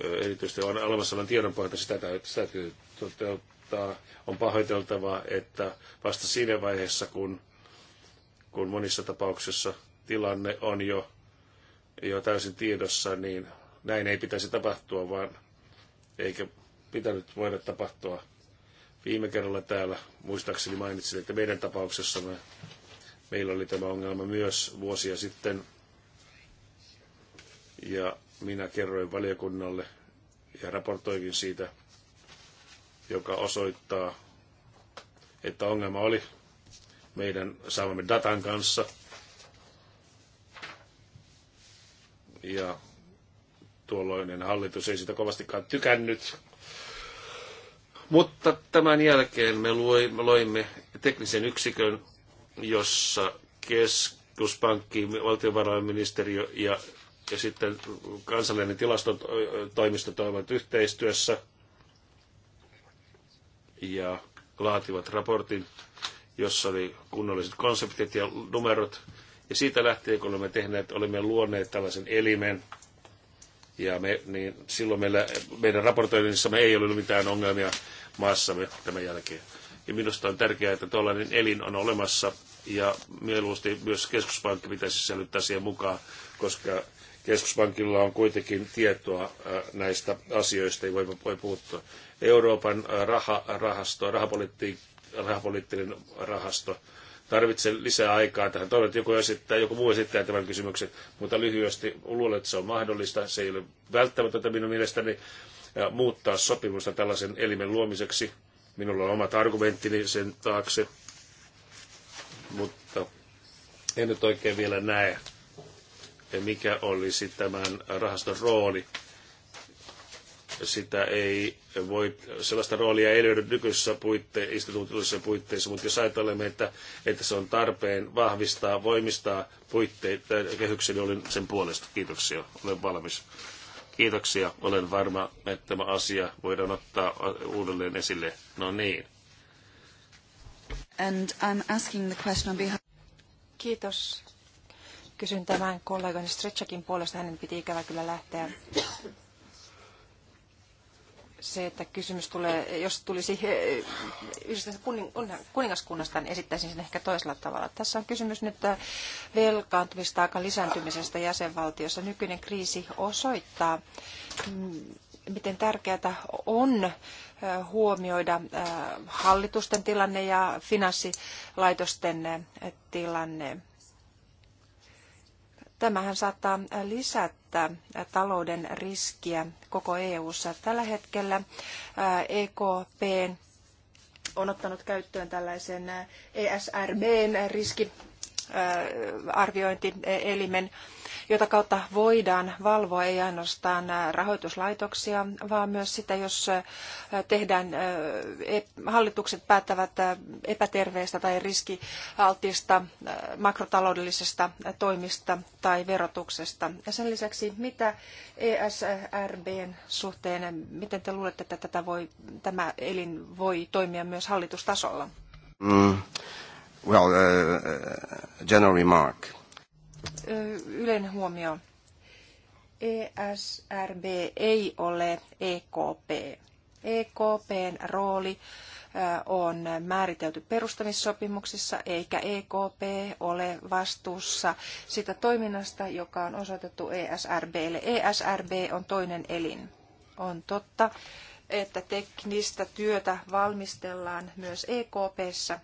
erityisesti on olemassa olevan tiedonpohjalta, sitä täytyy toteuttaa. On pahoiteltavaa, että vasta siinä vaiheessa, kun kun monissa tapauksissa tilanne on jo, jo täysin tiedossa, niin näin ei pitäisi tapahtua, vaan eikä pitänyt voida tapahtua. Viime kerralla täällä muistaakseni mainitsin, että meidän tapauksessamme meillä oli tämä ongelma myös vuosia sitten. Ja minä kerroin valiokunnalle ja raportoikin siitä, joka osoittaa, että ongelma oli meidän saamamme datan kanssa. Ja tuolloinen hallitus ei sitä kovastikaan tykännyt. Mutta tämän jälkeen me loimme teknisen yksikön, jossa keskuspankki, valtiovarainministeriö ja, ja sitten kansallinen tilastotoimisto toimivat yhteistyössä ja laativat raportin jossa oli kunnolliset konseptit ja numerot. Ja siitä lähtien, kun olemme tehneet, olemme luoneet tällaisen elimen, ja me, niin silloin meillä, meidän me ei ollut mitään ongelmia maassamme tämän jälkeen. Ja minusta on tärkeää, että tuollainen elin on olemassa, ja mieluusti myös keskuspankki pitäisi sisällyttää siihen mukaan, koska keskuspankilla on kuitenkin tietoa näistä asioista, ei voi, voi puuttua. Euroopan raha, rahasto, rahapolitiikka, rahapoliittinen rahasto. Tarvitsen lisää aikaa tähän. Toivon, että joku, esittää, joku muu esittää tämän kysymyksen, mutta lyhyesti luulen, että se on mahdollista. Se ei ole välttämätöntä minun mielestäni muuttaa sopimusta tällaisen elimen luomiseksi. Minulla on omat argumenttini sen taakse, mutta en nyt oikein vielä näe, mikä olisi tämän rahaston rooli sitä ei voi, sellaista roolia ei löydy nykyisissä puitte, instituutioissa puitteissa, mutta jos ajattelemme, että, että se on tarpeen vahvistaa, voimistaa puitteita äh, kehyksen, niin olin sen puolesta. Kiitoksia, olen valmis. Kiitoksia, olen varma, että tämä asia voidaan ottaa äh, uudelleen esille. No niin. And I'm asking the question on behalf... Kiitos. Kysyn tämän kollegan Stretchakin puolesta, hänen piti ikävä kyllä lähteä se, että kysymys tulee, jos tulisi eh, yhdistetystä kuningaskunnasta, niin esittäisin sen ehkä toisella tavalla. Tässä on kysymys nyt eh, velkaantumistaakan lisääntymisestä jäsenvaltiossa. Nykyinen kriisi osoittaa, mm, miten tärkeää on eh, huomioida hallitusten tilanne ja finanssilaitosten tilanne. Tämähän saattaa lisätä talouden riskiä koko EU:ssa. Tällä hetkellä EKP on ottanut käyttöön tällaisen ESRBn riskiarviointielimen, jota kautta voidaan valvoa ei ainoastaan rahoituslaitoksia, vaan myös sitä, jos tehdään, e, hallitukset päättävät epäterveistä tai riskialtista makrotaloudellisesta toimista tai verotuksesta. Ja sen lisäksi, mitä ESRBn suhteen, miten te luulette, että tätä voi, tämä elin voi toimia myös hallitustasolla? Mm. Well, uh, general remark yleinen huomio. ESRB ei ole EKP. EKPn rooli on määritelty perustamissopimuksissa, eikä EKP ole vastuussa sitä toiminnasta, joka on osoitettu ESRBlle. ESRB on toinen elin. On totta, että teknistä työtä valmistellaan myös EKPssä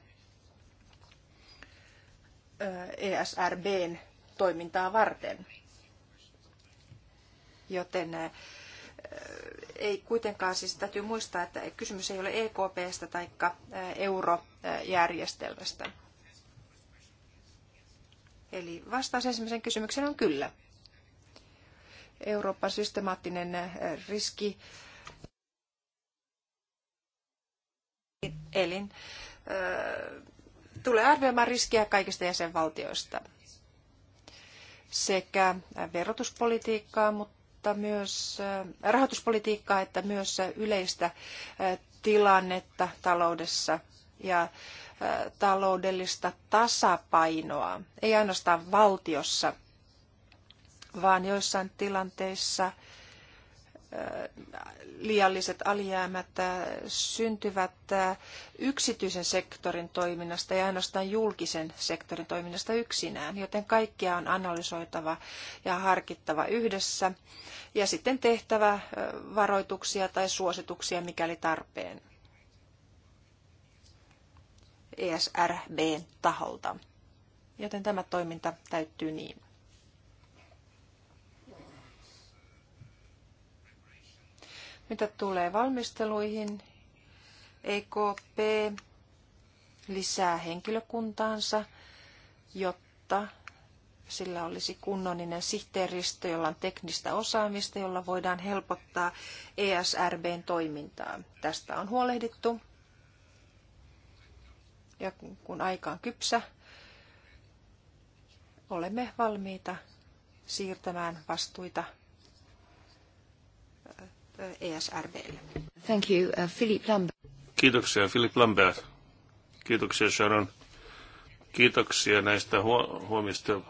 ESRBn toimintaa varten. Joten eh, ei kuitenkaan, siis täytyy muistaa, että kysymys ei ole EKPstä tai eh, eurojärjestelmästä. Eli vastaus ensimmäisen kysymykseen on kyllä. Euroopan systemaattinen eh, riski elin tulee arvioimaan riskiä kaikista jäsenvaltioista sekä verotuspolitiikkaa, mutta myös äh, rahoituspolitiikkaa että myös yleistä äh, tilannetta taloudessa ja äh, taloudellista tasapainoa, ei ainoastaan valtiossa, vaan joissain tilanteissa – liialliset alijäämät äh, syntyvät äh, yksityisen sektorin toiminnasta ja ainoastaan julkisen sektorin toiminnasta yksinään, joten kaikkia on analysoitava ja harkittava yhdessä ja sitten tehtävä äh, varoituksia tai suosituksia mikäli tarpeen ESRBn taholta. Joten tämä toiminta täyttyy niin. Mitä tulee valmisteluihin, EKP lisää henkilökuntaansa, jotta sillä olisi kunnollinen sihteeristö, jolla on teknistä osaamista, jolla voidaan helpottaa ESRBn toimintaa. Tästä on huolehdittu. Ja kun aika on kypsä, olemme valmiita siirtämään vastuita ESRBlle. Thank you, uh, Philip Lambert. Kiitoksia, Philip Lambert. Kiitoksia, Sharon. Kiitoksia näistä huo- huomista.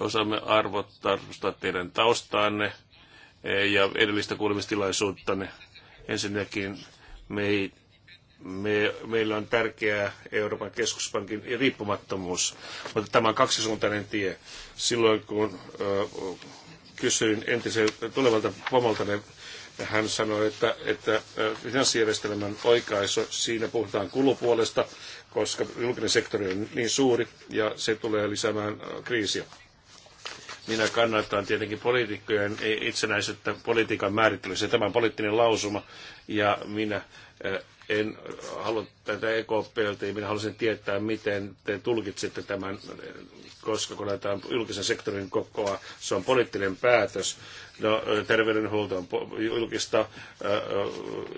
Osaamme arvottaa teidän taustaanne e, ja edellistä kuulemistilaisuuttanne. Ensinnäkin me, me, meillä on tärkeää Euroopan keskuspankin riippumattomuus, mutta tämä on kaksisuuntainen tie. Silloin kun ö, kysyin entisen tulevalta pomolta hän sanoi, että, että finanssijärjestelmän oikaisu, siinä puhutaan kulupuolesta, koska julkinen sektori on niin suuri ja se tulee lisäämään kriisiä. Minä kannatan tietenkin poliitikkojen e, itsenäisyyttä politiikan määrittelyssä. Tämä on poliittinen lausuma ja minä en halua tätä EKPltä ja minä haluaisin tietää, miten te tulkitsette tämän, koska kun näitä julkisen sektorin kokoa, se on poliittinen päätös No, terveydenhuolto on julkista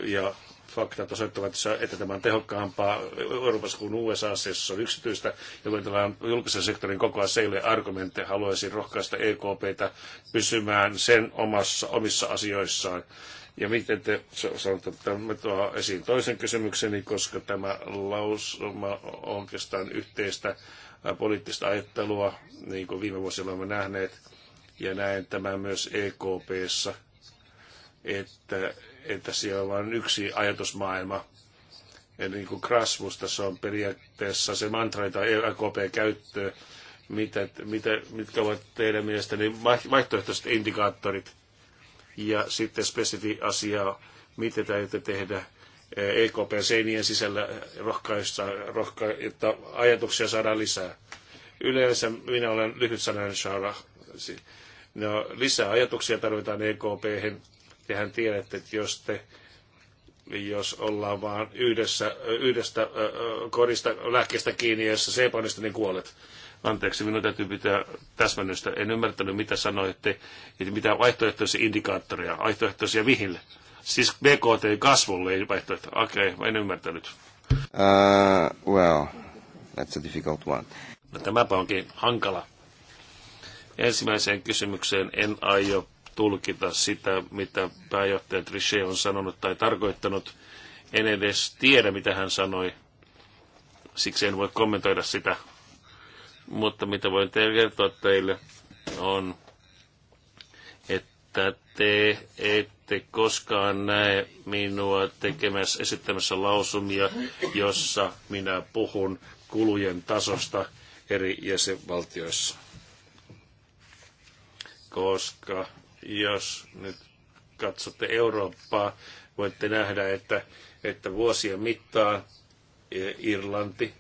ja faktat osoittavat, että tämä on tehokkaampaa Euroopassa kuin USAssa, siis se on yksityistä, jolloin tämä julkisen sektorin koko ajan seille argumentti. Haluaisin rohkaista EKPtä pysymään sen omassa, omissa asioissaan. Ja miten te sanotte, että mä tuon esiin toisen kysymykseni, koska tämä lausuma on oikeastaan yhteistä poliittista ajattelua, niin kuin viime vuosilla olemme nähneet ja näen tämän myös EKPssä, että, että siellä on vain yksi ajatusmaailma. Ja niin kuin Krasmus se on periaatteessa se mantra, jota EKP käyttöön, mitä, mitä, mitkä ovat teidän mielestäni niin vaihtoehtoiset indikaattorit ja sitten spesifi asiaa, mitä täytyy tehdä EKP-seinien eh, e sisällä rohkaista, rohka, että ajatuksia saadaan lisää. Yleensä minä olen lyhyt sanan Shara. No, lisää ajatuksia tarvitaan EKP. Tehän tiedätte, että jos te jos ollaan vaan yhdessä, yhdestä korista lääkkeestä kiinni, jossa sepanista, niin kuolet. Anteeksi, minun täytyy pitää täsmennystä. En ymmärtänyt, mitä sanoitte, että mitä vaihtoehtoisia indikaattoreja, vaihtoehtoisia vihille. Siis BKT-kasvulle ei vaihtoehto. Okei, okay, en ymmärtänyt. Uh, well, that's a difficult one. No, tämäpä onkin hankala. Ensimmäiseen kysymykseen en aio tulkita sitä, mitä pääjohtaja Trichet on sanonut tai tarkoittanut. En edes tiedä, mitä hän sanoi, siksi en voi kommentoida sitä. Mutta mitä voin teille kertoa teille on, että te ette koskaan näe minua tekemässä, esittämässä lausumia, jossa minä puhun kulujen tasosta eri jäsenvaltioissa koska jos nyt katsotte Eurooppaa, voitte nähdä, että, että vuosien mittaan Irlanti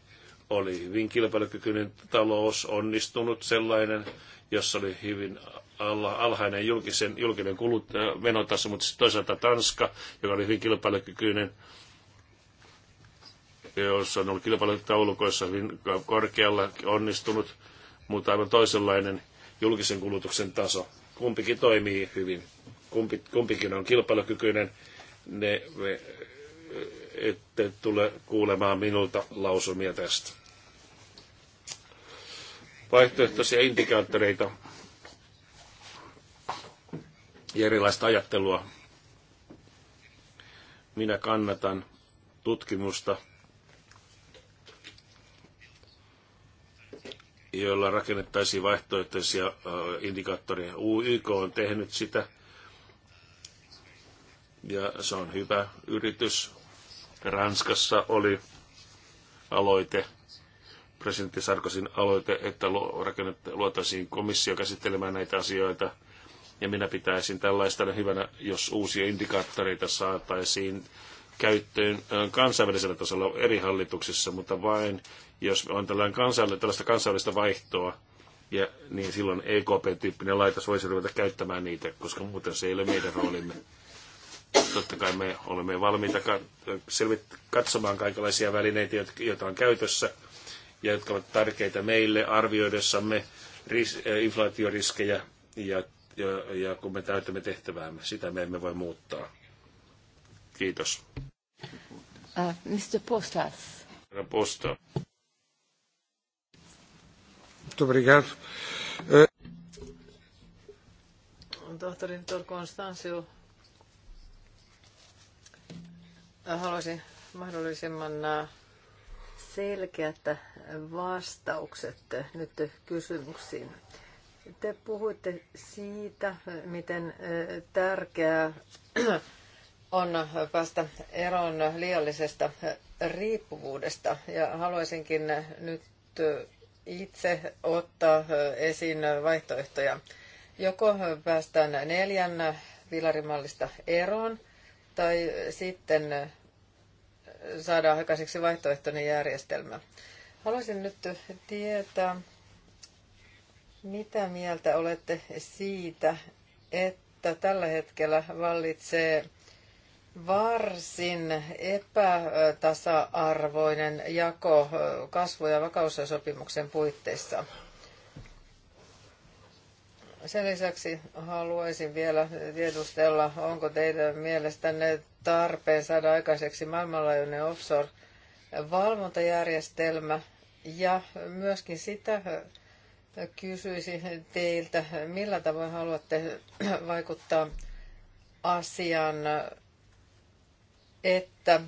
oli hyvin kilpailukykyinen talous, onnistunut sellainen, jossa oli hyvin alhainen julkisen, julkinen kulut, menotaso, mutta sitten toisaalta Tanska, joka oli hyvin kilpailukykyinen, jossa on ollut kilpailutaulukoissa hyvin korkealla onnistunut, mutta aivan toisenlainen julkisen kulutuksen taso. Kumpikin toimii hyvin, Kumpi, kumpikin on kilpailukykyinen. Ne, me, ette tule kuulemaan minulta lausumia tästä. Vaihtoehtoisia indikaattoreita ja erilaista ajattelua. Minä kannatan tutkimusta joilla rakennettaisiin vaihtoehtoisia indikaattoreja. YK on tehnyt sitä ja se on hyvä yritys. Ranskassa oli aloite, presidentti Sarkosin aloite, että luotaisiin komissio käsittelemään näitä asioita. Ja minä pitäisin tällaista hyvänä, jos uusia indikaattoreita saataisiin käyttöön kansainvälisellä tasolla eri hallituksissa, mutta vain jos on tällainen tällaista kansainvälistä vaihtoa, ja, niin silloin EKP-tyyppinen laitos voisi ruveta käyttämään niitä, koska muuten se ei ole meidän roolimme. Totta kai me olemme valmiita katsomaan kaikenlaisia välineitä, joita on käytössä ja jotka ovat tärkeitä meille arvioidessamme inflaatioriskejä ja, ja, ja kun me täytämme tehtäväämme. Sitä me emme voi muuttaa. Kiitos. Uh, Mr. Postas. Herra Posta. Obrigado. Uh, tohtori Tor Konstansio, uh, haluaisin mahdollisimman uh, selkeät vastaukset nyt kysymyksiin. Te puhuitte siitä, miten tärkeää on päästä eroon liiallisesta riippuvuudesta. Ja haluaisinkin nyt itse ottaa esiin vaihtoehtoja. Joko päästään neljän vilarimallista eroon, tai sitten saadaan aikaiseksi vaihtoehtoinen järjestelmä. Haluaisin nyt tietää, mitä mieltä olette siitä, että tällä hetkellä vallitsee varsin epätasa-arvoinen jako kasvu- ja vakaussopimuksen puitteissa. Sen lisäksi haluaisin vielä tiedustella, onko teidän mielestänne tarpeen saada aikaiseksi maailmanlaajuinen offshore-valvontajärjestelmä ja myöskin sitä kysyisin teiltä, millä tavoin haluatte vaikuttaa asian että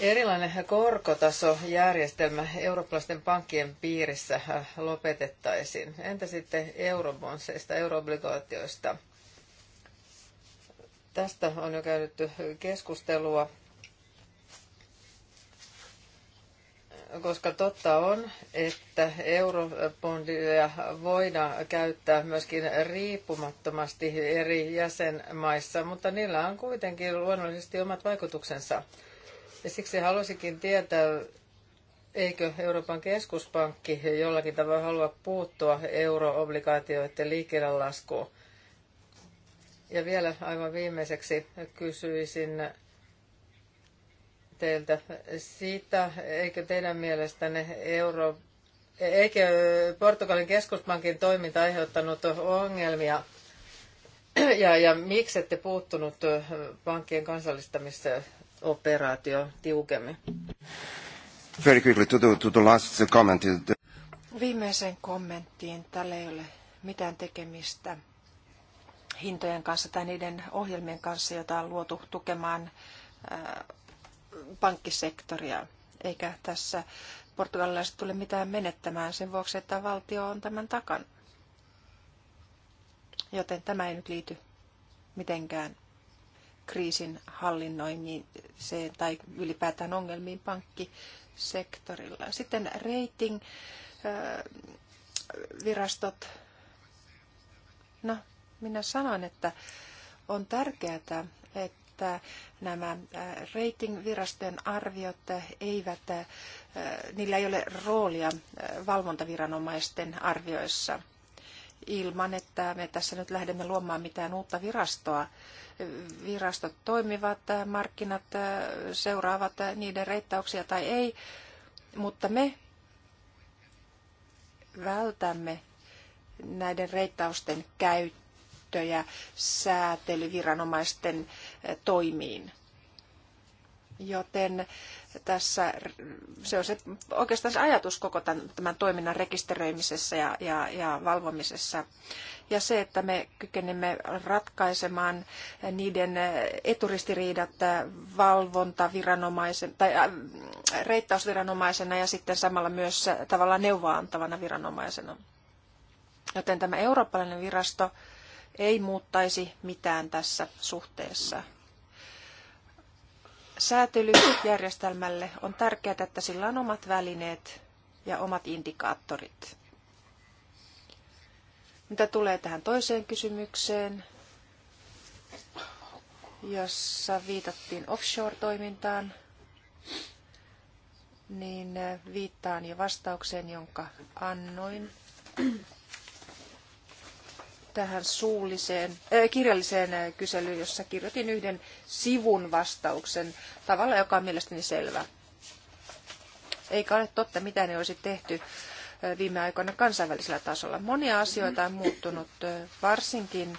erilainen korkotasojärjestelmä eurooppalaisten pankkien piirissä äh, lopetettaisiin. Entä sitten eurobonseista, euroobligaatioista? Tästä on jo käynyt keskustelua koska totta on, että eurobondia voidaan käyttää myöskin riippumattomasti eri jäsenmaissa, mutta niillä on kuitenkin luonnollisesti omat vaikutuksensa. Ja siksi haluaisinkin tietää, eikö Euroopan keskuspankki jollakin tavalla halua puuttua euroobligaatioiden liikkeelle laskuun. Ja vielä aivan viimeiseksi kysyisin teiltä siitä, eikö teidän mielestänne euro, eikö Portugalin keskuspankin toiminta aiheuttanut ongelmia ja, ja miksi ette puuttunut pankkien kansallistamisoperaatioon tiukemmin? Very quickly to the, to the last comment. Viimeiseen kommenttiin. Tällä ei ole mitään tekemistä hintojen kanssa tai niiden ohjelmien kanssa, joita on luotu tukemaan pankkisektoria, eikä tässä portugalilaiset tule mitään menettämään sen vuoksi, että valtio on tämän takana. Joten tämä ei nyt liity mitenkään kriisin hallinnoimiseen tai ylipäätään ongelmiin pankkisektorilla. Sitten rating virastot. No, minä sanoin, että on tärkeää, että että nämä äh, ratingvirastojen arviot eivät, äh, niillä ei ole roolia äh, valvontaviranomaisten arvioissa ilman, että me tässä nyt lähdemme luomaan mitään uutta virastoa. Virastot toimivat, markkinat seuraavat niiden reittauksia tai ei, mutta me vältämme näiden reittausten käyttöä säätelyviranomaisten toimiin. Joten tässä se on se, oikeastaan se ajatus koko tämän, tämän toiminnan rekisteröimisessä ja, ja, ja valvomisessa. Ja se, että me kykenemme ratkaisemaan niiden eturistiriidat valvontaviranomaisen tai äh, reittausviranomaisena ja sitten samalla myös tavallaan neuvoa antavana viranomaisena. Joten tämä eurooppalainen virasto ei muuttaisi mitään tässä suhteessa. Säätelyjärjestelmälle on tärkeää, että sillä on omat välineet ja omat indikaattorit. Mitä tulee tähän toiseen kysymykseen, jossa viitattiin offshore-toimintaan, niin viittaan jo vastaukseen, jonka annoin tähän suulliseen, äh, kirjalliseen äh, kyselyyn, jossa kirjoitin yhden sivun vastauksen tavalla, joka on mielestäni selvä. Eikä ole totta, mitä ne olisi tehty äh, viime aikoina kansainvälisellä tasolla. Monia asioita on muuttunut, äh, varsinkin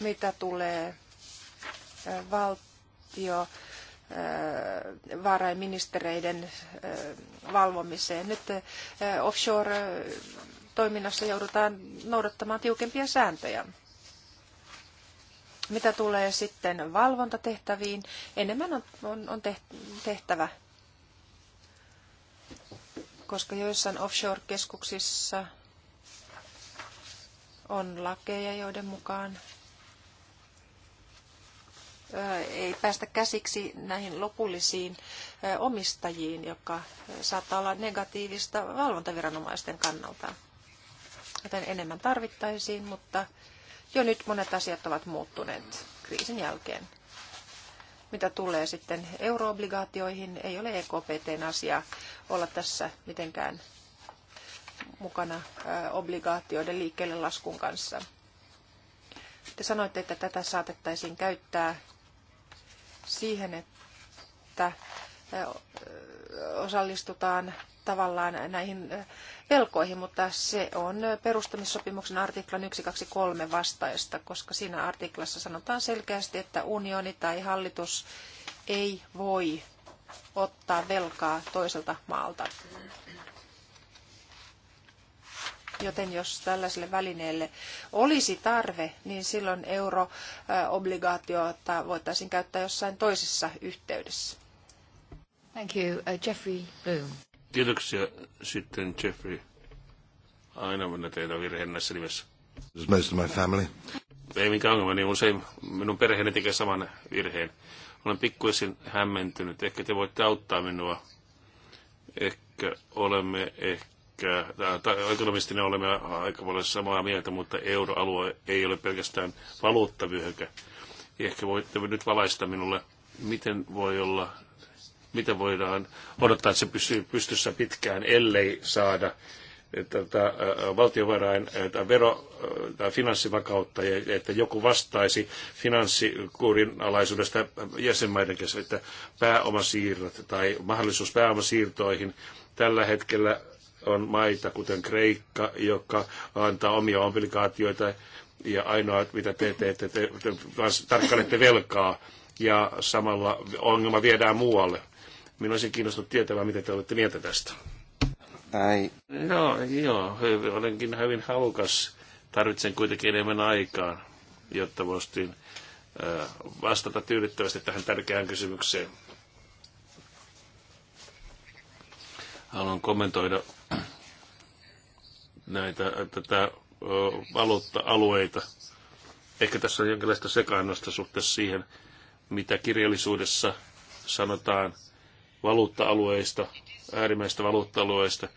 mitä tulee valtio varainministereiden valvomiseen. Nyt offshore toiminnassa joudutaan noudattamaan tiukempia sääntöjä. Mitä tulee sitten valvontatehtäviin, enemmän on, on, on tehtävä, koska joissain offshore-keskuksissa on lakeja, joiden mukaan ei päästä käsiksi näihin lopullisiin omistajiin, joka saattaa olla negatiivista valvontaviranomaisten kannalta joten enemmän tarvittaisiin, mutta jo nyt monet asiat ovat muuttuneet kriisin jälkeen. Mitä tulee sitten euroobligaatioihin, ei ole EKPTn asia olla tässä mitenkään mukana obligaatioiden liikkeelle laskun kanssa. Te sanoitte, että tätä saatettaisiin käyttää siihen, että osallistutaan tavallaan näihin velkoihin, mutta se on perustamissopimuksen artiklan 123 vastaista, koska siinä artiklassa sanotaan selkeästi, että unioni tai hallitus ei voi ottaa velkaa toiselta maalta. Joten jos tällaiselle välineelle olisi tarve, niin silloin euroobligaatiota voitaisiin käyttää jossain toisessa yhteydessä. Thank you. Uh, Jeffrey Bloom. Kiitoksia sitten Jeffrey. Aina minä teitä virheen näissä nimessä. Most of my family. Ei mikään ongelma, niin usein minun perheeni tekee saman virheen. Olen pikkuisin hämmentynyt. Ehkä te voitte auttaa minua. Ehkä olemme ehkä, äh, ekonomistina olemme aika paljon samaa mieltä, mutta euroalue ei ole pelkästään valuuttavyöhykä. Ehkä voitte nyt valaista minulle, miten voi olla mitä voidaan odottaa, että se pysyy pystyssä pitkään, ellei saada eh, tätä tota, eh, valtiovarain eh, tätä vero- tai finanssivakautta, että joku vastaisi finanssikuurin alaisuudesta jäsenmaiden kesken, että pääomasiirrot tai mahdollisuus pääomasiirtoihin. Tällä hetkellä on maita, kuten Kreikka, joka antaa omia obligaatioita ja ainoa, mitä te teette, te, te, te, te tarkkailette velkaa ja samalla ongelma viedään muualle. Minä olisin kiinnostunut tietämään, mitä te olette mieltä tästä. Ai. Joo, joo, hyvin, olenkin hyvin halukas. Tarvitsen kuitenkin enemmän aikaa, jotta voisin vastata tyydyttävästi tähän tärkeään kysymykseen. Haluan kommentoida näitä, tätä valuutta-alueita. Ehkä tässä on jonkinlaista sekaannosta suhteessa siihen, mitä kirjallisuudessa sanotaan – valuutta-alueista, äärimmäistä valuutta-alueista,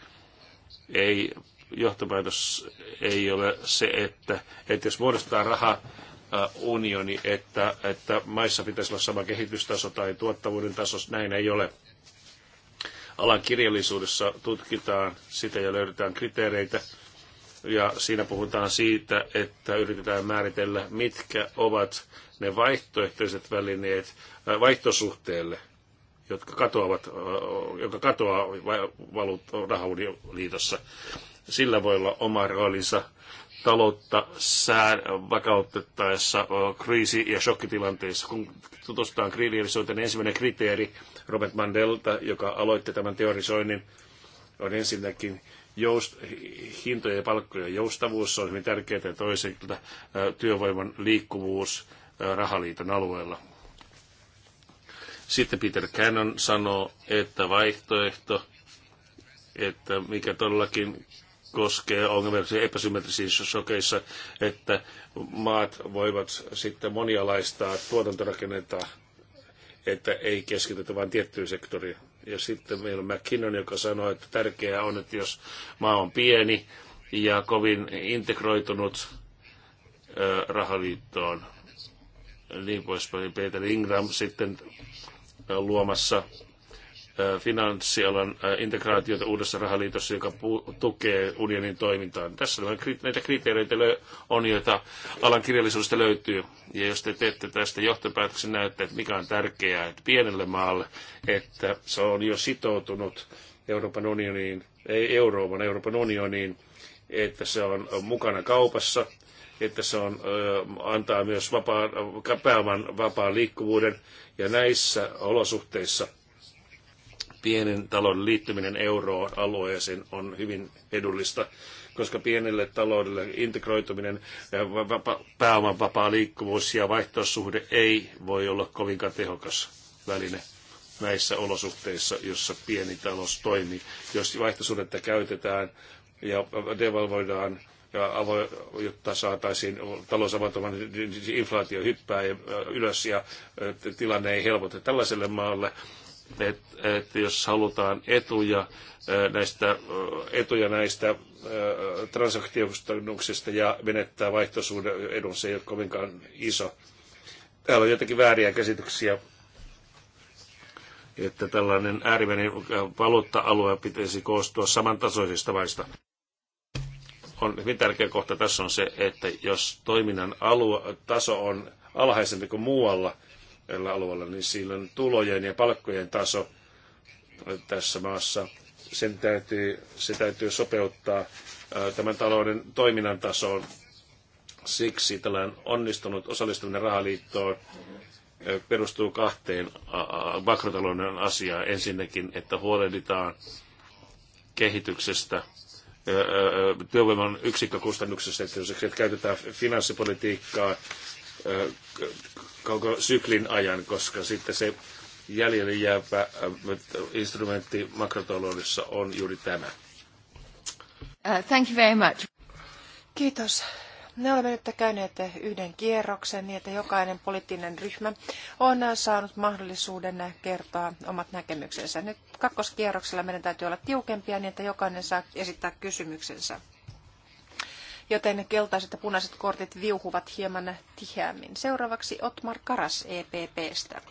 ei, johtopäätös ei ole se, että, että jos muodostetaan raha, äh, unioni, että, että maissa pitäisi olla sama kehitystaso tai tuottavuuden taso, näin ei ole. Alan kirjallisuudessa tutkitaan sitä ja löydetään kriteereitä, ja siinä puhutaan siitä, että yritetään määritellä, mitkä ovat ne vaihtoehtoiset välineet äh, vaihtosuhteelle – jotka katoavat, joka katoaa rahaliitossa. Sillä voi olla oma roolinsa taloutta sään vakautettaessa kriisi- ja shokkitilanteissa. Kun tutustutaan kriirillisointiin, niin ensimmäinen kriteeri Robert Mandelta, joka aloitti tämän teorisoinnin, on ensinnäkin joust, hintojen ja palkkojen joustavuus, se on hyvin tärkeää, ja toisaalta työvoiman liikkuvuus rahaliiton alueella. Sitten Peter Cannon sanoo, että vaihtoehto, että mikä todellakin koskee ongelmia epäsymmetrisissä sokeissa, että maat voivat sitten monialaistaa tuotantorakennetta, että ei keskitytä vain tiettyyn sektoriin. Ja sitten meillä on McKinnon, joka sanoi, että tärkeää on, että jos maa on pieni ja kovin integroitunut rahaliittoon, niin poispäin. Peter Ingram sitten luomassa finanssialan integraatiota uudessa rahaliitossa, joka tukee unionin toimintaa. Tässä näitä kriteereitä on, joita alan kirjallisuudesta löytyy. Ja jos te teette tästä johtopäätöksen näyttää, että mikä on tärkeää että pienelle maalle, että se on jo sitoutunut Euroopan unioniin, ei Euroopan, Euroopan unioniin, että se on mukana kaupassa, että se on, antaa myös vapaa pääoman vapaan liikkuvuuden. Ja näissä olosuhteissa pienen talon liittyminen euroon alueeseen on hyvin edullista, koska pienelle taloudelle integroituminen, pääoman vapaa liikkuvuus ja vaihtosuhde ei voi olla kovinkaan tehokas väline näissä olosuhteissa, jossa pieni talous toimii. Jos vaihtosuhdetta käytetään ja devalvoidaan ja avo, jotta saataisiin talousavantuman niin inflaatio hyppää ylös ja tilanne ei helpota tällaiselle maalle, että et jos halutaan etuja näistä, etuja näistä transaktiokustannuksista ja menettää vaihtosuuden edun, se ei ole kovinkaan iso. Täällä on jotenkin vääriä käsityksiä että tällainen äärimmäinen valuutta-alue pitäisi koostua samantasoisista maista on hyvin tärkeä kohta tässä on se, että jos toiminnan alue, taso on alhaisempi kuin muualla alueella, niin silloin tulojen ja palkkojen taso tässä maassa, sen täytyy, se täytyy sopeuttaa tämän talouden toiminnan tasoon. Siksi tällainen onnistunut osallistuminen rahaliittoon perustuu kahteen makrotalouden asiaan. Ensinnäkin, että huolehditaan kehityksestä – työvoiman yksikkökustannuksessa, että käytetään finanssipolitiikkaa koko syklin ajan, koska sitten se jäljelle jääpä instrumentti makrotaloudessa on juuri tämä. Uh, thank you very much. Kiitos me olemme nyt käyneet yhden kierroksen niin, että jokainen poliittinen ryhmä on saanut mahdollisuuden kertoa omat näkemyksensä. Nyt kakkoskierroksella meidän täytyy olla tiukempia niin, että jokainen saa esittää kysymyksensä. Joten keltaiset ja punaiset kortit viuhuvat hieman tiheämmin. Seuraavaksi Otmar Karas EPPstä.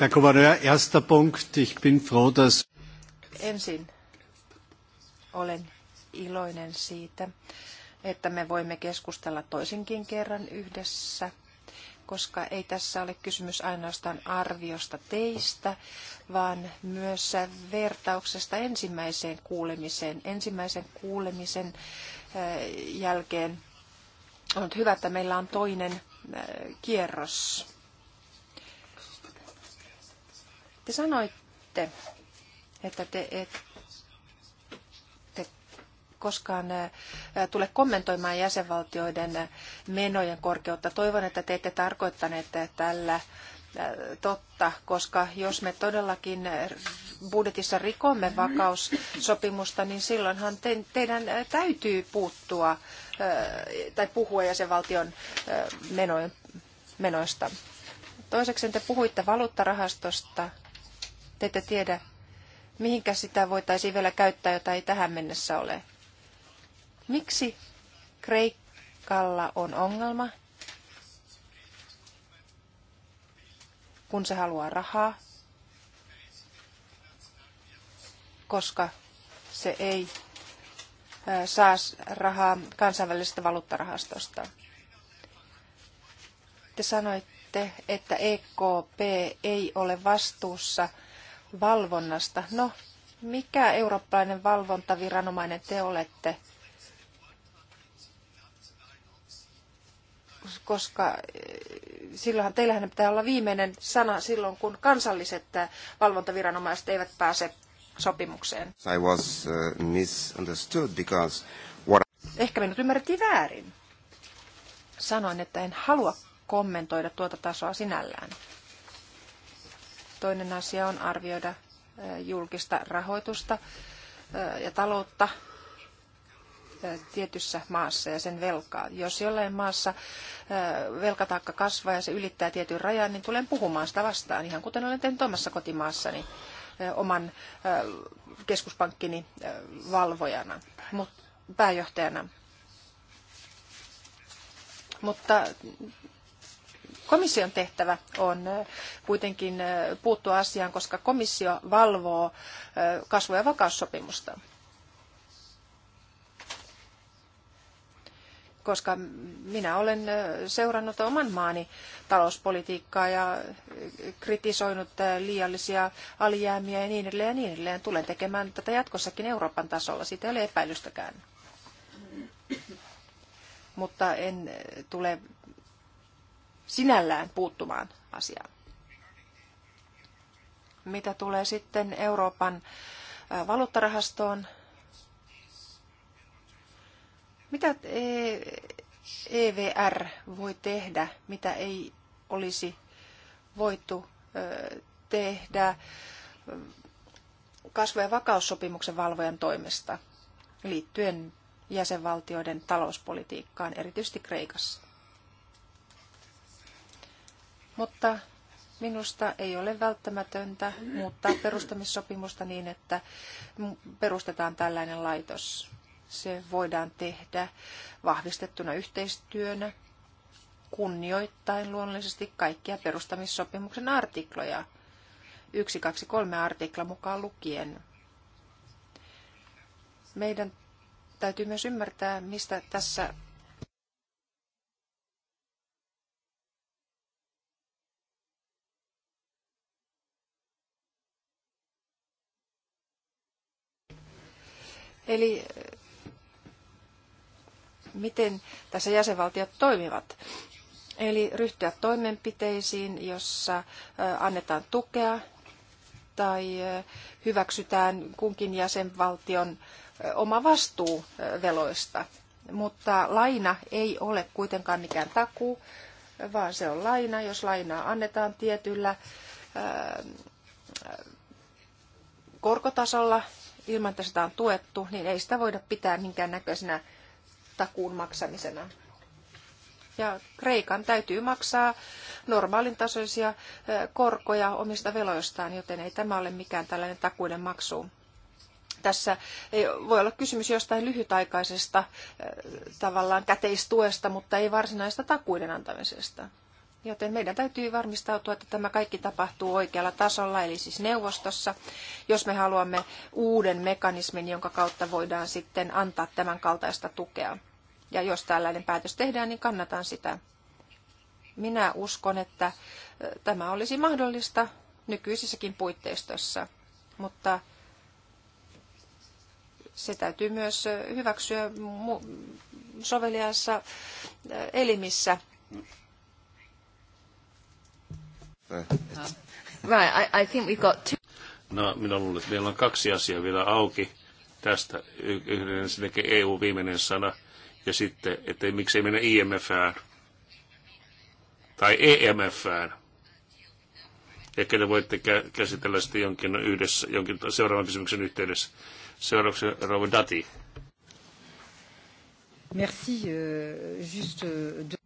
Herr Gouverneur, erster Punkt. Ich bin froh, dass... Ensin olen iloinen siitä, että me voimme keskustella toisenkin kerran yhdessä, koska ei tässä ole kysymys ainoastaan arviosta teistä, vaan myös vertauksesta ensimmäiseen kuulemiseen. Ensimmäisen kuulemisen eh, jälkeen on hyvä, että meillä on toinen eh, kierros. Te sanoitte, että te ette koskaan eh, tule kommentoimaan jäsenvaltioiden eh, menojen korkeutta. Toivon, että te ette tarkoittaneet eh, tällä totta, koska jos me todellakin budjetissa rikomme vakaussopimusta, niin silloinhan te, teidän täytyy puuttua tai puhua jäsenvaltion menoista. Toiseksi te puhuitte valuuttarahastosta. Te ette tiedä, mihinkä sitä voitaisiin vielä käyttää, jota ei tähän mennessä ole. Miksi Kreikalla on ongelma, kun se haluaa rahaa, koska se ei saa rahaa kansainvälisestä valuuttarahastosta. Te sanoitte, että EKP ei ole vastuussa valvonnasta. No, mikä eurooppalainen valvontaviranomainen te olette? koska eh, silloinhan teillähän pitää olla viimeinen sana silloin, kun kansalliset eh, valvontaviranomaiset eivät pääse sopimukseen. I was, uh, misunderstood because what... Ehkä minut ymmärrettiin väärin. Sanoin, että en halua kommentoida tuota tasoa sinällään. Toinen asia on arvioida julkista rahoitusta ja taloutta tietyssä maassa ja sen velkaa. Jos jollain maassa velkataakka kasvaa ja se ylittää tietyn rajan, niin tulen puhumaan sitä vastaan, ihan kuten olen tehnyt omassa kotimaassani oman keskuspankkini valvojana, pääjohtajana. Mutta komission tehtävä on kuitenkin puuttua asiaan, koska komissio valvoo kasvu- ja vakaussopimusta. koska minä olen seurannut oman maani talouspolitiikkaa ja kritisoinut liiallisia alijäämiä ja niin edelleen ja niin edelleen. Tulen tekemään tätä jatkossakin Euroopan tasolla, siitä ei ole epäilystäkään. Mutta en tule sinällään puuttumaan asiaan. Mitä tulee sitten Euroopan valuuttarahastoon, mitä EVR e voi tehdä, mitä ei olisi voitu tehdä kasvu- ja vakaussopimuksen valvojan toimesta liittyen jäsenvaltioiden talouspolitiikkaan, erityisesti Kreikassa? Mutta minusta ei ole välttämätöntä muuttaa perustamissopimusta niin, että perustetaan tällainen laitos. Se voidaan tehdä vahvistettuna yhteistyönä kunnioittain luonnollisesti kaikkia perustamissopimuksen artikloja, 1, 2, 3 artikla mukaan lukien. Meidän täytyy myös ymmärtää, mistä tässä Eli miten tässä jäsenvaltiot toimivat. Eli ryhtyä toimenpiteisiin, jossa annetaan tukea tai hyväksytään kunkin jäsenvaltion oma vastuu veloista. Mutta laina ei ole kuitenkaan mikään takuu, vaan se on laina. Jos lainaa annetaan tietyllä korkotasolla ilman, että sitä on tuettu, niin ei sitä voida pitää minkäännäköisenä näköisenä takuun maksamisena. Ja Kreikan täytyy maksaa normaalin tasoisia korkoja omista veloistaan, joten ei tämä ole mikään tällainen takuiden maksu. Tässä ei voi olla kysymys jostain lyhytaikaisesta tavallaan käteistuesta, mutta ei varsinaista takuiden antamisesta. Joten meidän täytyy varmistautua, että tämä kaikki tapahtuu oikealla tasolla, eli siis neuvostossa, jos me haluamme uuden mekanismin, jonka kautta voidaan sitten antaa tämän kaltaista tukea. Ja jos tällainen päätös tehdään, niin kannatan sitä. Minä uskon, että tämä olisi mahdollista nykyisissäkin puitteistossa, mutta se täytyy myös hyväksyä soveliaissa elimissä Right, I, I think we've got two. No, minä luulen, että meillä on kaksi asiaa vielä auki tästä. Yhden ensinnäkin EU viimeinen sana ja sitten, että miksei mennä IMFään tai EMFään. Ehkä te voitte käsitellä sitten jonkin, yhdessä, jonkin seuraavan kysymyksen yhteydessä. Seuraavaksi Rauva Dati. Merci. Euh, Just euh, de...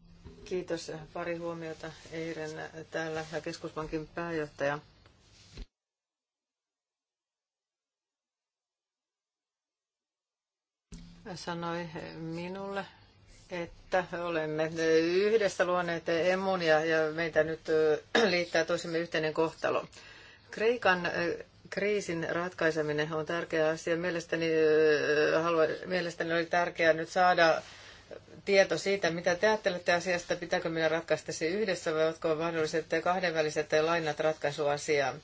Kiitos. Pari huomiota eilen täällä keskuspankin pääjohtaja sanoi minulle, että olemme yhdessä luoneet emun ja, meitä nyt liittää toisemme yhteinen kohtalo. Kreikan kriisin ratkaiseminen on tärkeä asia. Mielestäni, mielestäni oli tärkeää nyt saada tieto siitä, mitä te ajattelette asiasta, pitääkö meidän ratkaista se yhdessä vai ovatko mahdolliset kahdenväliset lainat ratkaisuasiaa.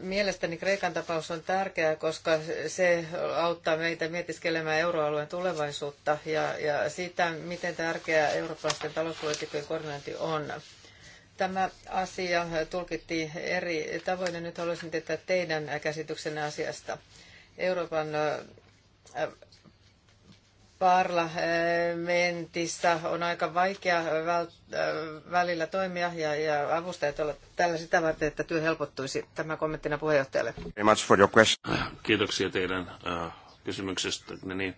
Mielestäni Kreikan tapaus on tärkeä, koska se auttaa meitä mietiskelemään euroalueen tulevaisuutta ja, ja sitä, miten tärkeää eurooppalaisten talouspolitiikkojen koordinointi on. Tämä asia tulkittiin eri tavoin ja nyt haluaisin tietää teidän käsityksenne asiasta. Euroopan parlamentissa on aika vaikea äh, välillä toimia ja, ja avustajat olla tällä sitä varten, että työ helpottuisi. Tämä kommenttina puheenjohtajalle. Äh, kiitoksia teidän äh, kysymyksestä. Niin,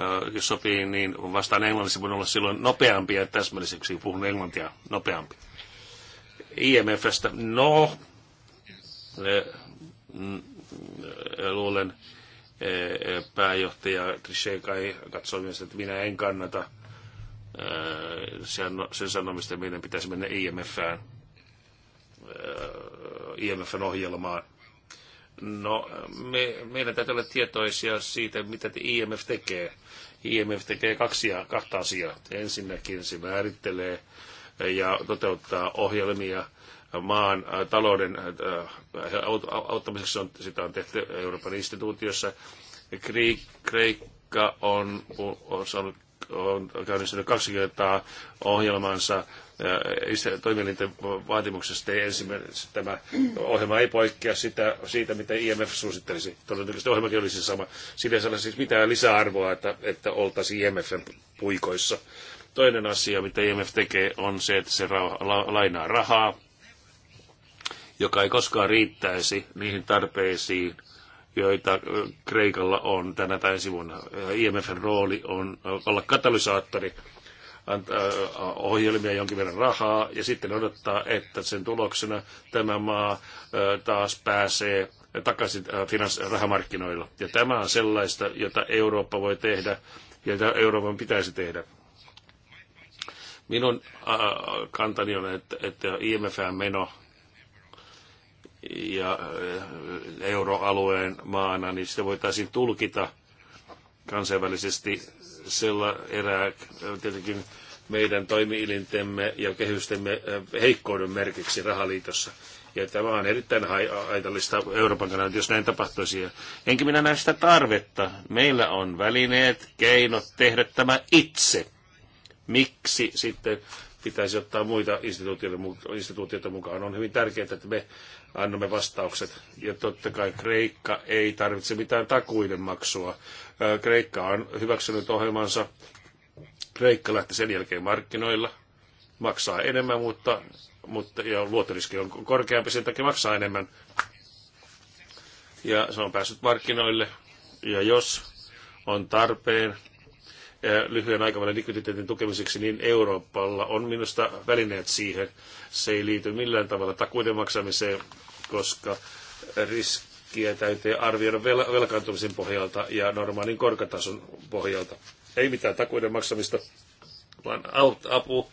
äh, jos sopii, niin vastaan englanniksi voin olla silloin nopeampi ja täsmälliseksi. Puhun englantia nopeampi. IMFstä, no, äh, mm, äh luulen, pääjohtaja Kai katsoi myös, että minä en kannata sen, sen sanomista, että meidän pitäisi mennä IMFään, IMFn ohjelmaan. No, me, meidän täytyy olla tietoisia siitä, mitä te IMF tekee. IMF tekee kaksi, kahta asiaa. Ensinnäkin se määrittelee ja toteuttaa ohjelmia – maan äh, talouden äh, äh, auttamiseksi on, sitä on tehty Euroopan instituutiossa. Kreikka on, on, saanut, on käynnistynyt kaksi kertaa ohjelmansa toimielinten vaatimuksesta. Ei ensimmäinen, tämä ohjelma ei poikkea sitä, siitä, mitä IMF suosittelisi. Todennäköisesti ohjelmakin olisi sama. siinä ei siis mitään lisäarvoa, että, että oltaisiin IMFn puikoissa. Toinen asia, mitä IMF tekee, on se, että se lainaa rahaa joka ei koskaan riittäisi niihin tarpeisiin, joita Kreikalla on tänä tai ensi vuonna. IMFn rooli on olla katalysaattori, antaa ohjelmia jonkin verran rahaa ja sitten odottaa, että sen tuloksena tämä maa taas pääsee takaisin finans- rahamarkkinoilla. Ja tämä on sellaista, jota Eurooppa voi tehdä ja jota Euroopan pitäisi tehdä. Minun kantani on, että, IMFn meno ja äh, euroalueen maana, niin sitä voitaisiin tulkita kansainvälisesti sillä erää äh, tietenkin meidän toimielintemme ja kehystemme äh, heikkouden merkiksi rahaliitossa. Ja tämä on erittäin haitallista Euroopan kannalta, jos näin tapahtuisi. Enkä minä näe sitä tarvetta. Meillä on välineet, keinot tehdä tämä itse. Miksi sitten pitäisi ottaa muita instituutioita, instituutioita mukaan? On hyvin tärkeää, että me annamme vastaukset. Ja totta kai Kreikka ei tarvitse mitään takuiden maksua. Kreikka on hyväksynyt ohjelmansa. Kreikka lähti sen jälkeen markkinoilla, maksaa enemmän, mutta, mutta ja luottoriski on korkeampi, sen takia maksaa enemmän. Ja se on päässyt markkinoille. Ja jos on tarpeen, lyhyen aikavälin likviditeetin tukemiseksi, niin Euroopalla on minusta välineet siihen. Se ei liity millään tavalla takuiden maksamiseen, koska riskiä täytyy arvioida velkaantumisen pohjalta ja normaalin korkatason pohjalta. Ei mitään takuiden maksamista, vaan apu,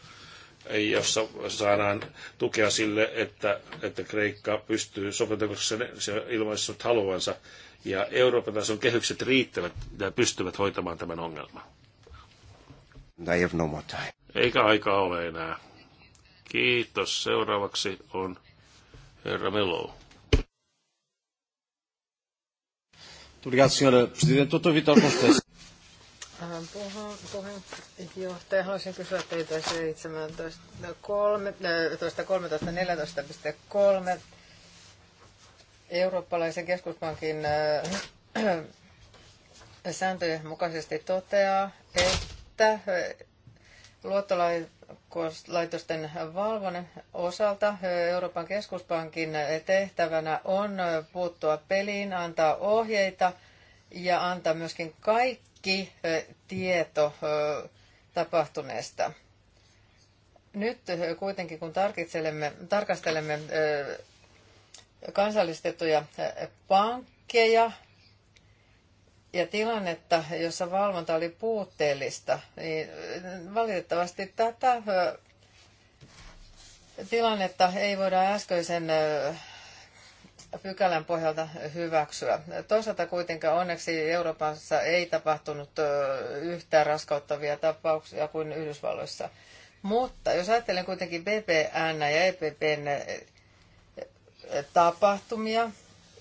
jossa saadaan tukea sille, että, että Kreikka pystyy sopeutumaan ilmaissut haluansa ja Euroopan tason kehykset riittävät ja pystyvät hoitamaan tämän ongelman. I have no more time. Eikä aikaa ole enää. Kiitos. Seuraavaksi on herra Melo. Obrigado, senhora Presidente. Doutor Vitor Constância. Puheenjohtaja, haluaisin kysyä teitä 17.13.14.3 äh, Eurooppalaisen keskuspankin äh, sääntöjen mukaisesti toteaa, että että eh, luottolaitosten valvonnan osalta eh, Euroopan keskuspankin tehtävänä on eh, puuttua peliin, antaa ohjeita ja antaa myöskin kaikki tieto tapahtuneesta. Nyt kuitenkin kun tarkastelemme kansallistettuja pankkeja, ja tilannetta, jossa valvonta oli puutteellista, niin valitettavasti tätä tilannetta ei voida äskeisen pykälän pohjalta hyväksyä. Toisaalta kuitenkaan onneksi Euroopassa ei tapahtunut yhtään raskauttavia tapauksia kuin Yhdysvalloissa. Mutta jos ajattelen kuitenkin BPN ja EPPn tapahtumia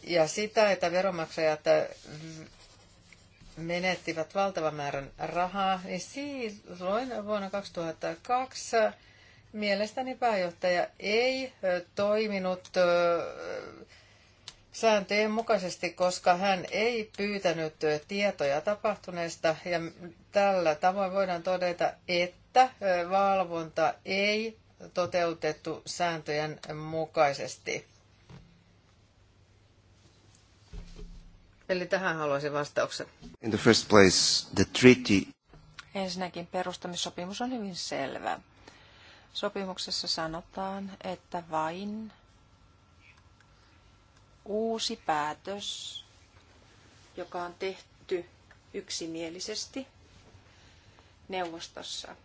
ja sitä, että veronmaksajat menettivät valtavan määrän rahaa, niin silloin vuonna 2002 mielestäni pääjohtaja ei toiminut sääntöjen mukaisesti, koska hän ei pyytänyt tietoja tapahtuneesta ja tällä tavoin voidaan todeta, että valvonta ei toteutettu sääntöjen mukaisesti. Eli tähän haluaisin vastauksen. In the first place, the treaty... Ensinnäkin perustamissopimus on hyvin selvä. Sopimuksessa sanotaan, että vain uusi päätös, joka on tehty yksimielisesti neuvostossa,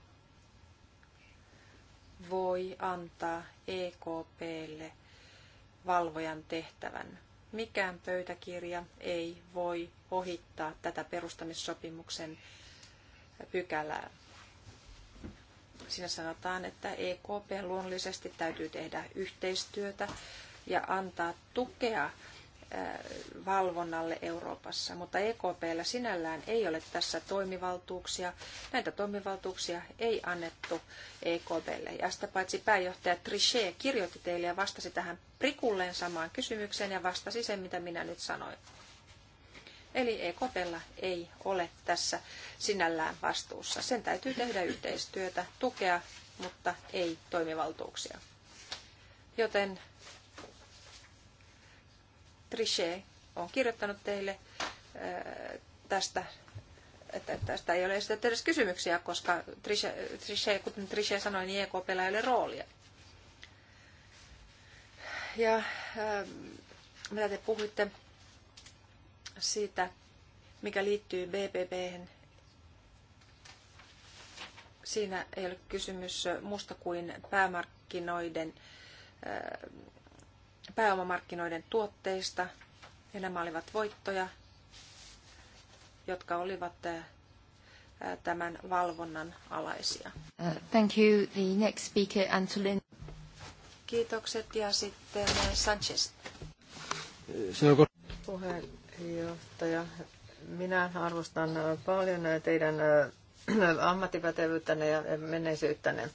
voi antaa EKPlle valvojan tehtävän – mikään pöytäkirja ei voi ohittaa tätä perustamissopimuksen pykälää. Siinä sanotaan, että EKP luonnollisesti täytyy tehdä yhteistyötä ja antaa tukea valvonnalle Euroopassa, mutta EKPllä sinällään ei ole tässä toimivaltuuksia. Näitä toimivaltuuksia ei annettu EKPlle. Ja sitä paitsi pääjohtaja Trichet kirjoitti teille ja vastasi tähän prikulleen samaan kysymykseen ja vastasi sen, mitä minä nyt sanoin. Eli EKPlla ei ole tässä sinällään vastuussa. Sen täytyy tehdä yhteistyötä, tukea, mutta ei toimivaltuuksia. Joten Trichet on kirjoittanut teille äh, tästä, että tästä ei ole esitetty edes kysymyksiä, koska Trichet, Trichet kuten Trichet sanoi, niin EKPllä ei ole roolia. Ja äh, mitä te puhuitte siitä, mikä liittyy BBB, siinä ei ole kysymys muusta kuin päämarkkinoiden äh, pääomamarkkinoiden tuotteista, ja nämä olivat voittoja, jotka olivat tämän valvonnan alaisia. Uh, thank you. The next speaker, Antolin. Kiitokset ja sitten Sanchez. Puheenjohtaja, minä arvostan paljon teidän ammattipätevyyttänne ja menneisyyttänne.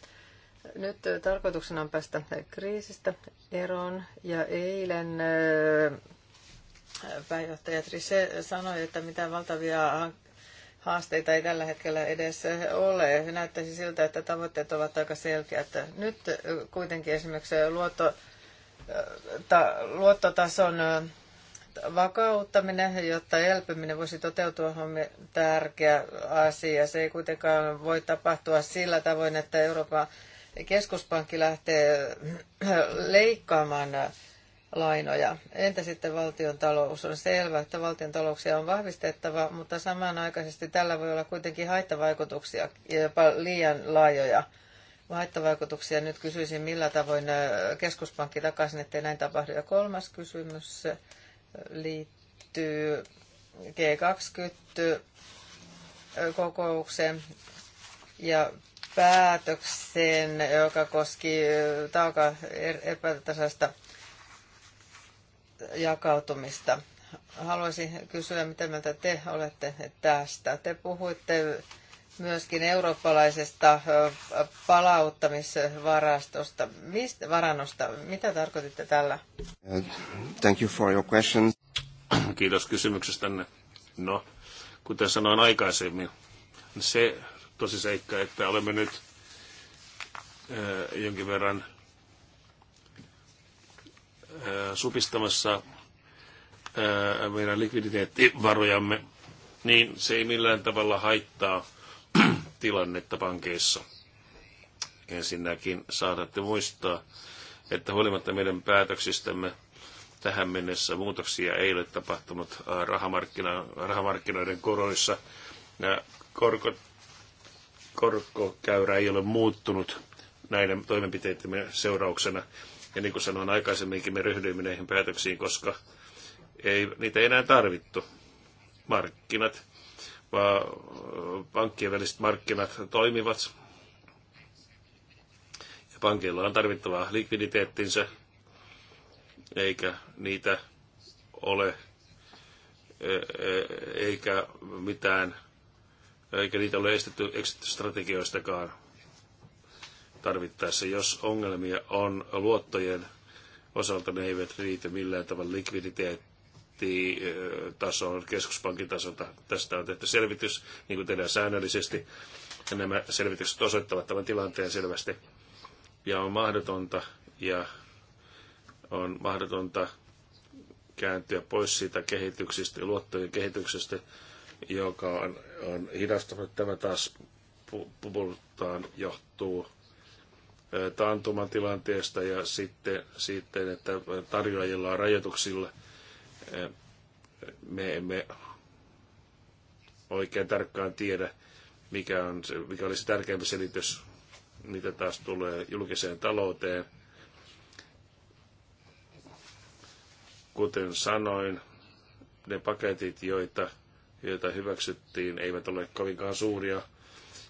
Nyt tarkoituksena on päästä kriisistä eroon ja eilen pääjohtaja Trise sanoi, että mitään valtavia haasteita ei tällä hetkellä edes ole. Näyttäisi siltä, että tavoitteet ovat aika selkeät. Nyt kuitenkin esimerkiksi luotto, ta, luottotason vakauttaminen, jotta elpyminen voisi toteutua, on tärkeä asia. Se ei kuitenkaan voi tapahtua sillä tavoin, että Euroopan keskuspankki lähtee leikkaamaan lainoja. Entä sitten valtion talous? On selvää, että valtion talouksia on vahvistettava, mutta samanaikaisesti tällä voi olla kuitenkin haittavaikutuksia, jopa liian laajoja haittavaikutuksia. Nyt kysyisin, millä tavoin keskuspankki takaisin, ettei näin tapahdu. Ja kolmas kysymys liittyy G20-kokoukseen ja päätökseen, joka koski taaka er-, epätasaista jakautumista. Haluaisin kysyä, mitä mieltä te olette tästä. Te puhuitte myöskin eurooppalaisesta palauttamisvarastosta. Mistä varannosta? Mitä tarkoititte tällä? Uh, thank you for your question. Kiitos kysymyksestänne. No, kuten sanoin aikaisemmin, se tosi seikka, että olemme nyt eh, jonkin verran eh, supistamassa eh, meidän likviditeettivarojamme, niin se ei millään tavalla haittaa tilannetta pankeissa. Ensinnäkin saatatte muistaa, että huolimatta meidän päätöksistämme tähän mennessä muutoksia ei ole tapahtunut rahamarkkinoiden koroissa. Nämä korkot korkokäyrä ei ole muuttunut näiden toimenpiteiden seurauksena. Ja niin kuin sanoin aikaisemminkin, me ryhdyimme näihin päätöksiin, koska ei, niitä ei enää tarvittu. Markkinat, vaan pankkien väliset markkinat toimivat. Ja pankilla on tarvittavaa likviditeettinsä, eikä niitä ole, e, e, eikä mitään eikä niitä ole estetty exit-strategioistakaan tarvittaessa. Jos ongelmia on luottojen osalta, ne eivät riitä millään tavalla likviditeettitasoon, keskuspankin tasolta. Tästä on tehty selvitys, niin kuin tehdään säännöllisesti. Ja nämä selvitykset osoittavat tämän tilanteen selvästi. Ja on mahdotonta, ja on mahdotonta kääntyä pois siitä kehityksistä, luottojen kehityksestä, joka on, on hidastunut. Tämä taas puoltaan johtuu taantuman tilanteesta ja sitten, sitten että tarjoajilla on rajoituksilla. Me emme oikein tarkkaan tiedä, mikä, on, mikä olisi tärkeämpi selitys, mitä taas tulee julkiseen talouteen. Kuten sanoin, ne paketit, joita joita hyväksyttiin, eivät ole kovinkaan suuria.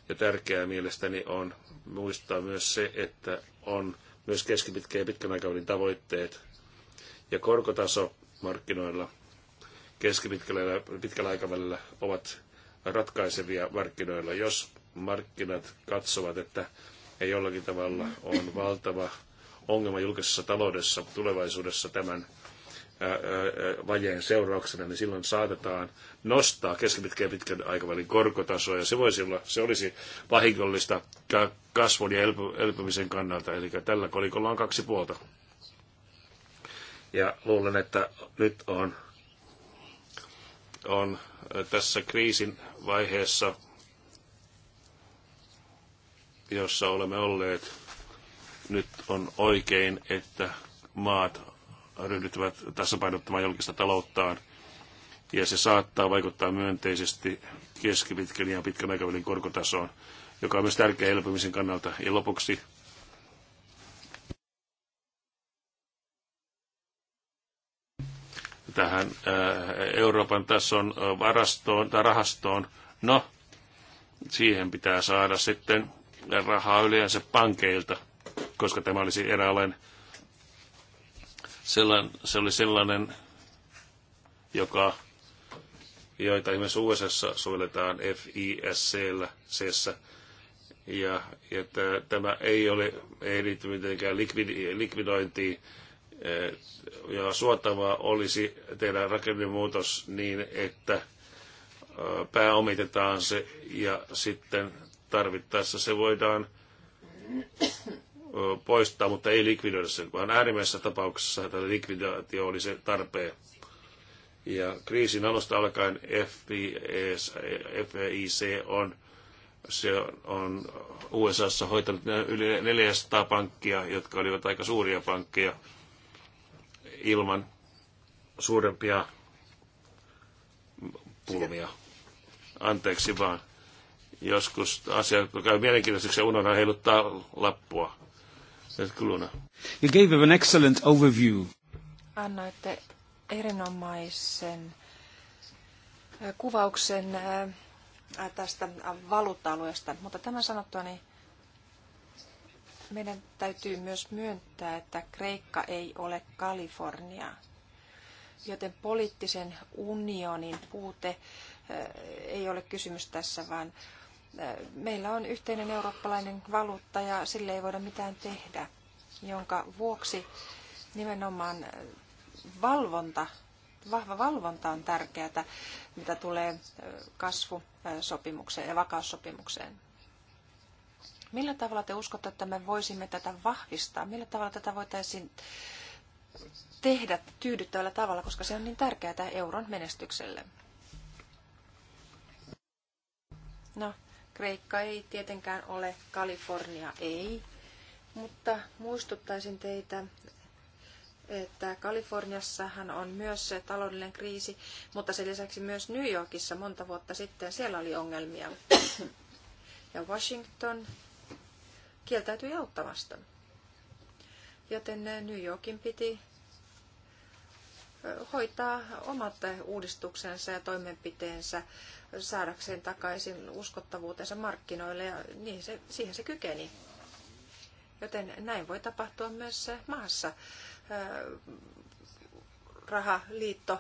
Ja tärkeää mielestäni on muistaa myös se, että on myös keskipitkä ja pitkän aikavälin tavoitteet ja korkotaso markkinoilla keskipitkällä ja pitkällä aikavälillä ovat ratkaisevia markkinoilla. Jos markkinat katsovat, että ei jollakin tavalla on valtava ongelma julkisessa taloudessa tulevaisuudessa tämän vajeen seurauksena, niin silloin saatetaan nostaa keskipitkän ja pitkän aikavälin korkotasoa, ja se, voisi olla, se olisi vahingollista kasvun ja elpymisen kannalta, eli tällä kolikolla on kaksi puolta. Ja luulen, että nyt on, on tässä kriisin vaiheessa, jossa olemme olleet, nyt on oikein, että maat ryhdyttävät tasapainottamaan julkista talouttaan, ja se saattaa vaikuttaa myönteisesti keskipitkän ja pitkän aikavälin korkotasoon, joka on myös tärkeä elpymisen kannalta. Ja lopuksi tähän äh, Euroopan tason äh, varastoon tai rahastoon. No, siihen pitää saada sitten rahaa yleensä pankeilta, koska tämä olisi eräänlainen Sellan, se oli sellainen, joka, joita esimerkiksi USA sovelletaan FISC-llä, ja, ja tämä ei ole ei liity mitenkään likvid, likvidointiin, eh, ja suotavaa olisi tehdä rakennemuutos niin, että eh, pääomitetaan se ja sitten tarvittaessa se voidaan poistaa, mutta ei likvidoida sen, vaan äärimmäisessä tapauksessa tämä likvidaatio oli se tarpeen. Ja kriisin alusta alkaen FEIC on, se on USAssa hoitanut yli 400 pankkia, jotka olivat aika suuria pankkeja ilman suurempia pulmia. Anteeksi vaan. Joskus asia, käy mielenkiintoiseksi, unohdan heiluttaa lappua. You gave an excellent overview. Annoitte erinomaisen äh, kuvauksen äh, tästä valuutta-alueesta, mutta tämän sanottua niin meidän täytyy myös myöntää, että Kreikka ei ole Kalifornia, joten poliittisen unionin puute äh, ei ole kysymys tässä, vaan meillä on yhteinen eurooppalainen valuutta ja sille ei voida mitään tehdä, jonka vuoksi nimenomaan valvonta, vahva valvonta on tärkeää, mitä tulee kasvusopimukseen ja vakaussopimukseen. Millä tavalla te uskotte, että me voisimme tätä vahvistaa? Millä tavalla tätä voitaisiin tehdä tyydyttävällä tavalla, koska se on niin tärkeää euron menestykselle? No, Kreikka ei tietenkään ole, Kalifornia ei, mutta muistuttaisin teitä, että Kaliforniassahan on myös se taloudellinen kriisi, mutta sen lisäksi myös New Yorkissa monta vuotta sitten siellä oli ongelmia. Ja Washington kieltäytyi auttamasta. Joten New Yorkin piti hoitaa omat uudistuksensa ja toimenpiteensä saadakseen takaisin uskottavuutensa markkinoille ja niin se, siihen se kykeni. Joten näin voi tapahtua myös maassa rahaliitto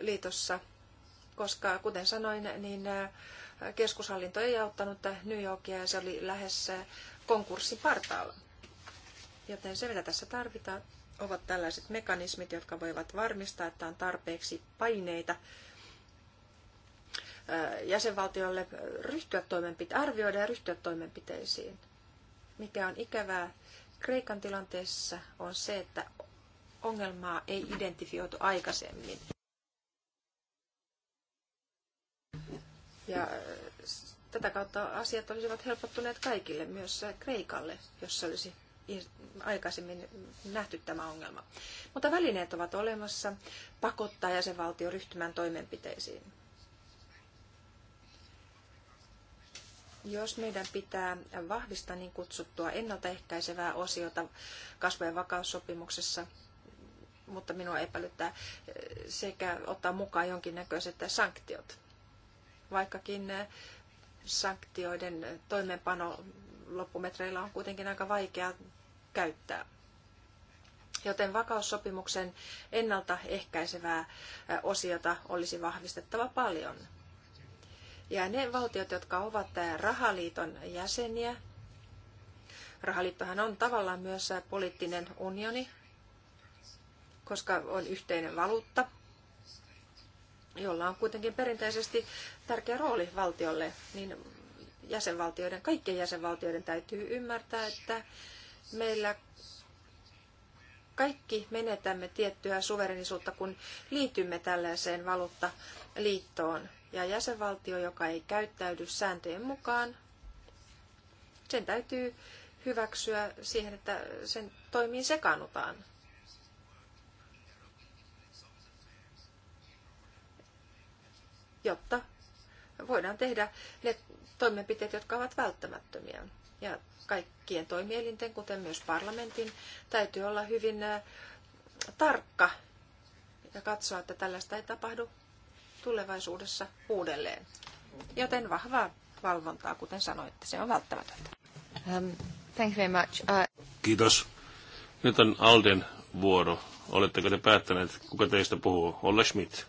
liitossa, koska kuten sanoin, niin keskushallinto ei auttanut New Yorkia ja se oli lähes konkurssipartaalla. Joten se, mitä tässä tarvitaan, ovat tällaiset mekanismit, jotka voivat varmistaa, että on tarpeeksi paineita jäsenvaltiolle ryhtyä toimenpite- arvioida ja ryhtyä toimenpiteisiin. Mikä on ikävää Kreikan tilanteessa on se, että ongelmaa ei identifioitu aikaisemmin. Ja tätä kautta asiat olisivat helpottuneet kaikille, myös Kreikalle, jos olisi aikaisemmin nähty tämä ongelma. Mutta välineet ovat olemassa pakottaa jäsenvaltio ryhtymään toimenpiteisiin. Jos meidän pitää vahvistaa niin kutsuttua ennaltaehkäisevää osiota kasvojen vakaussopimuksessa, mutta minua epäilyttää sekä ottaa mukaan jonkinnäköiset sanktiot. Vaikkakin eh, sanktioiden toimeenpano loppumetreillä on kuitenkin aika vaikea käyttää. Joten vakaussopimuksen ennaltaehkäisevää eh, osiota olisi vahvistettava paljon. Ja ne valtiot, jotka ovat rahaliiton jäseniä, rahaliittohan on tavallaan myös poliittinen unioni, koska on yhteinen valuutta, jolla on kuitenkin perinteisesti tärkeä rooli valtiolle, niin jäsenvaltioiden, kaikkien jäsenvaltioiden täytyy ymmärtää, että meillä kaikki menetämme tiettyä suverenisuutta, kun liitymme tällaiseen valuuttaliittoon. Ja jäsenvaltio, joka ei käyttäydy sääntöjen mukaan, sen täytyy hyväksyä siihen, että sen toimiin sekaannutaan. Jotta voidaan tehdä ne toimenpiteet, jotka ovat välttämättömiä. Ja kaikkien toimielinten, kuten myös parlamentin, täytyy olla hyvin äh, tarkka ja katsoa, että tällaista ei tapahdu tulevaisuudessa uudelleen. Joten vahvaa valvontaa, kuten sanoitte, se on välttämätöntä. Um, thank you very much. Uh... Kiitos. Nyt on Alden vuoro. Oletteko te päättäneet, kuka teistä puhuu? Olle Schmidt.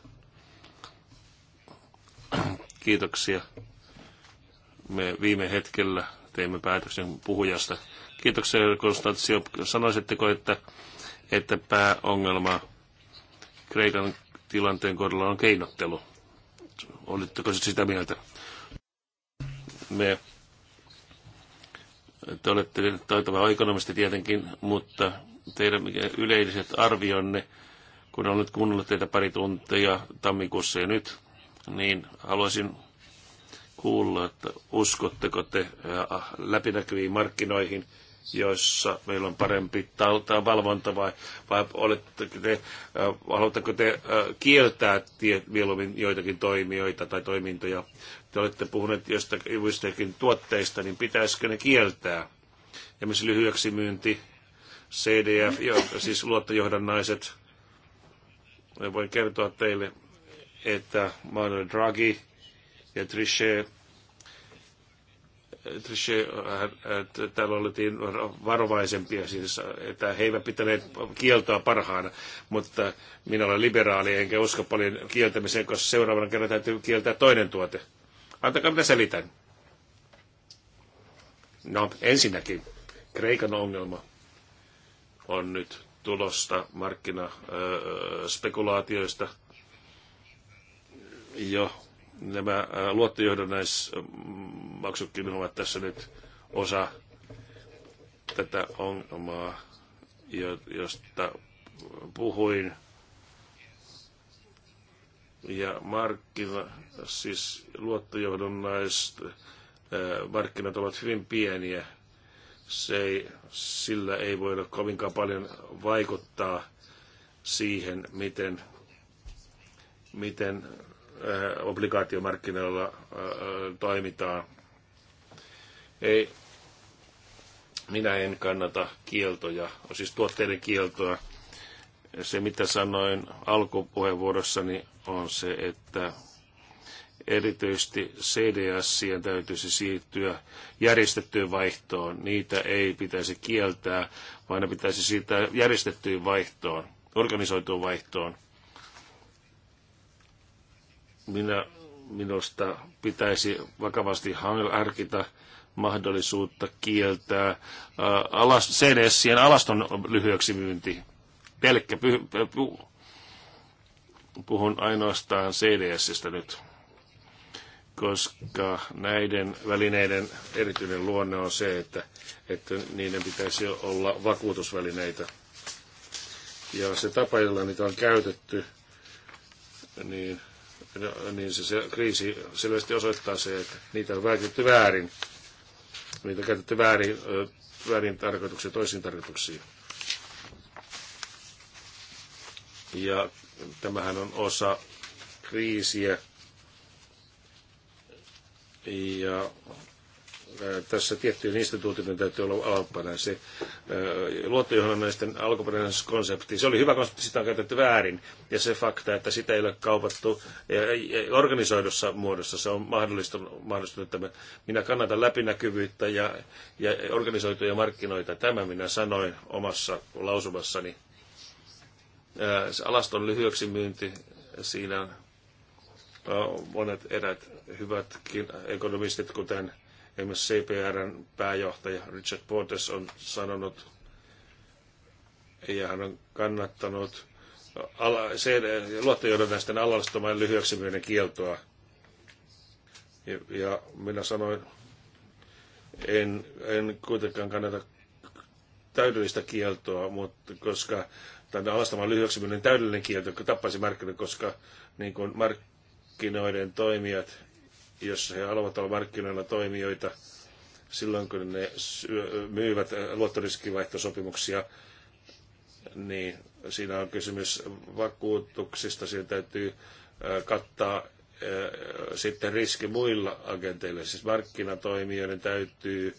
Kiitoksia. Me viime hetkellä teimme päätöksen puhujasta. Kiitoksia, Konstantio. Sanoisitteko, että, että pääongelma Kreikan tilanteen kohdalla on keinottelu. Olitteko sitä mieltä? Me, te olette taitava ekonomisti tietenkin, mutta teidän yleiset arvionne, kun olen nyt kuunnellut teitä pari tuntia tammikuussa ja nyt, niin haluaisin kuulla, että uskotteko te äh, läpinäkyviin markkinoihin joissa meillä on parempi valvonta vai, vai oletteko te, haluatteko te kieltää tie, mieluummin joitakin toimijoita tai toimintoja? Te olette puhuneet joistakin tuotteista, niin pitäisikö ne kieltää? Esimerkiksi lyhyeksi myynti, CDF, jo, siis luottojohdannaiset. Voin kertoa teille, että Mario Draghi ja Trichet Trichet, äh, äh, täällä oltiin varovaisempia, siis, että he eivät pitäneet kieltoa parhaana, mutta minä olen liberaali enkä usko paljon kieltämiseen, koska seuraavana kerran täytyy kieltää toinen tuote. Antakaa mitä selitän. No, ensinnäkin Kreikan ongelma on nyt tulosta markkinaspekulaatioista äh, jo nämä luottojohdannaismaksutkin ovat tässä nyt osa tätä ongelmaa, josta puhuin. Ja markkina, siis luottojohdonnaiset markkinat ovat hyvin pieniä. Se ei, sillä ei voida kovinkaan paljon vaikuttaa siihen, miten, miten Eh, obligaatiomarkkinoilla eh, toimitaan. Ei, minä en kannata kieltoja, siis tuotteiden kieltoa. Se, mitä sanoin alkupuheenvuorossani, on se, että erityisesti cds täytyisi siirtyä järjestettyyn vaihtoon. Niitä ei pitäisi kieltää, vaan ne pitäisi siirtää järjestettyyn vaihtoon, organisoituun vaihtoon minä, minusta pitäisi vakavasti harkita mahdollisuutta kieltää äh, alas, CDSien alaston lyhyeksi myynti. Pelkkä py, py, py, puhun ainoastaan CDSistä nyt, koska näiden välineiden erityinen luonne on se, että, että niiden pitäisi olla vakuutusvälineitä. Ja se tapa, jolla niitä on käytetty, niin no, niin se, se kriisi selvästi osoittaa se, että niitä on väitetty väärin. Niitä on käytetty väärin, väärin tarkoituksia toisiin tarkoituksiin. Ja tämähän on osa kriisiä. Ja Äh, tässä tiettyjen instituutioiden täytyy olla alppana. Se äh, luottojohdannaisten alkuperäinen konsepti, se oli hyvä konsepti, sitä on käytetty väärin. Ja se fakta, että sitä ei ole kaupattu äh, organisoidussa muodossa, se on mahdollistunut. mahdollistunut että minä kannatan läpinäkyvyyttä ja, ja organisoituja markkinoita. Tämä minä sanoin omassa lausumassani. Se alaston lyhyeksi myynti, siinä on monet erät hyvät ekonomistit, kuten Esimerkiksi CPRn pääjohtaja Richard Portes on sanonut, ja hän on kannattanut luottojohdannaisten alastomain lyhyeksi myynnin kieltoa. Ja, ja minä sanoin, en, en kuitenkaan kannata täydellistä kieltoa, mutta koska tämän alastamaan lyhyeksi myynnin täydellinen kielto, joka tappaisi markkinoiden, koska niin kuin markkinoiden toimijat jos he haluavat olla markkinoilla toimijoita silloin, kun ne myyvät luottoriskivaihtosopimuksia, niin siinä on kysymys vakuutuksista, siinä täytyy kattaa sitten riski muilla agenteilla. Siis markkinatoimijoiden täytyy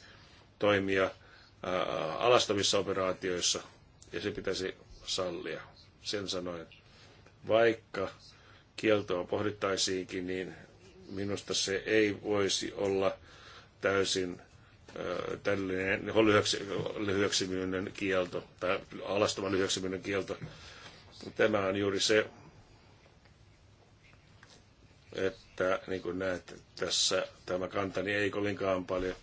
toimia alastavissa operaatioissa, ja se pitäisi sallia. Sen sanoin, vaikka kieltoa pohdittaisiinkin, niin Minusta se ei voisi olla täysin tällainen lyhyeksi, lyhyeksiminen kielto tai alastoman lyhyeksiminen kielto. Tämä on juuri se, että niin kuin näet tässä tämä kantani ei kovinkaan paljon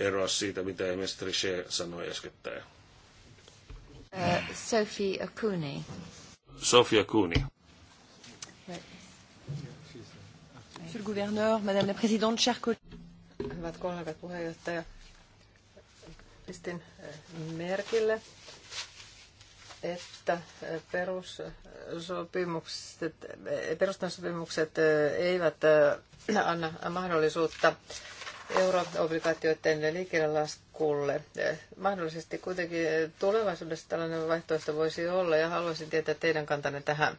eroa siitä, mitä ministeri Shea sanoi äskettäin. Uh, Sophie Akuni. Sofia Kuni. Right. Monsieur le gouverneur, madame la présidente, chers collègues. Hyvät kollegat, puheenjohtaja. Pistin eh, merkille, että eh, perussopimukset, eh, eivät anna mahdollisuutta euroobligaatioiden liikelaskulle. Mahdollisesti kuitenkin tulevaisuudessa tällainen vaihtoehto voisi olla ja haluaisin tietää teidän kantanne tähän.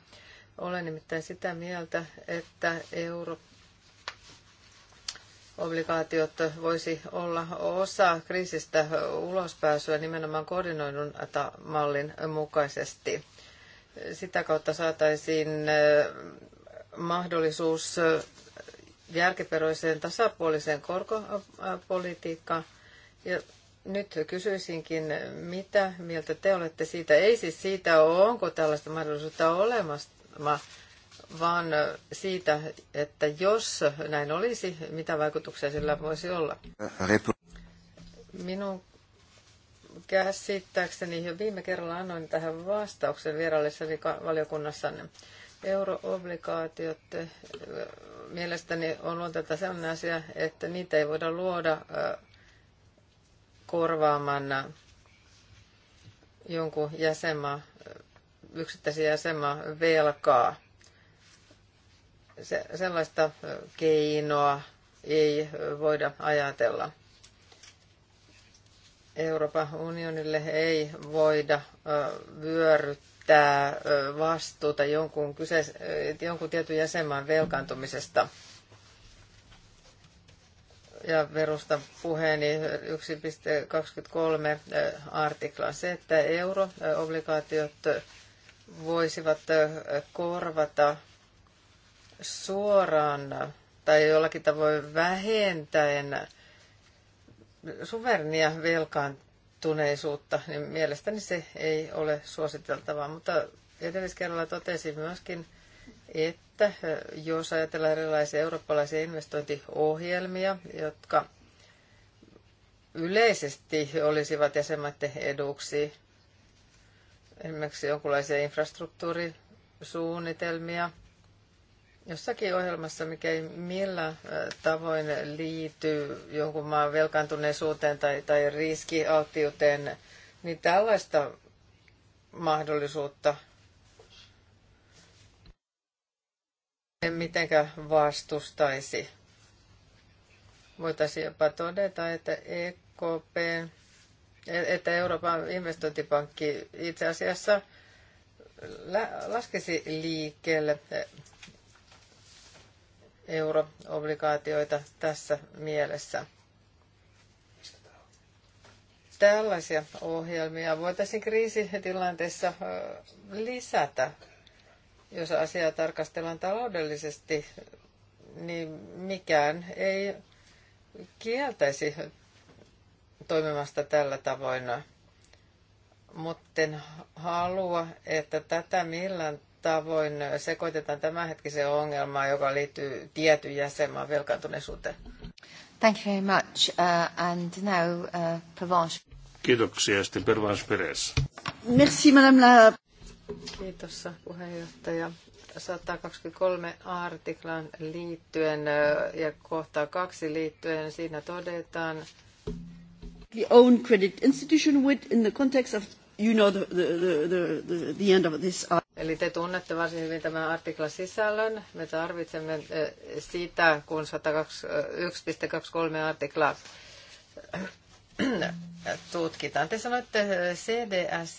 Olen nimittäin sitä mieltä, että euro obligaatiot voisi olla osa kriisistä ulospääsyä nimenomaan koordinoidun mallin mukaisesti. Sitä kautta saataisiin eh, mahdollisuus eh, järkiperäiseen tasapuoliseen korkopolitiikkaan. Ja nyt kysyisinkin, mitä mieltä te olette siitä? Ei siis siitä, onko tällaista mahdollisuutta olemassa, vaan siitä, että jos näin olisi, mitä vaikutuksia sillä voisi olla? Minun käsittääkseni jo viime kerralla annoin tähän vastauksen virallisessa valiokunnassanne. Euroobligaatiot eh, mielestäni on luonteelta sellainen asia, että niitä ei voida luoda eh, korvaamaan eh, jonkun jäsenmaa, yksittäisen jäsenmaa velkaa se, sellaista keinoa ei voida ajatella. Euroopan unionille ei voida vyöryttää vastuuta jonkun, kyseis, jonkun tietyn jäsenmaan velkaantumisesta. Ja verusta puheeni 1.23 artikla se, että euroobligaatiot voisivat korvata suoraan tai jollakin tavoin vähentäen suvernia velkaantuneisuutta, niin mielestäni se ei ole suositeltavaa. Mutta edelliskerralla totesin myöskin, että jos ajatellaan erilaisia eurooppalaisia investointiohjelmia, jotka yleisesti olisivat jäsenmaiden eduksi, esimerkiksi jonkinlaisia infrastruktuurisuunnitelmia – jossakin ohjelmassa, mikä ei millä äh, tavoin liity jonkun maan velkaantuneisuuteen tai, tai riskialttiuteen, niin tällaista mahdollisuutta en mitenkään vastustaisi. Voitaisiin jopa todeta, että EKP, e, että Euroopan investointipankki itse asiassa laskisi liikkeelle euroobligaatioita tässä mielessä. Tällaisia ohjelmia voitaisiin kriisitilanteessa lisätä, jos asiaa tarkastellaan taloudellisesti, niin mikään ei kieltäisi toimimasta tällä tavoin. Mutta en halua, että tätä millään tavoin sekoitetaan tämänhetkiseen ongelmaan, joka liittyy tietyn jäsenmaan velkaantuneisuuteen. Thank you very much. Uh, and now uh, Kiitoksia. Sitten Pervans Perez. Merci, madame la... Kiitos, puheenjohtaja. 123 artiklan liittyen ja kohtaa kaksi liittyen siinä todetaan. The own credit institution with in the context of you know the, the, the, the, the end of this Eli te tunnette varsin hyvin tämän artiklan sisällön. Me tarvitsemme sitä, kun 1,23 artikla tutkitaan. Te sanoitte CDS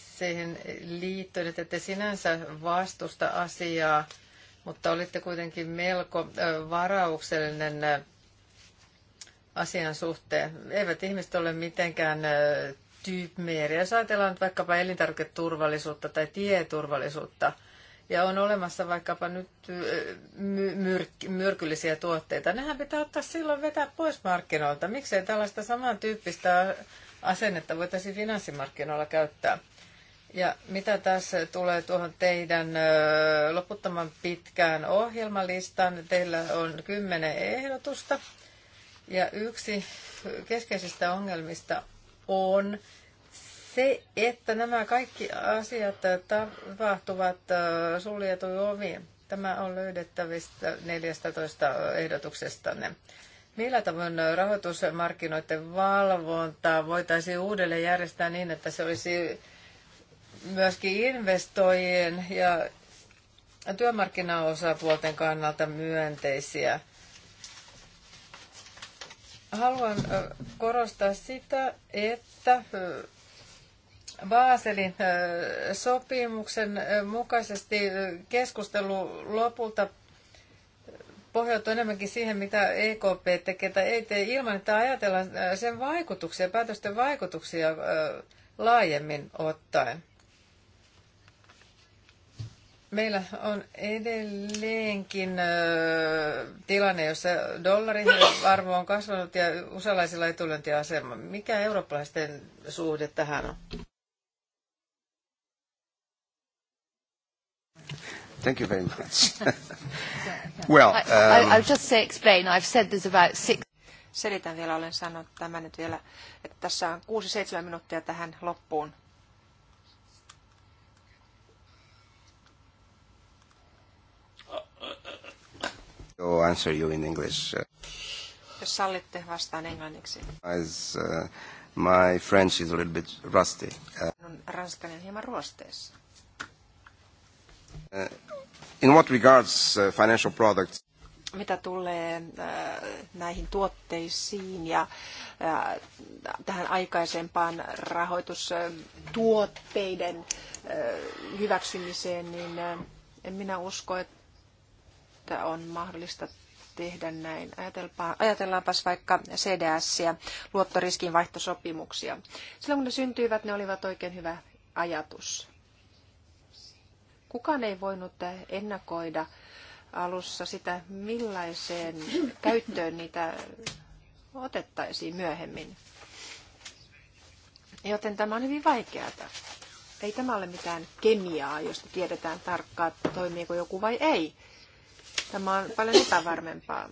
liittyen, että te sinänsä vastusta asiaa, mutta olitte kuitenkin melko varauksellinen asian suhteen. Eivät ihmiset ole mitenkään tyyppimääriä. Jos ajatellaan nyt vaikkapa elintarviketurvallisuutta tai tieturvallisuutta, ja on olemassa vaikkapa nyt myrk- myrkyllisiä tuotteita, nehän pitää ottaa silloin vetää pois markkinoilta. Miksei tällaista samantyyppistä asennetta voitaisiin finanssimarkkinoilla käyttää? Ja mitä tässä tulee tuohon teidän loputtoman pitkään ohjelmalistan, teillä on kymmenen ehdotusta. Ja yksi keskeisistä ongelmista on se, että nämä kaikki asiat tapahtuvat suljetuin oviin. Tämä on löydettävistä 14 ehdotuksestanne. Millä tavoin rahoitusmarkkinoiden valvontaa voitaisiin uudelleen järjestää niin, että se olisi myöskin investoijien ja työmarkkinaosapuolten kannalta myönteisiä? haluan korostaa sitä, että Vaaselin sopimuksen mukaisesti keskustelu lopulta pohjautuu enemmänkin siihen, mitä EKP tekee tai ei tee, ilman että ajatellaan sen vaikutuksia, päätösten vaikutuksia laajemmin ottaen. Meillä on edelleenkin tilanne, jossa dollarin arvo on kasvanut ja usalaisilla etulyöntiasema. Mikä eurooppalaisten suhde tähän on? Thank you very much. well, um... I'll just say explain. I've said this about six... Selitän vielä, olen sanonut tämän nyt vielä, että tässä on 6-7 minuuttia tähän loppuun So answer you in English. Uh, Jos sallitte, vastaan englanniksi. As, uh, my French is a little bit rusty. Uh, ranskani hieman ruosteessa. Uh, in what regards uh, financial products, mitä tulee uh, näihin tuotteisiin ja uh, tähän aikaisempaan rahoitustuotteiden hyväksymiseen, niin en minä usko, että että on mahdollista tehdä näin. Ajatellaanpas vaikka CDS ja luottoriskin vaihtosopimuksia. Silloin kun ne syntyivät, ne olivat oikein hyvä ajatus. Kukaan ei voinut ennakoida alussa sitä, millaiseen käyttöön niitä otettaisiin myöhemmin. Joten tämä on hyvin vaikeaa. Ei tämä ole mitään kemiaa, josta tiedetään tarkkaan, toimiiko joku vai ei Tämä on paljon epävarmempaa.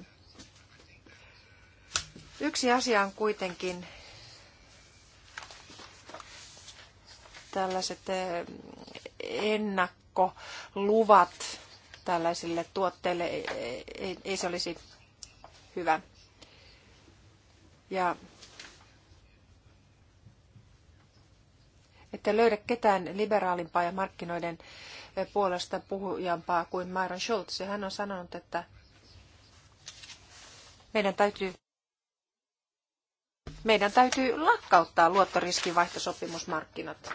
Yksi asia on kuitenkin tällaiset eh, ennakkoluvat tällaisille tuotteille, ei, ei, ei se olisi hyvä. Ja että löydä ketään liberaalimpaa ja markkinoiden puolesta puhujampaa kuin Myron Schultz. Ja hän on sanonut, että meidän täytyy, meidän täytyy lakkauttaa luottoriskivaihtosopimusmarkkinat.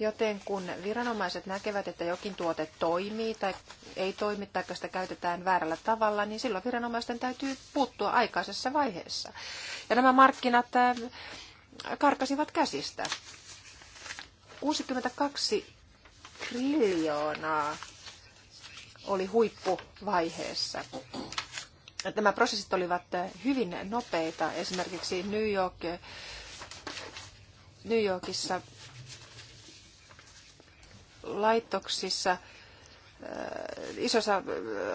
Joten kun viranomaiset näkevät, että jokin tuote toimii tai ei toimi tai sitä käytetään väärällä tavalla, niin silloin viranomaisten täytyy puuttua aikaisessa vaiheessa. Ja nämä markkinat äh, karkasivat käsistä. 62 triljoonaa oli huippuvaiheessa. Nämä prosessit olivat hyvin nopeita. Esimerkiksi New, York, New Yorkissa laitoksissa, äh, isossa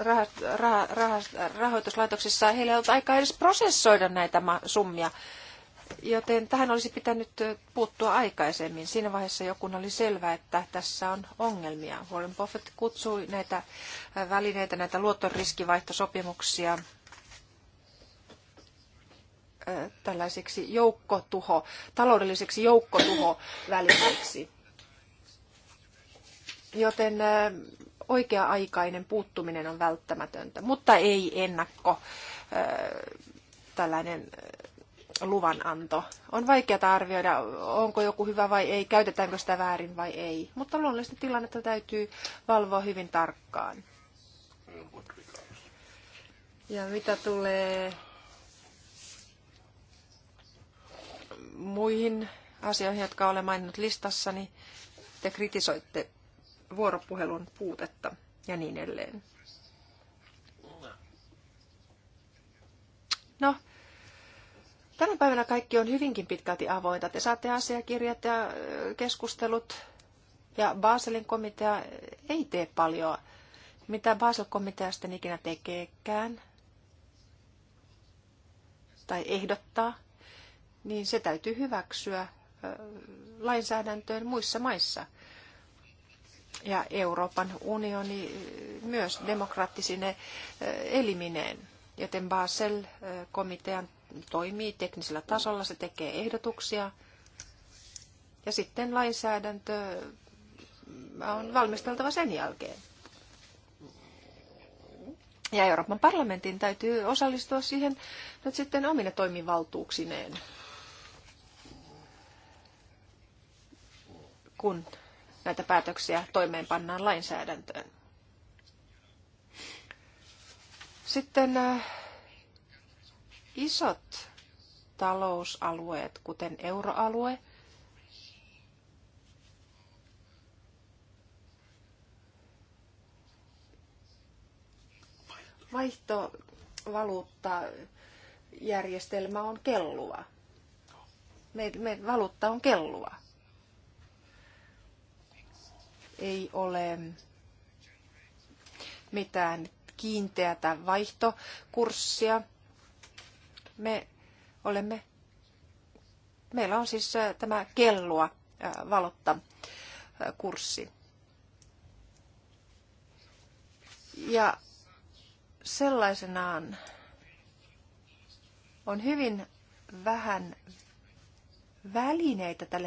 rah, rah, rah, rahoituslaitoksissa heillä ei ollut aikaa edes prosessoida näitä summia Joten tähän olisi pitänyt puuttua aikaisemmin. Siinä vaiheessa joku oli selvää, että tässä on ongelmia. Warren Buffett kutsui näitä välineitä, näitä luottoriskivaihtosopimuksia tällaisiksi joukkotuho, taloudelliseksi joukkotuhovälineiksi. Joten oikea-aikainen puuttuminen on välttämätöntä, mutta ei ennakko tällainen luvananto. On vaikeaa arvioida, onko joku hyvä vai ei, käytetäänkö sitä väärin vai ei. Mutta luonnollisesti tilannetta täytyy valvoa hyvin tarkkaan. Ja mitä tulee muihin asioihin, jotka olen maininnut listassani, niin te kritisoitte vuoropuhelun puutetta ja niin edelleen. No, Tänä päivänä kaikki on hyvinkin pitkälti avointa. Te saatte asiakirjat ja keskustelut ja Baselin komitea ei tee paljon. Mitä Basel-komitea sitten ikinä tekeekään tai ehdottaa, niin se täytyy hyväksyä lainsäädäntöön muissa maissa. Ja Euroopan unioni myös demokraattisine elimineen, joten Basel-komitean toimii teknisellä tasolla, se tekee ehdotuksia. Ja sitten lainsäädäntö on valmisteltava sen jälkeen. Ja Euroopan parlamentin täytyy osallistua siihen nyt sitten omine toimivaltuuksineen. kun näitä päätöksiä toimeenpannaan lainsäädäntöön. Sitten äh, Isot talousalueet, kuten euroalue, vaihtovaluuttajärjestelmä on kellua. Me, me, valuutta on kellua. Ei ole mitään kiinteätä vaihtokurssia me olemme, meillä on siis äh, tämä kelloa äh, valotta äh, kurssi. Ja sellaisenaan on hyvin vähän välineitä tälle